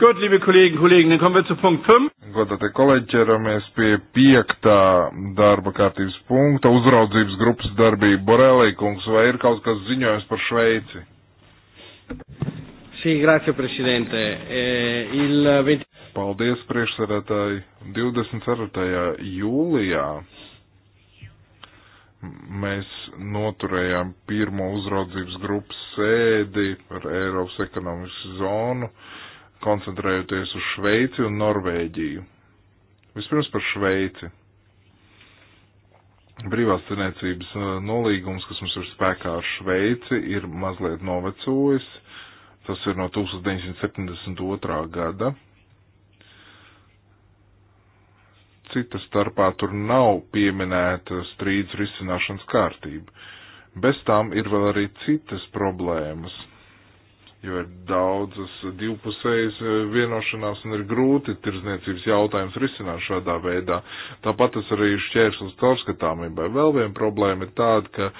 [SPEAKER 1] Gut, liebe Kollegen, Kollegen, dann kommen wir zu Punkt 5. Godātie kolēģi, ķeramies pie piektā darba kārtības punkta - uzraudzības grupas darbība. Borelī, kungs, vai ir kaut kas ziņojums par Šveici? Sī, grācija, prezidente. E, eh, il 20... Paldies, priekšsarētāji. 24. jūlijā mēs noturējām pirmo uzraudzības grupas sēdi par Eiropas ekonomikas zonu. Uh, koncentrējoties uz Šveici un Norvēģiju. Vispirms par Šveici. Brīvās tirniecības uh, nolīgums, kas mums ir spēkā ar Šveici, ir mazliet novecojis. Tas ir no 1972. gada. Cita starpā tur nav pieminēta strīdus risināšanas kārtība. Bez tām ir vēl arī citas problēmas jo ir daudzas divpusējas eh, vienošanās un ir grūti tirzniecības jautājums risināt šādā veidā. Tāpat tas arī šķērslis caurskatāmībai. Vēl viena problēma ir tāda, ka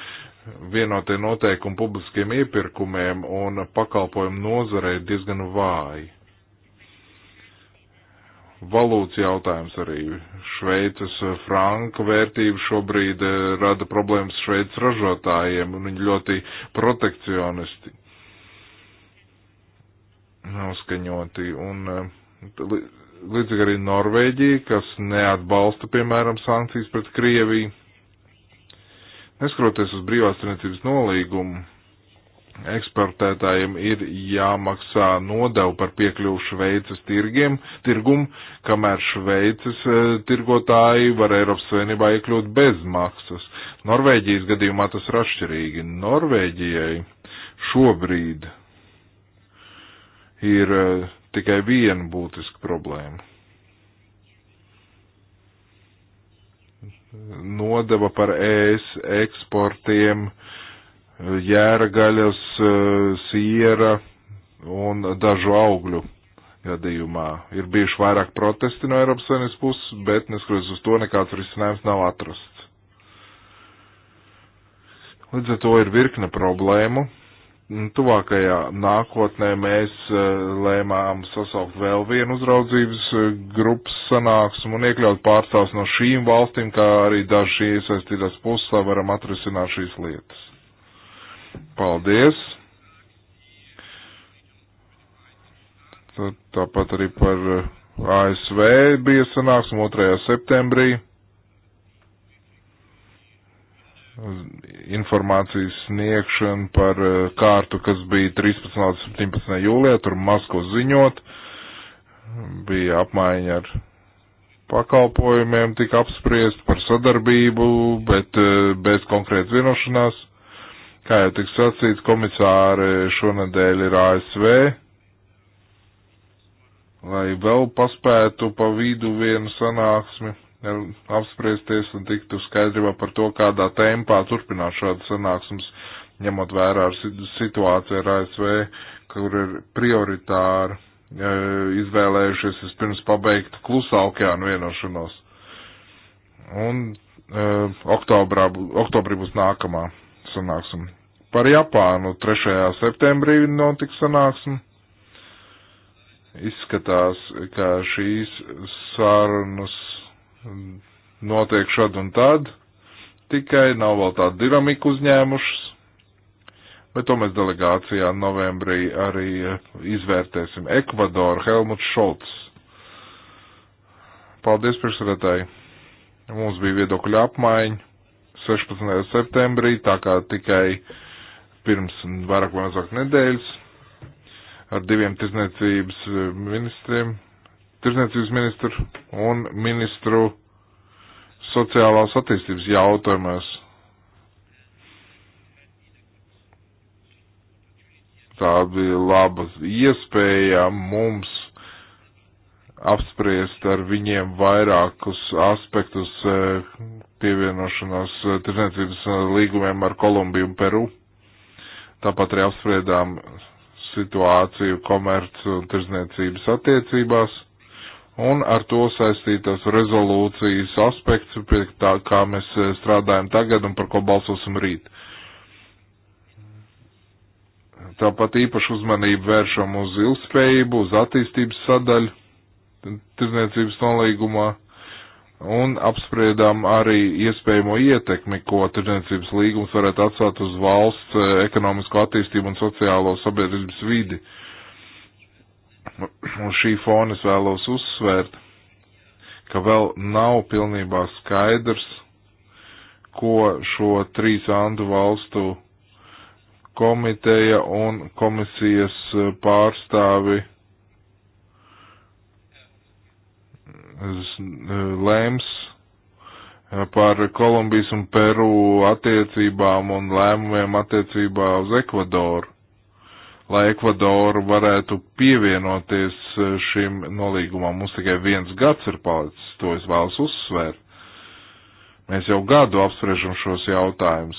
[SPEAKER 1] vienotie noteikumi publiskiem iepirkumiem un pakalpojumu nozarei ir diezgan vāji. Valūtas jautājums arī. Šveices franka vērtība šobrīd eh, rada problēmas Šveices ražotājiem, un viņi ļoti protekcionisti noskaņoti. Un eh, līdzīgi arī Norvēģija, kas neatbalsta, piemēram, sankcijas pret Krieviju. Neskroties uz brīvās tirniecības nolīgumu, eksportētājiem ir jāmaksā nodevu par piekļuvu Šveices tirgiem, tirgumu, kamēr Šveices eh, tirgotāji var Eiropas Savienībā iekļūt bez maksas. Norvēģijas gadījumā tas ir atšķirīgi. Norvēģijai šobrīd ir eh, tikai viena būtiska problēma. Nodeva par ēs eksportiem, jēragaļas, eh, siera un dažu augļu gadījumā. Ir bijuši vairāk protesti no Eiropas Savienības puses, bet neskatoties uz to, nekāds risinājums nav atrasts. Līdz ar to ir virkne problēmu tuvākajā nākotnē mēs eh, lēmām sasaukt vēl vienu uzraudzības eh, grupas sanāksmu un iekļaut pārstāvs no šīm valstīm, kā arī daži iesaistītās puses, lai varam atrisināt šīs lietas. Paldies! Tāpat arī par eh, ASV bija sanāksme 2. septembrī. informācijas sniegšanu par eh, kārtu, kas bija 13. līdz 17. jūlijā, tur maz ko ziņot, bija apmaiņa ar pakalpojumiem, tika apspriest par sadarbību, bet eh, bez konkrētas vienošanās. Kā jau tik sacīts, komisāri šonadēļ ir ASV, lai vēl paspētu pa vidu vienu sanāksmi apspriesties un tiktu skaidrībā par to, kādā tempā turpināt šādas sanāksmes, ņemot vērā ar situāciju ar ASV, kur ir prioritāri e, izvēlējušies vispirms pabeigt klusā okeāna vienošanos. Un uh, oktobrā, oktobrī būs nākamā sanāksme. Par Japānu 3. septembrī notiks sanāksme izskatās, ka šīs sarunas Mm, notiek šad un tad, tikai nav vēl tādu dinamiku uzņēmušas, bet to mēs delegācijā novembrī arī eh, izvērtēsim. Ekvadoru Helmuts Šolts. Paldies priekšsēdētāji. Mums bija viedokļa apmaiņa 16. septembrī, tā kā tikai pirms vairāk vai mazāk nedēļas ar diviem tirzniecības eh, ministriem tirsniecības ministru un ministru sociālās attīstības jautājumos. Tā bija laba iespēja mums apspriest ar viņiem vairākus aspektus e, pievienošanos e, tirdzniecības e, līgumiem ar Kolumbiju un Peru. Tāpat arī apspriedām situāciju komerc un tirdzniecības attiecībās un ar to saistītos rezolūcijas aspekts, pie tā, kā mēs e, strādājam tagad un par ko balsosim rīt. Tāpat īpašu uzmanību vēršam uz ilgspējību, uz attīstības sadaļu tirzniecības nolīgumā un apspriedām arī iespējamo ietekmi, ko tirzniecības līgums varētu atstāt uz valsts e, ekonomisko attīstību un sociālo sabiedrības vidi. Uh, Uz šī fona es vēlos uzsvērt, ka vēl nav pilnībā skaidrs, ko šo trīs andu valstu komiteja un komisijas pārstāvi lēms par Kolumbijas un Peru attiecībām un lēmumiem attiecībā uz Ekvadoru lai Ekvadoru varētu pievienoties e, šim nolīgumam. Mums tikai viens gads ir palicis, to es vēlos uzsvērt. Mēs jau gadu apspriežam šos jautājumus.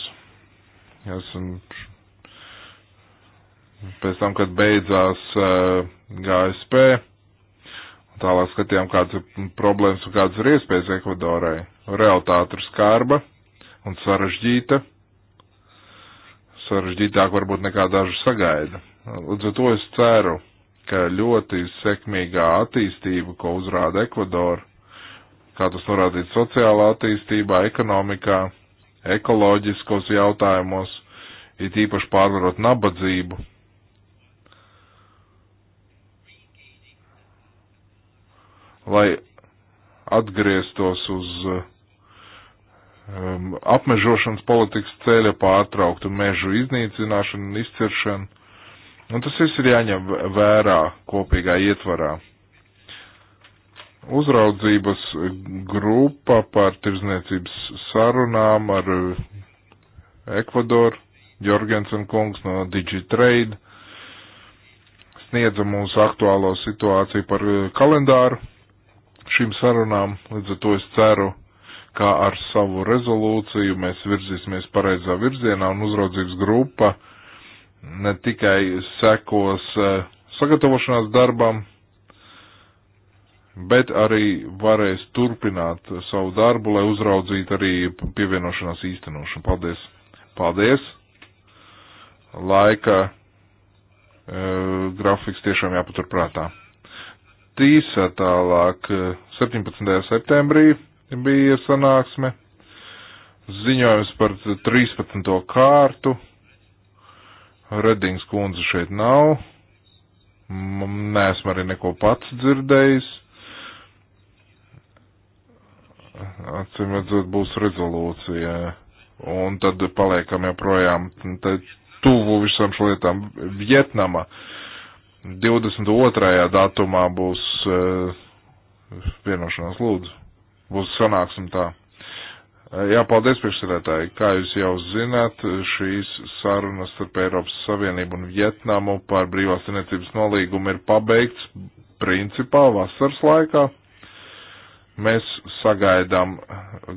[SPEAKER 1] Esam pēc tam, kad beidzās uh, e, GSP, tālāk skatījām, kādas ir problēmas un kādas ir iespējas Ekvadorai. Realtāte ir skarba un sarežģīta. Sarežģītāk varbūt nekā daži sagaida. Līdz ar to es ceru, ka ļoti sekmīgā attīstība, ko uzrāda Ekvadora, kā tas norādīts sociālā attīstībā, ekonomikā, ekoloģiskos jautājumos, it īpaši pārvarot nabadzību. Lai atgrieztos uz um, apmežošanas politikas ceļa, pārtrauktu mežu iznīcināšanu un izciršanu, Un tas viss ir jāņem vērā kopīgā ietvarā. Uzraudzības grupa par tirzniecības sarunām ar eh, Ekvadoru, Jorgensen kungs no Digitrade, sniedza mums aktuālo situāciju par eh, kalendāru šīm sarunām, līdz ar to es ceru, kā ar savu rezolūciju mēs virzīsimies pareizā virzienā un uzraudzības grupa ne tikai sekos e, sagatavošanās darbam, bet arī varēs turpināt savu darbu, lai uzraudzītu arī pievienošanās īstenošanu. Paldies! Paldies! Laika e, grafiks tiešām jāpaturprātā. Tīsā tālāk 17. E, septembrī bija sanāksme, ziņojums par 13. kārtu. Redings kundze šeit nav. Neesmu arī neko pats dzirdējis. Acīm redzot, būs rezolūcija. Un tad paliekam joprojām tuvu visam šo lietām. Vietnama 22. datumā būs uh, vienošanās lūdzu. Būs sanāksim tā. Jā, paldies priekšsēdētāji. Kā jūs jau zināt, šīs sarunas starp Eiropas Savienību un Vietnamu par brīvās tirniecības nolīgumu ir pabeigts principā vasaras laikā. Mēs sagaidām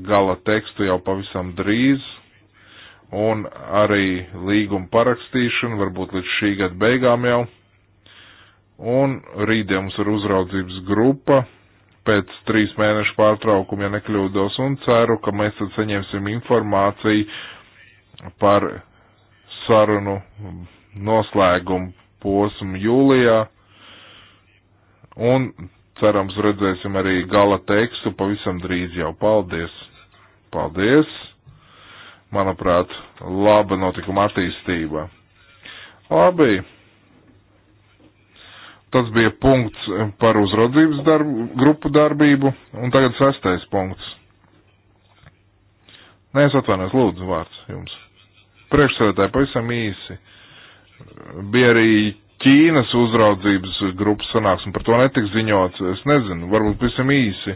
[SPEAKER 1] gala tekstu jau pavisam drīz un arī līgumu parakstīšanu, varbūt līdz šī gada beigām jau. Un rītdien mums ir uzraudzības grupa pēc trīs mēnešu pārtraukuma, ja nekļūdos, un ceru, ka mēs tad saņemsim informāciju par sarunu noslēgumu posmu jūlijā, un cerams redzēsim arī gala tekstu pavisam drīz jau. Paldies! Paldies! Manuprāt, laba notikuma attīstība. Labi! Tas bija punkts par uzraudzības darbu, grupu darbību, un tagad sastais punkts. Nē, es atvainojos, lūdzu, vārds jums. Priekšsēdētāji pavisam īsi. Bija arī Ķīnas uzraudzības grupas sanāksme, par to netika ziņots, es nezinu, varbūt pavisam īsi.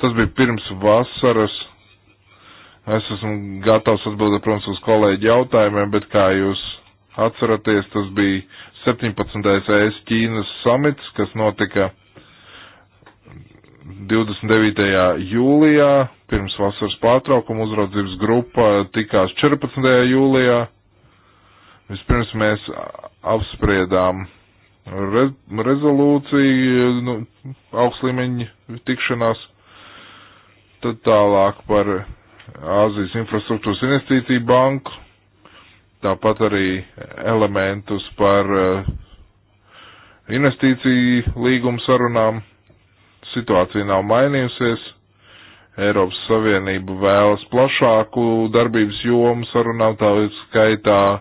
[SPEAKER 1] Tas bija pirms vasaras. Es esmu gatavs atbildēt, protams, uz kolēģi jautājumiem, bet kā jūs atceraties, tas bija 17. ES Ķīnas samits, kas notika 29. jūlijā, pirms vasaras pārtraukuma uzraudzības grupa tikās 14. jūlijā. Vispirms mēs apspriedām re rezolūciju nu, augstlīmeņa tikšanās, tad tālāk par Āzijas infrastruktūras investīciju banku, tāpat arī elementus par eh, investīciju līgumu sarunām. Situācija nav mainījusies. Eiropas Savienība vēlas plašāku darbības jomu sarunām, tā skaitā eh,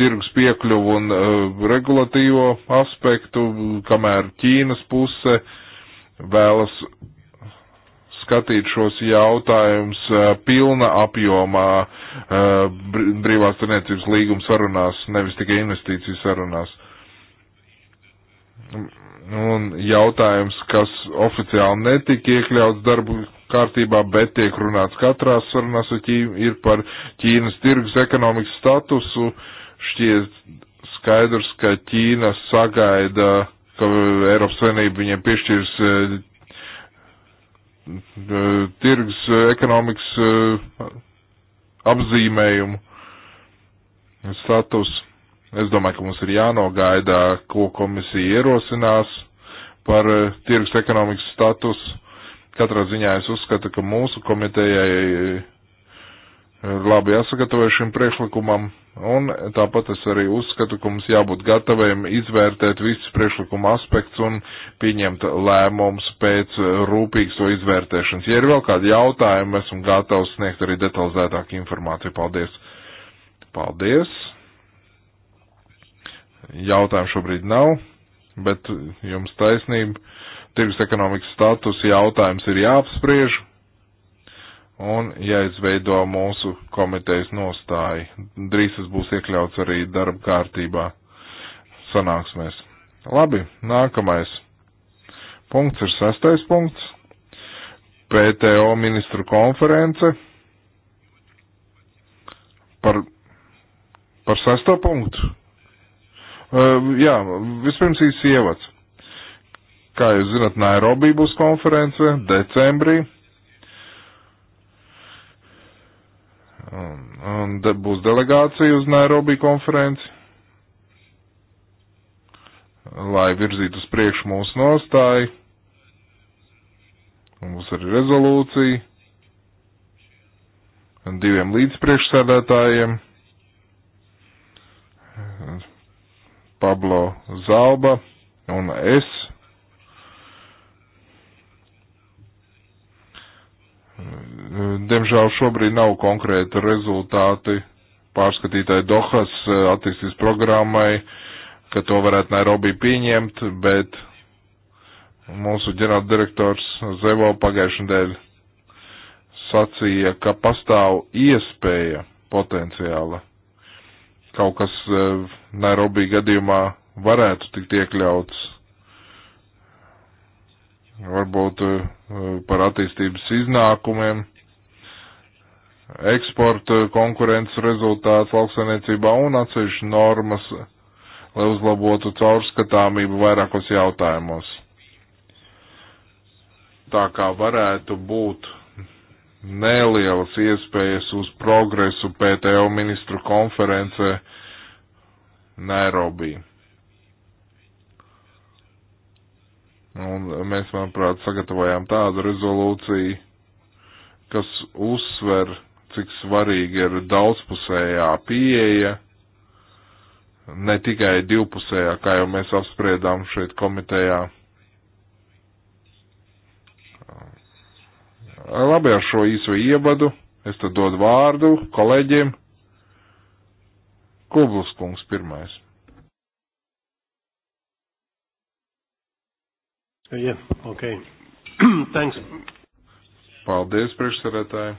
[SPEAKER 1] tirgus piekļuvu un eh, regulatīvo aspektu, kamēr Ķīnas puse vēlas skatīt šos jautājumus pilna apjomā brīvās tirniecības līguma sarunās, nevis tikai investīciju sarunās. Un jautājums, kas oficiāli netika iekļauts darbu kārtībā, bet tiek runāts katrā sarunās ar Ķīnu, ir par Ķīnas tirgus ekonomikas statusu. Šķiet skaidrs, ka Ķīna sagaida, ka Eiropas Savienība viņiem piešķirs Eh, tirgus eh, ekonomikas eh, apzīmējumu status. Es domāju, ka mums ir jānogaida, ko komisija ierosinās par tirgus ekonomikas status. Katrā ziņā es uzskatu, ka mūsu komitejai ir labi jāsagatavoja šim priekšlikumam. Un tāpat es arī uzskatu, ka mums jābūt gataviem izvērtēt visus priekšlikuma aspektus un pieņemt lēmumus pēc rūpīgas to izvērtēšanas. Ja ir vēl kādi jautājumi, esmu gatavs sniegt arī detalizētāku informāciju. Paldies! Paldies! Jautājumu šobrīd nav, bet jums taisnība. Tirgus ekonomikas status jautājums ir jāapspriež un jāizveido ja mūsu komitejas nostāja. Drīz tas būs iekļauts arī darba kārtībā sanāksmēs. Labi, nākamais punkts ir sastais punkts. PTO ministru konference par, par sesto punktu. Uh, jā, vispirms īsi ievads. Kā jūs zinat, Nairobi būs konference decembrī Un, un de, būs delegācija uz Nairobi konferenci, lai virzītu uz priekšu mūsu nostāju. Un būs arī rezolūcija un diviem līdzpriekšsēdētājiem. Pablo Zalba un es Diemžēl šobrīd nav konkrēta rezultāti pārskatītāji Dohas eh, attīstības programmai, ka to varētu Nairobi pieņemt, bet mūsu ģenerāldirektors Zevo pagājušajā nedēļ sacīja, ka pastāv iespēja potenciāla. Kaut kas eh, Nairobi gadījumā varētu tikt iekļauts. Varbūt eh, par attīstības iznākumiem eksporta konkurences rezultāts lauksainiecībā un atsevišķi normas, lai uzlabotu caurskatāmību vairākos jautājumos. Tā kā varētu būt nelielas iespējas uz progresu PTO ministru konference Nairobi. Un mēs, manuprāt, sagatavojām tādu rezolūciju, kas uzsver cik svarīga ir daudzpusējā pieeja, ne tikai divpusējā, kā jau mēs apspriedām šeit komitejā. Labi, ar šo īso ievadu es tad dodu vārdu kolēģiem. Kublus kungs pirmais.
[SPEAKER 3] Yeah, okay. Thanks.
[SPEAKER 1] Paldies, priekšsarētāji.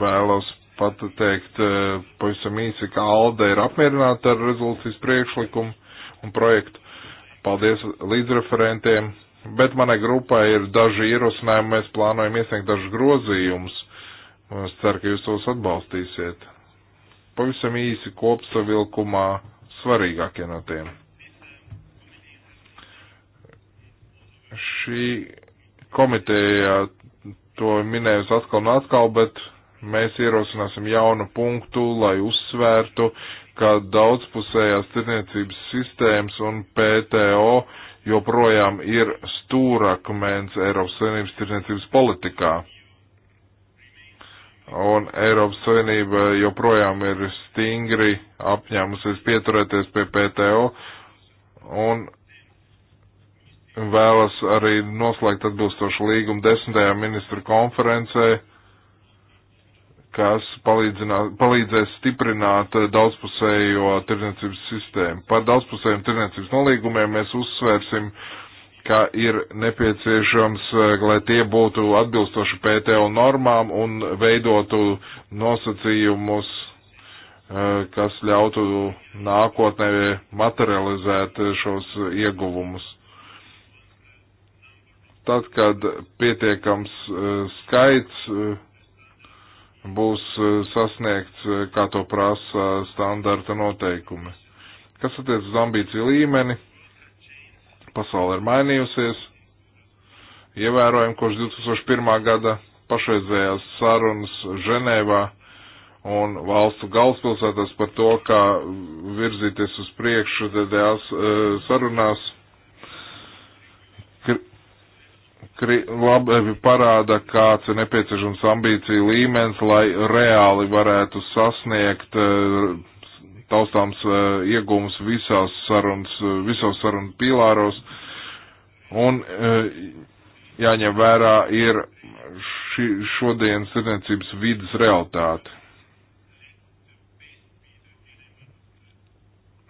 [SPEAKER 1] vēlos pat teikt eh, pavisam īsi, ka Alde ir apmierināta ar rezolūcijas priekšlikumu un projektu. Paldies līdzreferentiem, bet manai grupai ir daži ierosinājumi, mēs plānojam iesniegt dažus grozījumus. Es ceru, ka jūs tos atbalstīsiet. Pavisam īsi kopsavilkumā svarīgākie no tiem. Šī komiteja to minējusi atkal un atkal, bet Mēs ierosināsim jaunu punktu, lai uzsvērtu, ka daudzpusējās tirniecības sistēmas un PTO joprojām ir stūrakmens Eiropas Savienības tirniecības politikā. Un Eiropas Savienība joprojām ir stingri apņēmusies pieturēties pie PTO un vēlas arī noslēgt atbilstošu līgumu desmitajā ministru konferencē kas palīdzēs stiprināt daudzpusējo tirniecības sistēmu. Par daudzpusējiem tirniecības nolīgumiem mēs uzsvērsim, ka ir nepieciešams, lai tie būtu atbilstoši PTO normām un veidotu nosacījumus, eh, kas ļautu nākotnē materializēt šos ieguvumus tad, kad pietiekams uh, skaits uh, būs e, sasniegts, e, kā to prasa standarta noteikumi. Kas attiec uz ambīciju līmeni? Pasaule ir mainījusies. Ievērojam, kopš 2001. gada pašreizējās sarunas Ženēvā un valstu galvaspilsētās par to, kā virzīties uz priekšu DDA e, sarunās labi parāda, kāds ir nepieciešams ambīcija līmenis, lai reāli varētu sasniegt eh, taustāms eh, iegūmus visās sarunas, visos sarunu pīlāros. Un eh, jāņem vērā ir šī, šodienas tirdzniecības vidas realitāte.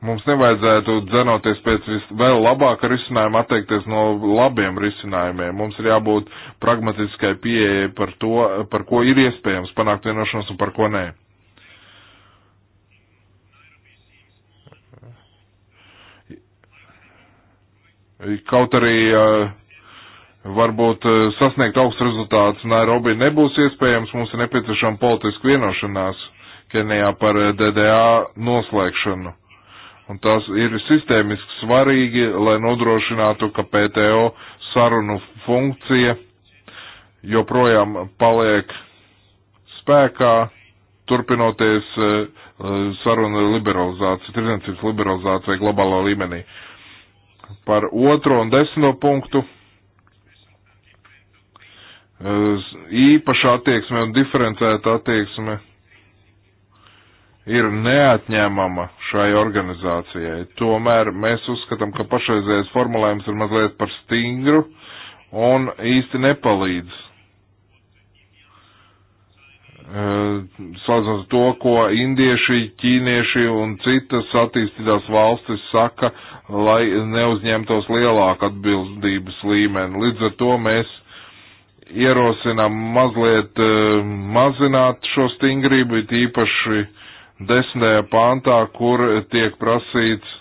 [SPEAKER 1] Mums nevajadzētu dzenoties pēc vēl labāka risinājuma, atteikties no labiem risinājumiem. Mums ir jābūt pragmatiskai pieeja par to, par ko ir iespējams panākt vienošanos un par ko nē. Kaut arī varbūt sasniegt augsts rezultāts Nairobi nebūs iespējams, mums ir nepieciešama politiska vienošanās Kenijā par DDA noslēgšanu Un tas ir sistēmiski svarīgi, lai nodrošinātu, ka PTO sarunu funkcija joprojām paliek spēkā, turpinoties e, sarunu liberalizāciju, tirdzniecības liberalizāciju globālā līmenī. Par otro un desmito punktu e, īpaša attieksme un diferencēta attieksme ir neatņēmama šai organizācijai. Tomēr mēs uzskatām, ka pašreizējais formulējums ir mazliet par stingru un īsti nepalīdz. E, salīdzinot to, ko indieši, ķīnieši un citas attīstītās valstis saka, lai neuzņemtos lielāku atbildības līmeni. Līdz ar to mēs ierosinām mazliet e, mazināt šo stingrību, it īpaši uh, desmitajā pāntā, kur tiek prasīts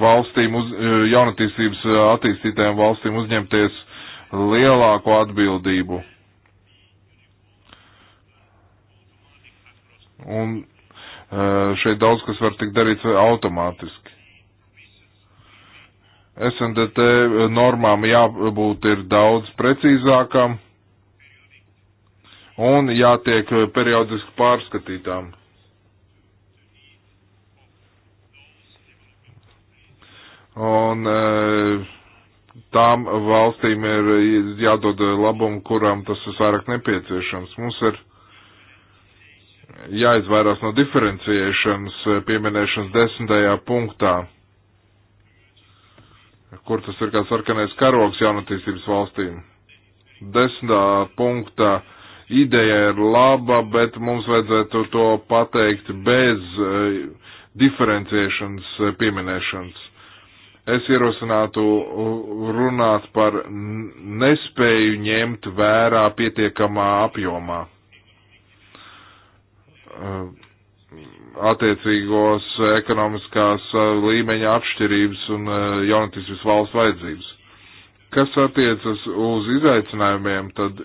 [SPEAKER 1] valstīm, uz, eh, jaunatīstības attīstītājiem valstīm uzņemties lielāko atbildību. Un eh, šeit daudz kas var tikt darīts automātiski. SNDT normām jābūt ir daudz precīzākam un jātiek eh, periodiski pārskatītām. Un eh, tām valstīm ir jādod labumu, kurām tas visvairāk nepieciešams. Mums ir jāizvairās no diferenciēšanas eh, pieminēšanas desmitajā punktā, kur tas ir kā sarkanais karoks jaunatīstības valstīm. Desmitā punktā uh, ideja ir laba, bet mums vajadzētu to pateikt bez eh, diferenciēšanas eh, pieminēšanas. Es ierosinātu runāt par nespēju ņemt vērā pietiekamā apjomā eh, attiecīgos ekonomiskās līmeņa atšķirības un jaunatīstības valsts vajadzības. Kas attiecas uz izaicinājumiem, tad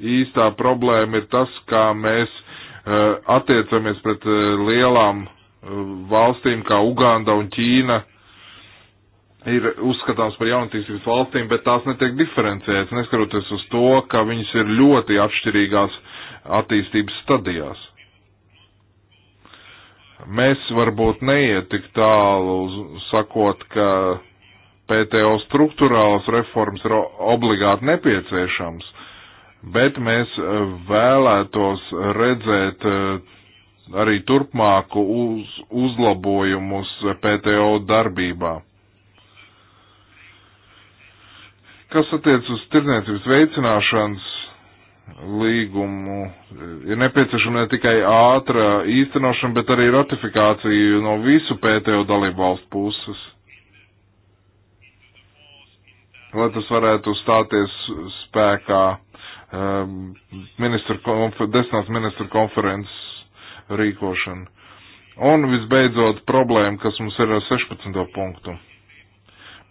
[SPEAKER 1] īstā problēma ir tas, kā mēs uh, attiecamies pret uh, lielām eh, valstīm kā Uganda un Ķīna. Ir uzskatāms par jaunatīstības valstīm, bet tās netiek diferencētas, neskaroties uz to, ka viņas ir ļoti atšķirīgās attīstības stadijās mēs varbūt neiet tik tālu, sakot, ka PTO struktūrālas reformas ir obligāti nepieciešams, bet mēs e, vēlētos redzēt e, arī turpmāku uz, uzlabojumus PTO darbībā. Kas attiec uz tirdzniecības veicināšanas līgumu, e, ir nepieciešama ne tikai ātra īstenošana, bet arī ratifikācija no visu PTO dalību valstu puses. Lai tas varētu stāties spēkā Um, ministru, desmitās ministru konferences rīkošanu. Un visbeidzot problēma, kas mums ir ar 16. punktu.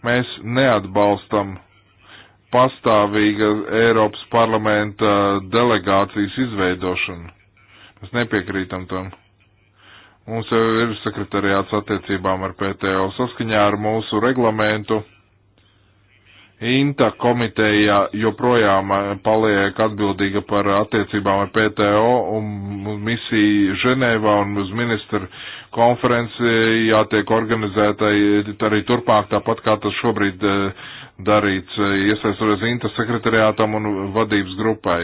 [SPEAKER 1] Mēs neatbalstam pastāvīga Eiropas parlamenta delegācijas izveidošanu. Mēs nepiekrītam tam. Mums jau ir sekretariāts attiecībām ar PTO saskaņā ar mūsu reglamentu INTA komiteja joprojām eh, paliek atbildīga par attiecībām ar PTO un misiju Ženēvā un uz ministru konferenci jātiek organizētai arī turpmāk, tāpat kā tas šobrīd eh, darīts, iesaistoties INTA sekretariātam un vadības grupai.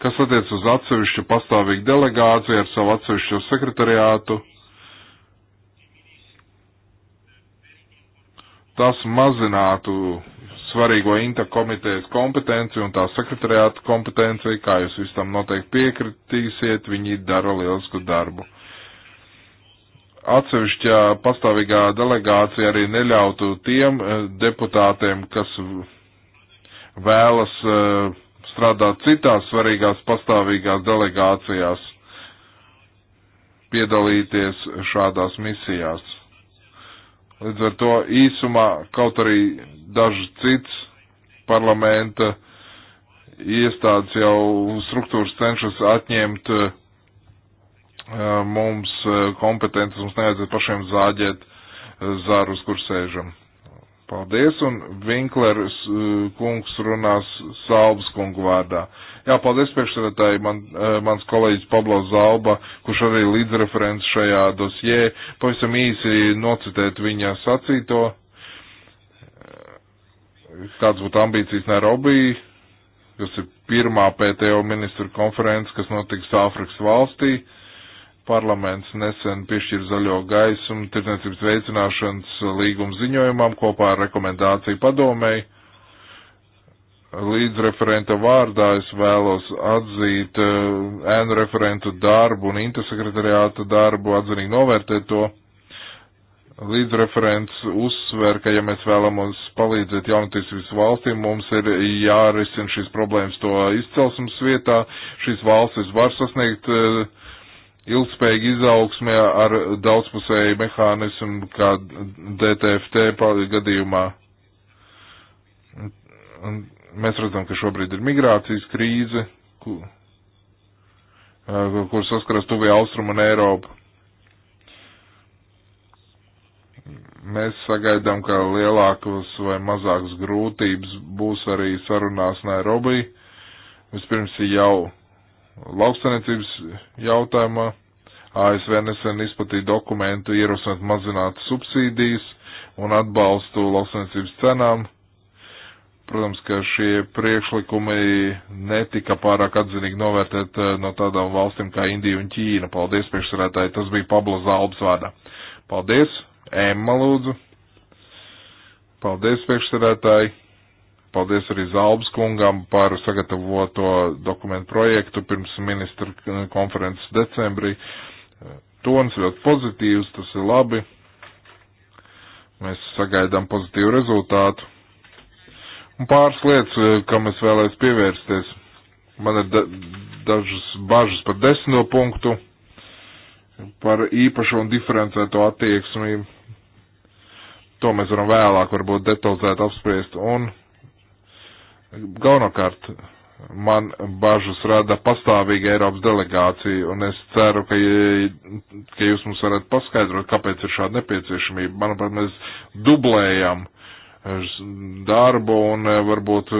[SPEAKER 1] Kas attiec uz atsevišķu pastāvīgu delegāciju ar savu atsevišķo sekretariātu? Tas mazinātu svarīgo INTA komitejas kompetenci un tā sekretariāta kompetenci, kā jūs visam noteikti piekritīsiet, viņi dara lielisku darbu. Atsevišķā pastāvīgā delegācija arī neļautu tiem eh, deputātiem, kas vēlas eh, strādāt citās svarīgās pastāvīgās delegācijās, piedalīties šādās misijās Līdz ar to īsumā, kaut arī daži cits parlamenta iestādes jau struktūras cenšas atņemt eh, mums eh, kompetences, mums nevajadzētu pašiem zāģēt eh, zārus, kur sēžam. Paldies, un Vinklers e, kungs runās Zalbas kungu vārdā. Jā, paldies priekšsēdētāji, man, e, mans kolēģis Pablo Zalba, kurš arī līdzreferents šajā dosjē, pavisam īsi nocitēt viņa sacīto, kāds būtu ambīcijas Nairobi, kas ir pirmā PTO ministru konferences, kas notiks Āfrikas valstī. Uh, Parlaments nesen piešķir zaļo gaisumu tirdzniecības veicināšanas līguma ziņojumam kopā ar rekomendāciju padomēji. Līdz referenta vārdā es vēlos atzīt eh, ēnu uh, referentu darbu un intersekretariāta darbu, atzinīgi novērtēt to līdzreferents uzsver, ka ja mēs vēlamies palīdzēt jaunatīstības valstīm, mums ir jārisina šīs problēmas to izcelsmes vietā. Šīs valstis var sasniegt uh, ilgspējīga izaugsme ar daudzpusēju mehānismu, kā DTFT gadījumā. Un mēs redzam, ka šobrīd ir migrācijas krīze, kur, kur saskaras tuvie austrumu un Eiropu. Mēs sagaidām, ka lielākas vai mazākas grūtības būs arī sarunās Nairobi. Vispirms jau lauksaimniecības jautājumā. ASV nesen izplatīja dokumentu ierosināt mazināt subsīdijas un atbalstu lauksaimniecības cenām. Protams, ka šie priekšlikumi netika pārāk atzinīgi novērtēt eh, no tādām valstīm kā Indija un Ķīna. Paldies, priekšsarētāji, tas bija Pablo Zalbs vārdā. Paldies, Emma lūdzu. Paldies, priekšsarētāji. Paldies arī Zalbas kungam par sagatavoto dokumentu projektu pirms ministra konferences decembrī. Tons ļoti pozitīvs, tas ir labi. Mēs sagaidām pozitīvu rezultātu. Un pāris lietas, kam es vēlēs pievērsties. Man ir da dažas bažas par desmito punktu, par īpašo un diferencēto attieksmi. To mēs varam vēlāk varbūt detalizēt apspriest. Un Galvenokārt man bažas rada pastāvīga Eiropas delegācija, un es ceru, ka, ka jūs mums varat paskaidrot, kāpēc ir šāda nepieciešamība. Manuprāt, mēs dublējam eh, darbu un eh, varbūt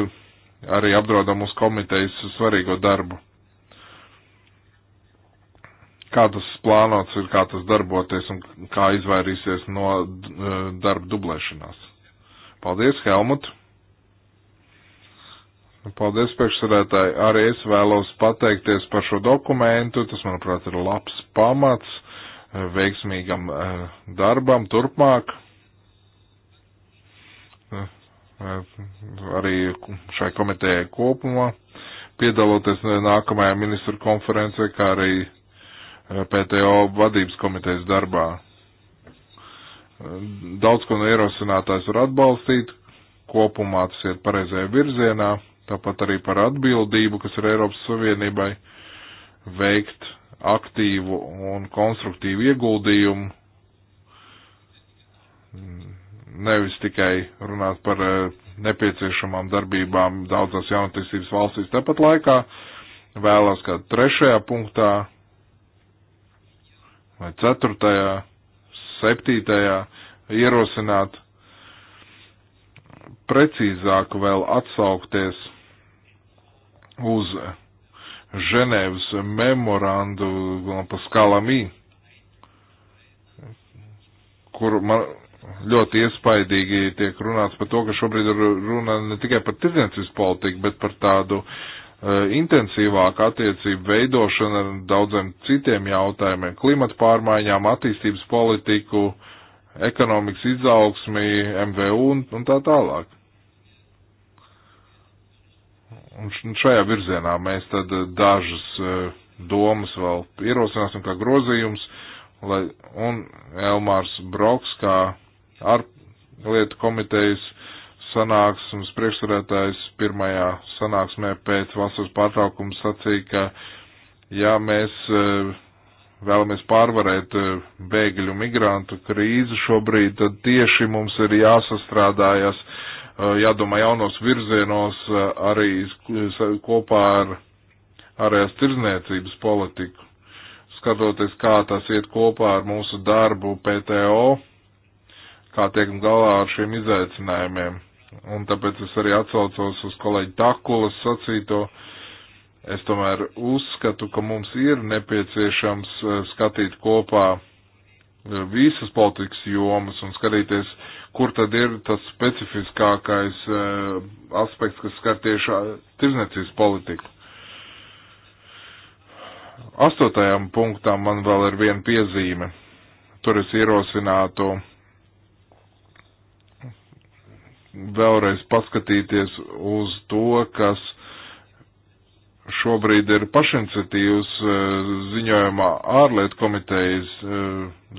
[SPEAKER 1] arī apdraudam uz komitejas svarīgo darbu. Kā tas plānots ir, kā tas darboties un kā izvairīsies no eh, darba dublēšanās. Paldies, Helmut! Nu, paldies, priekšsarētāji. Arī es vēlos pateikties par šo dokumentu. Tas, manuprāt, ir labs pamats eh, veiksmīgam eh, darbam turpmāk. Eh, arī šai komitejai kopumā piedaloties nākamajā ministru konferencē, kā arī PTO vadības komitejas darbā. Daudz ko no ierosinātājs var atbalstīt, kopumā tas ir pareizajā virzienā tāpat arī par atbildību, kas ir Eiropas Savienībai veikt aktīvu un konstruktīvu ieguldījumu, nevis tikai runāt par eh, nepieciešamām darbībām daudzās jaunatīstības valstīs. Tāpat laikā vēlos kā trešajā punktā vai ceturtajā, septītajā ierosināt precīzāk vēl atsaukties uz Ženēvas memorandu par skalamī, kur man ļoti iespaidīgi tiek runāts par to, ka šobrīd ir runa ne tikai par tirdzniecības politiku, bet par tādu uh, intensīvāku attiecību veidošanu ar daudziem citiem jautājumiem - klimata pārmaiņām, attīstības politiku, ekonomikas izaugsmi, MVU un, un tā tālāk. Un šajā virzienā mēs tad eh, dažas eh, domas vēl ierosināsim kā grozījums, lai, un Elmārs Broks kā ar lietu komitejas sanāksmes priekšsarētājs pirmajā sanāksmē pēc vasaras pārtraukuma sacīja, ka ja mēs eh, vēlamies pārvarēt bēgļu migrantu krīzi šobrīd, tad tieši mums ir jāsastrādājas uh, Eh, jādomā jaunos virzienos eh, arī kopā ar ārējās tirzniecības politiku, skatoties, kā tas iet kopā ar mūsu darbu PTO, kā tiek galā ar šiem izaicinājumiem. Un tāpēc es arī atsaucos uz kolēģi Takulas sacīto. Es tomēr uzskatu, ka mums ir nepieciešams eh, skatīt kopā visas politikas jomas un skatīties, kur tad ir tas specifiskākais eh, aspekts, kas skar tieši eh, tirzniecības politiku. Astotajam punktam man vēl ir viena piezīme. Tur es ierosinātu vēlreiz paskatīties uz to, kas šobrīd ir pašiniciatīvas eh, ziņojumā, ārlietu komitejas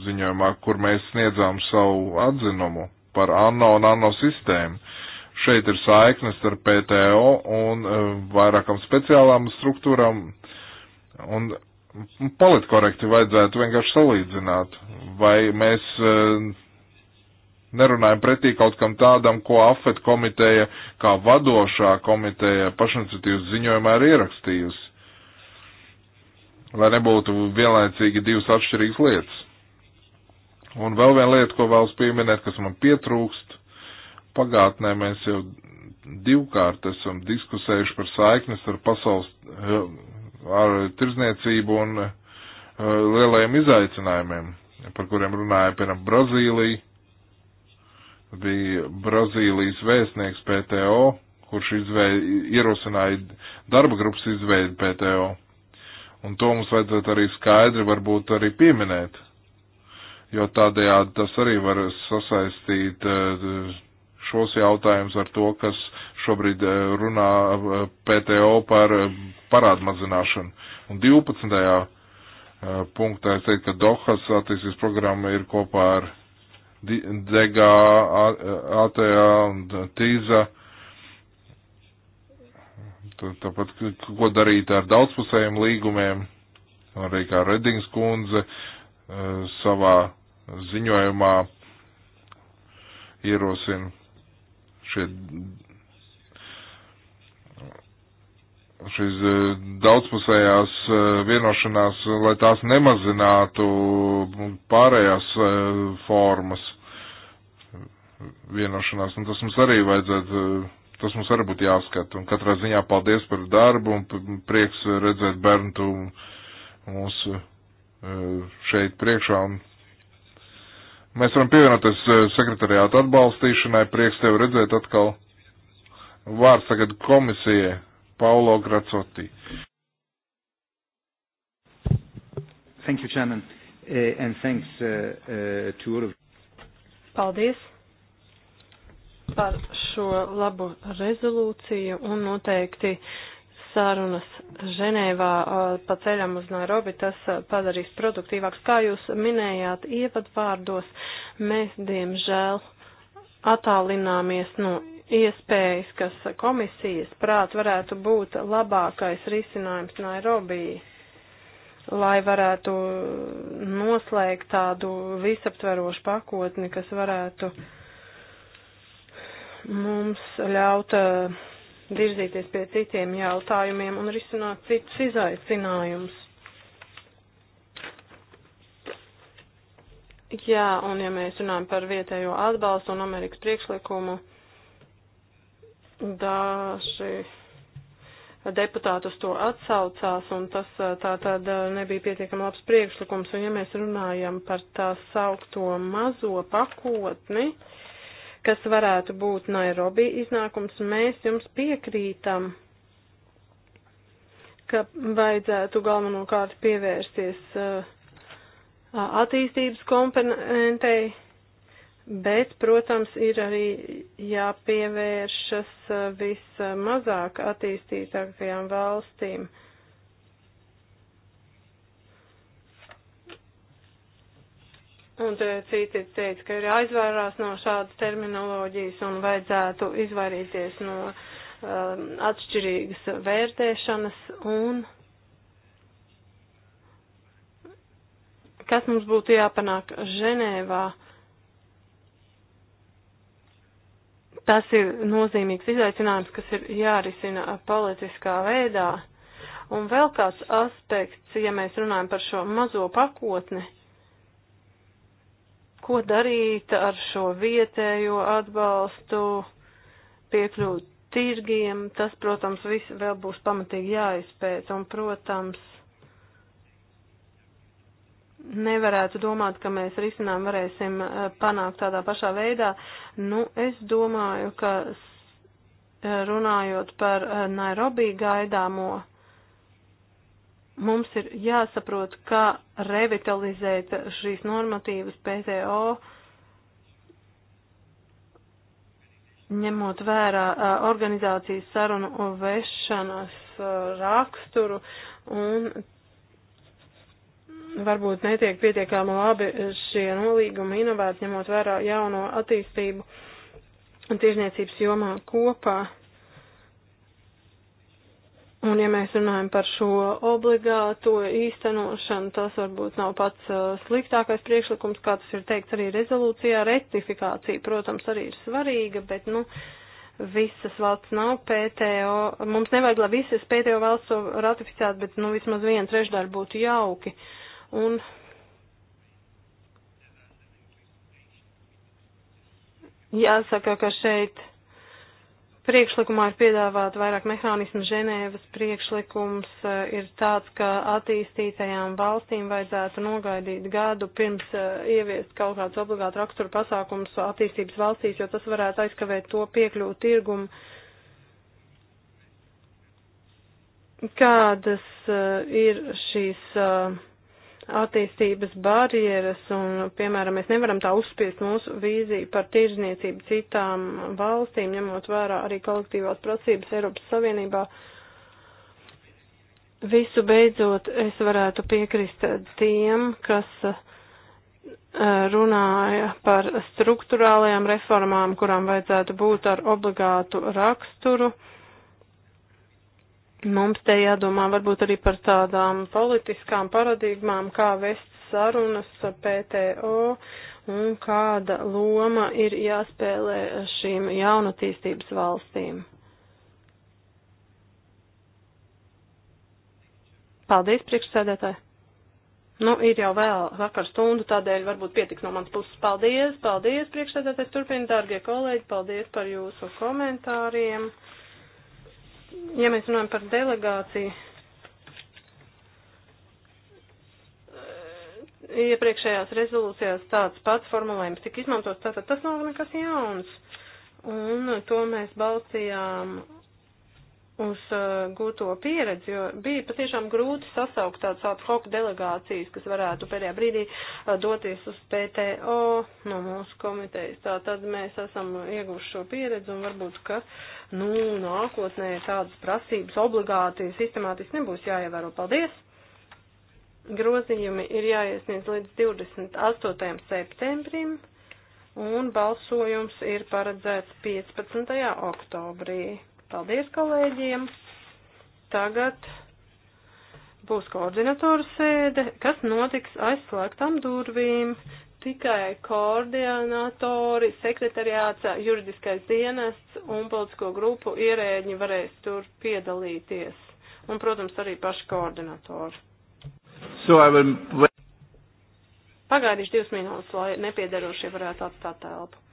[SPEAKER 1] ziņojumā, kur mēs sniedzām savu atzinumu par ANO un ANO sistēmu. Šeit ir saiknes ar PTO un e, vairākam speciālām struktūram. Un politkorekti vajadzētu vienkārši salīdzināt, vai mēs e, nerunājam pretī kaut kam tādam, ko AFET komiteja kā vadošā komiteja pašiniciatīvas ziņojumā ir ierakstījusi, lai nebūtu vienlaicīgi divas atšķirīgas lietas. Un vēl viena lieta, ko vēlos pieminēt, kas man pietrūkst, pagātnē mēs jau divkārt esam diskusējuši par saiknes ar pasaules, eh, ar tirzniecību un eh, lielajiem izaicinājumiem, par kuriem runāja, piemēram, Brazīlija. Bija Brazīlijas vēstnieks PTO, kurš izveid, ierosināja darba grupas izveidu PTO. Un to mums vajadzētu arī skaidri varbūt arī pieminēt jo tādējādi tas arī var sasaistīt eh, šos jautājumus ar to, kas šobrīd eh, runā eh, PTO par parādu mazināšanu. Un 12. punktā es teiktu, ka Dohas attīstības programma ir kopā ar Degā, ATA un Tīza. Tāpat, ko darīt ar daudzpusējiem līgumiem, arī kā Redings kundze savā ziņojumā ierosina šie, šīs eh, daudzpusējās eh, vienošanās, lai tās nemazinātu pārējās eh, formas vienošanās. Un tas mums arī vajadzētu, tas mums arī būtu jāskata. Un katrā ziņā paldies par darbu un prieks redzēt Berntu mūsu šeit priekšā un Mēs varam pievienoties eh, sekretariātu atbalstīšanai. Prieks tevi redzēt atkal. Vārds tagad komisijai Paulo Gracotī. Thank you, Chairman,
[SPEAKER 3] eh, and thanks uh, uh, to all of you.
[SPEAKER 2] Paldies par šo labu rezolūciju un noteikti sarunas Ženēvā pa ceļam uz Nairobi, tas padarīs produktīvāks. Kā jūs minējāt ievadvārdos, mēs diemžēl attālināmies no iespējas, kas komisijas prāt varētu būt labākais risinājums Nairobī, lai varētu noslēgt tādu visaptverošu pakotni, kas varētu mums ļaut uh, virzīties pie citiem jautājumiem un risināt citus izaicinājumus. Jā, un ja mēs runājam par vietējo atbalstu un Amerikas priekšlikumu, daži deputāti uz to atsaucās, un tas tā tad nebija pietiekami labs priekšlikums. Un ja mēs runājam par tā saukto mazo pakotni, uh, kas varētu būt Nairobi iznākums, mēs jums piekrītam, ka vajadzētu galvenokārt pievērsties uh, attīstības komponentei, bet, protams, ir arī jāpievēršas uh, vismazāk attīstītākajām valstīm. Uh, Un te citi teica, ka ir aizvairās no šādas terminoloģijas un vajadzētu izvairīties no um, atšķirīgas vērtēšanas un kas mums būtu jāpanāk Ženēvā. Tas ir nozīmīgs izaicinājums, kas ir jārisina politiskā veidā. Un vēl kāds aspekts, ja mēs runājam par šo mazo pakotni, Ko darīt ar šo vietējo atbalstu, piekļūt tirgiem, tas, protams, viss vēl būs pamatīgi jāizpēta un, protams, nevarētu domāt, ka mēs risinām varēsim eh, panākt tādā pašā veidā. Nu, es domāju, ka eh, runājot par eh, Nairobi gaidāmo, Mums ir jāsaprot, kā revitalizēt šīs normatīvas PTO, ņemot vērā organizācijas sarunu vešanas raksturu un varbūt netiek pietiekami labi šie nolīgumi inovēti, ņemot vērā jauno attīstību un tirzniecības jomā kopā. Un, ja mēs runājam par šo obligāto īstenošanu, tas varbūt nav pats uh, sliktākais priekšlikums, kā tas ir teikts arī rezolūcijā. Retifikācija, protams, arī ir svarīga, bet, nu, visas valsts nav PTO. Mums nevajag, lai visas PTO valsts to ratificētu, bet, nu, vismaz viena trešdaļa būtu jauki. Un jāsaka, ka šeit priekšlikumā ir piedāvāta vairāk mehānismu. Ženēvas priekšlikums eh, ir tāds, ka attīstītajām valstīm vajadzētu nogaidīt gadu pirms eh, ieviest kaut kāds obligāti rakstura pasākums attīstības valstīs, jo tas varētu aizkavēt to piekļuvu tirgumu. Kādas eh, ir šīs attīstības barjeras un, piemēram, mēs nevaram tā uzspiest mūsu vīziju par tirzniecību citām valstīm, ņemot vērā arī kolektīvās prasības Eiropas Savienībā. Visu beidzot, es varētu piekrist tiem, kas eh, runāja par struktūrālajām reformām, kurām vajadzētu būt ar obligātu raksturu. Uh, Mums te jādomā varbūt arī par tādām politiskām paradigmām, kā vest sarunas PTO un kāda loma ir jāspēlē šīm jaunatīstības valstīm. Paldies, priekšsēdētāji! Nu, ir jau vēl vakar stundu, tādēļ varbūt pietiks no manas puses. Paldies, paldies, priekšsēdētājs turpina, dārgie kolēģi, paldies par jūsu komentāriem ja mēs runājam par delegāciju, eh, iepriekšējās rezolūcijās tāds pats formulējums tika izmantots, tātad tas nav nekas jauns. Un to mēs balstījām uz uh, gūto pieredzi, jo bija patiešām grūti sasaukt tādas ad hoc delegācijas, kas varētu pēdējā brīdī uh, doties uz PTO no mūsu komitejas. Tātad mēs esam ieguvuši šo pieredzi un varbūt, ka uh, nu, nākotnē tādas prasības obligāti sistemātiski nebūs jāievēro. Paldies! Grozījumi ir jāiesniedz līdz 28. septembrim, un balsojums ir paredzēts 15. oktobrī. Paldies kolēģiem! Tagad būs koordinatoru sēde, kas notiks aizslēgtām durvīm tikai koordinātori, sekretariāts, juridiskais dienests un politisko grupu ierēģi varēs tur piedalīties. Un, protams, arī paši koordinātori. So will... Pagaidīšu divas minūtes, lai nepiedarošie varētu atstāt telpu.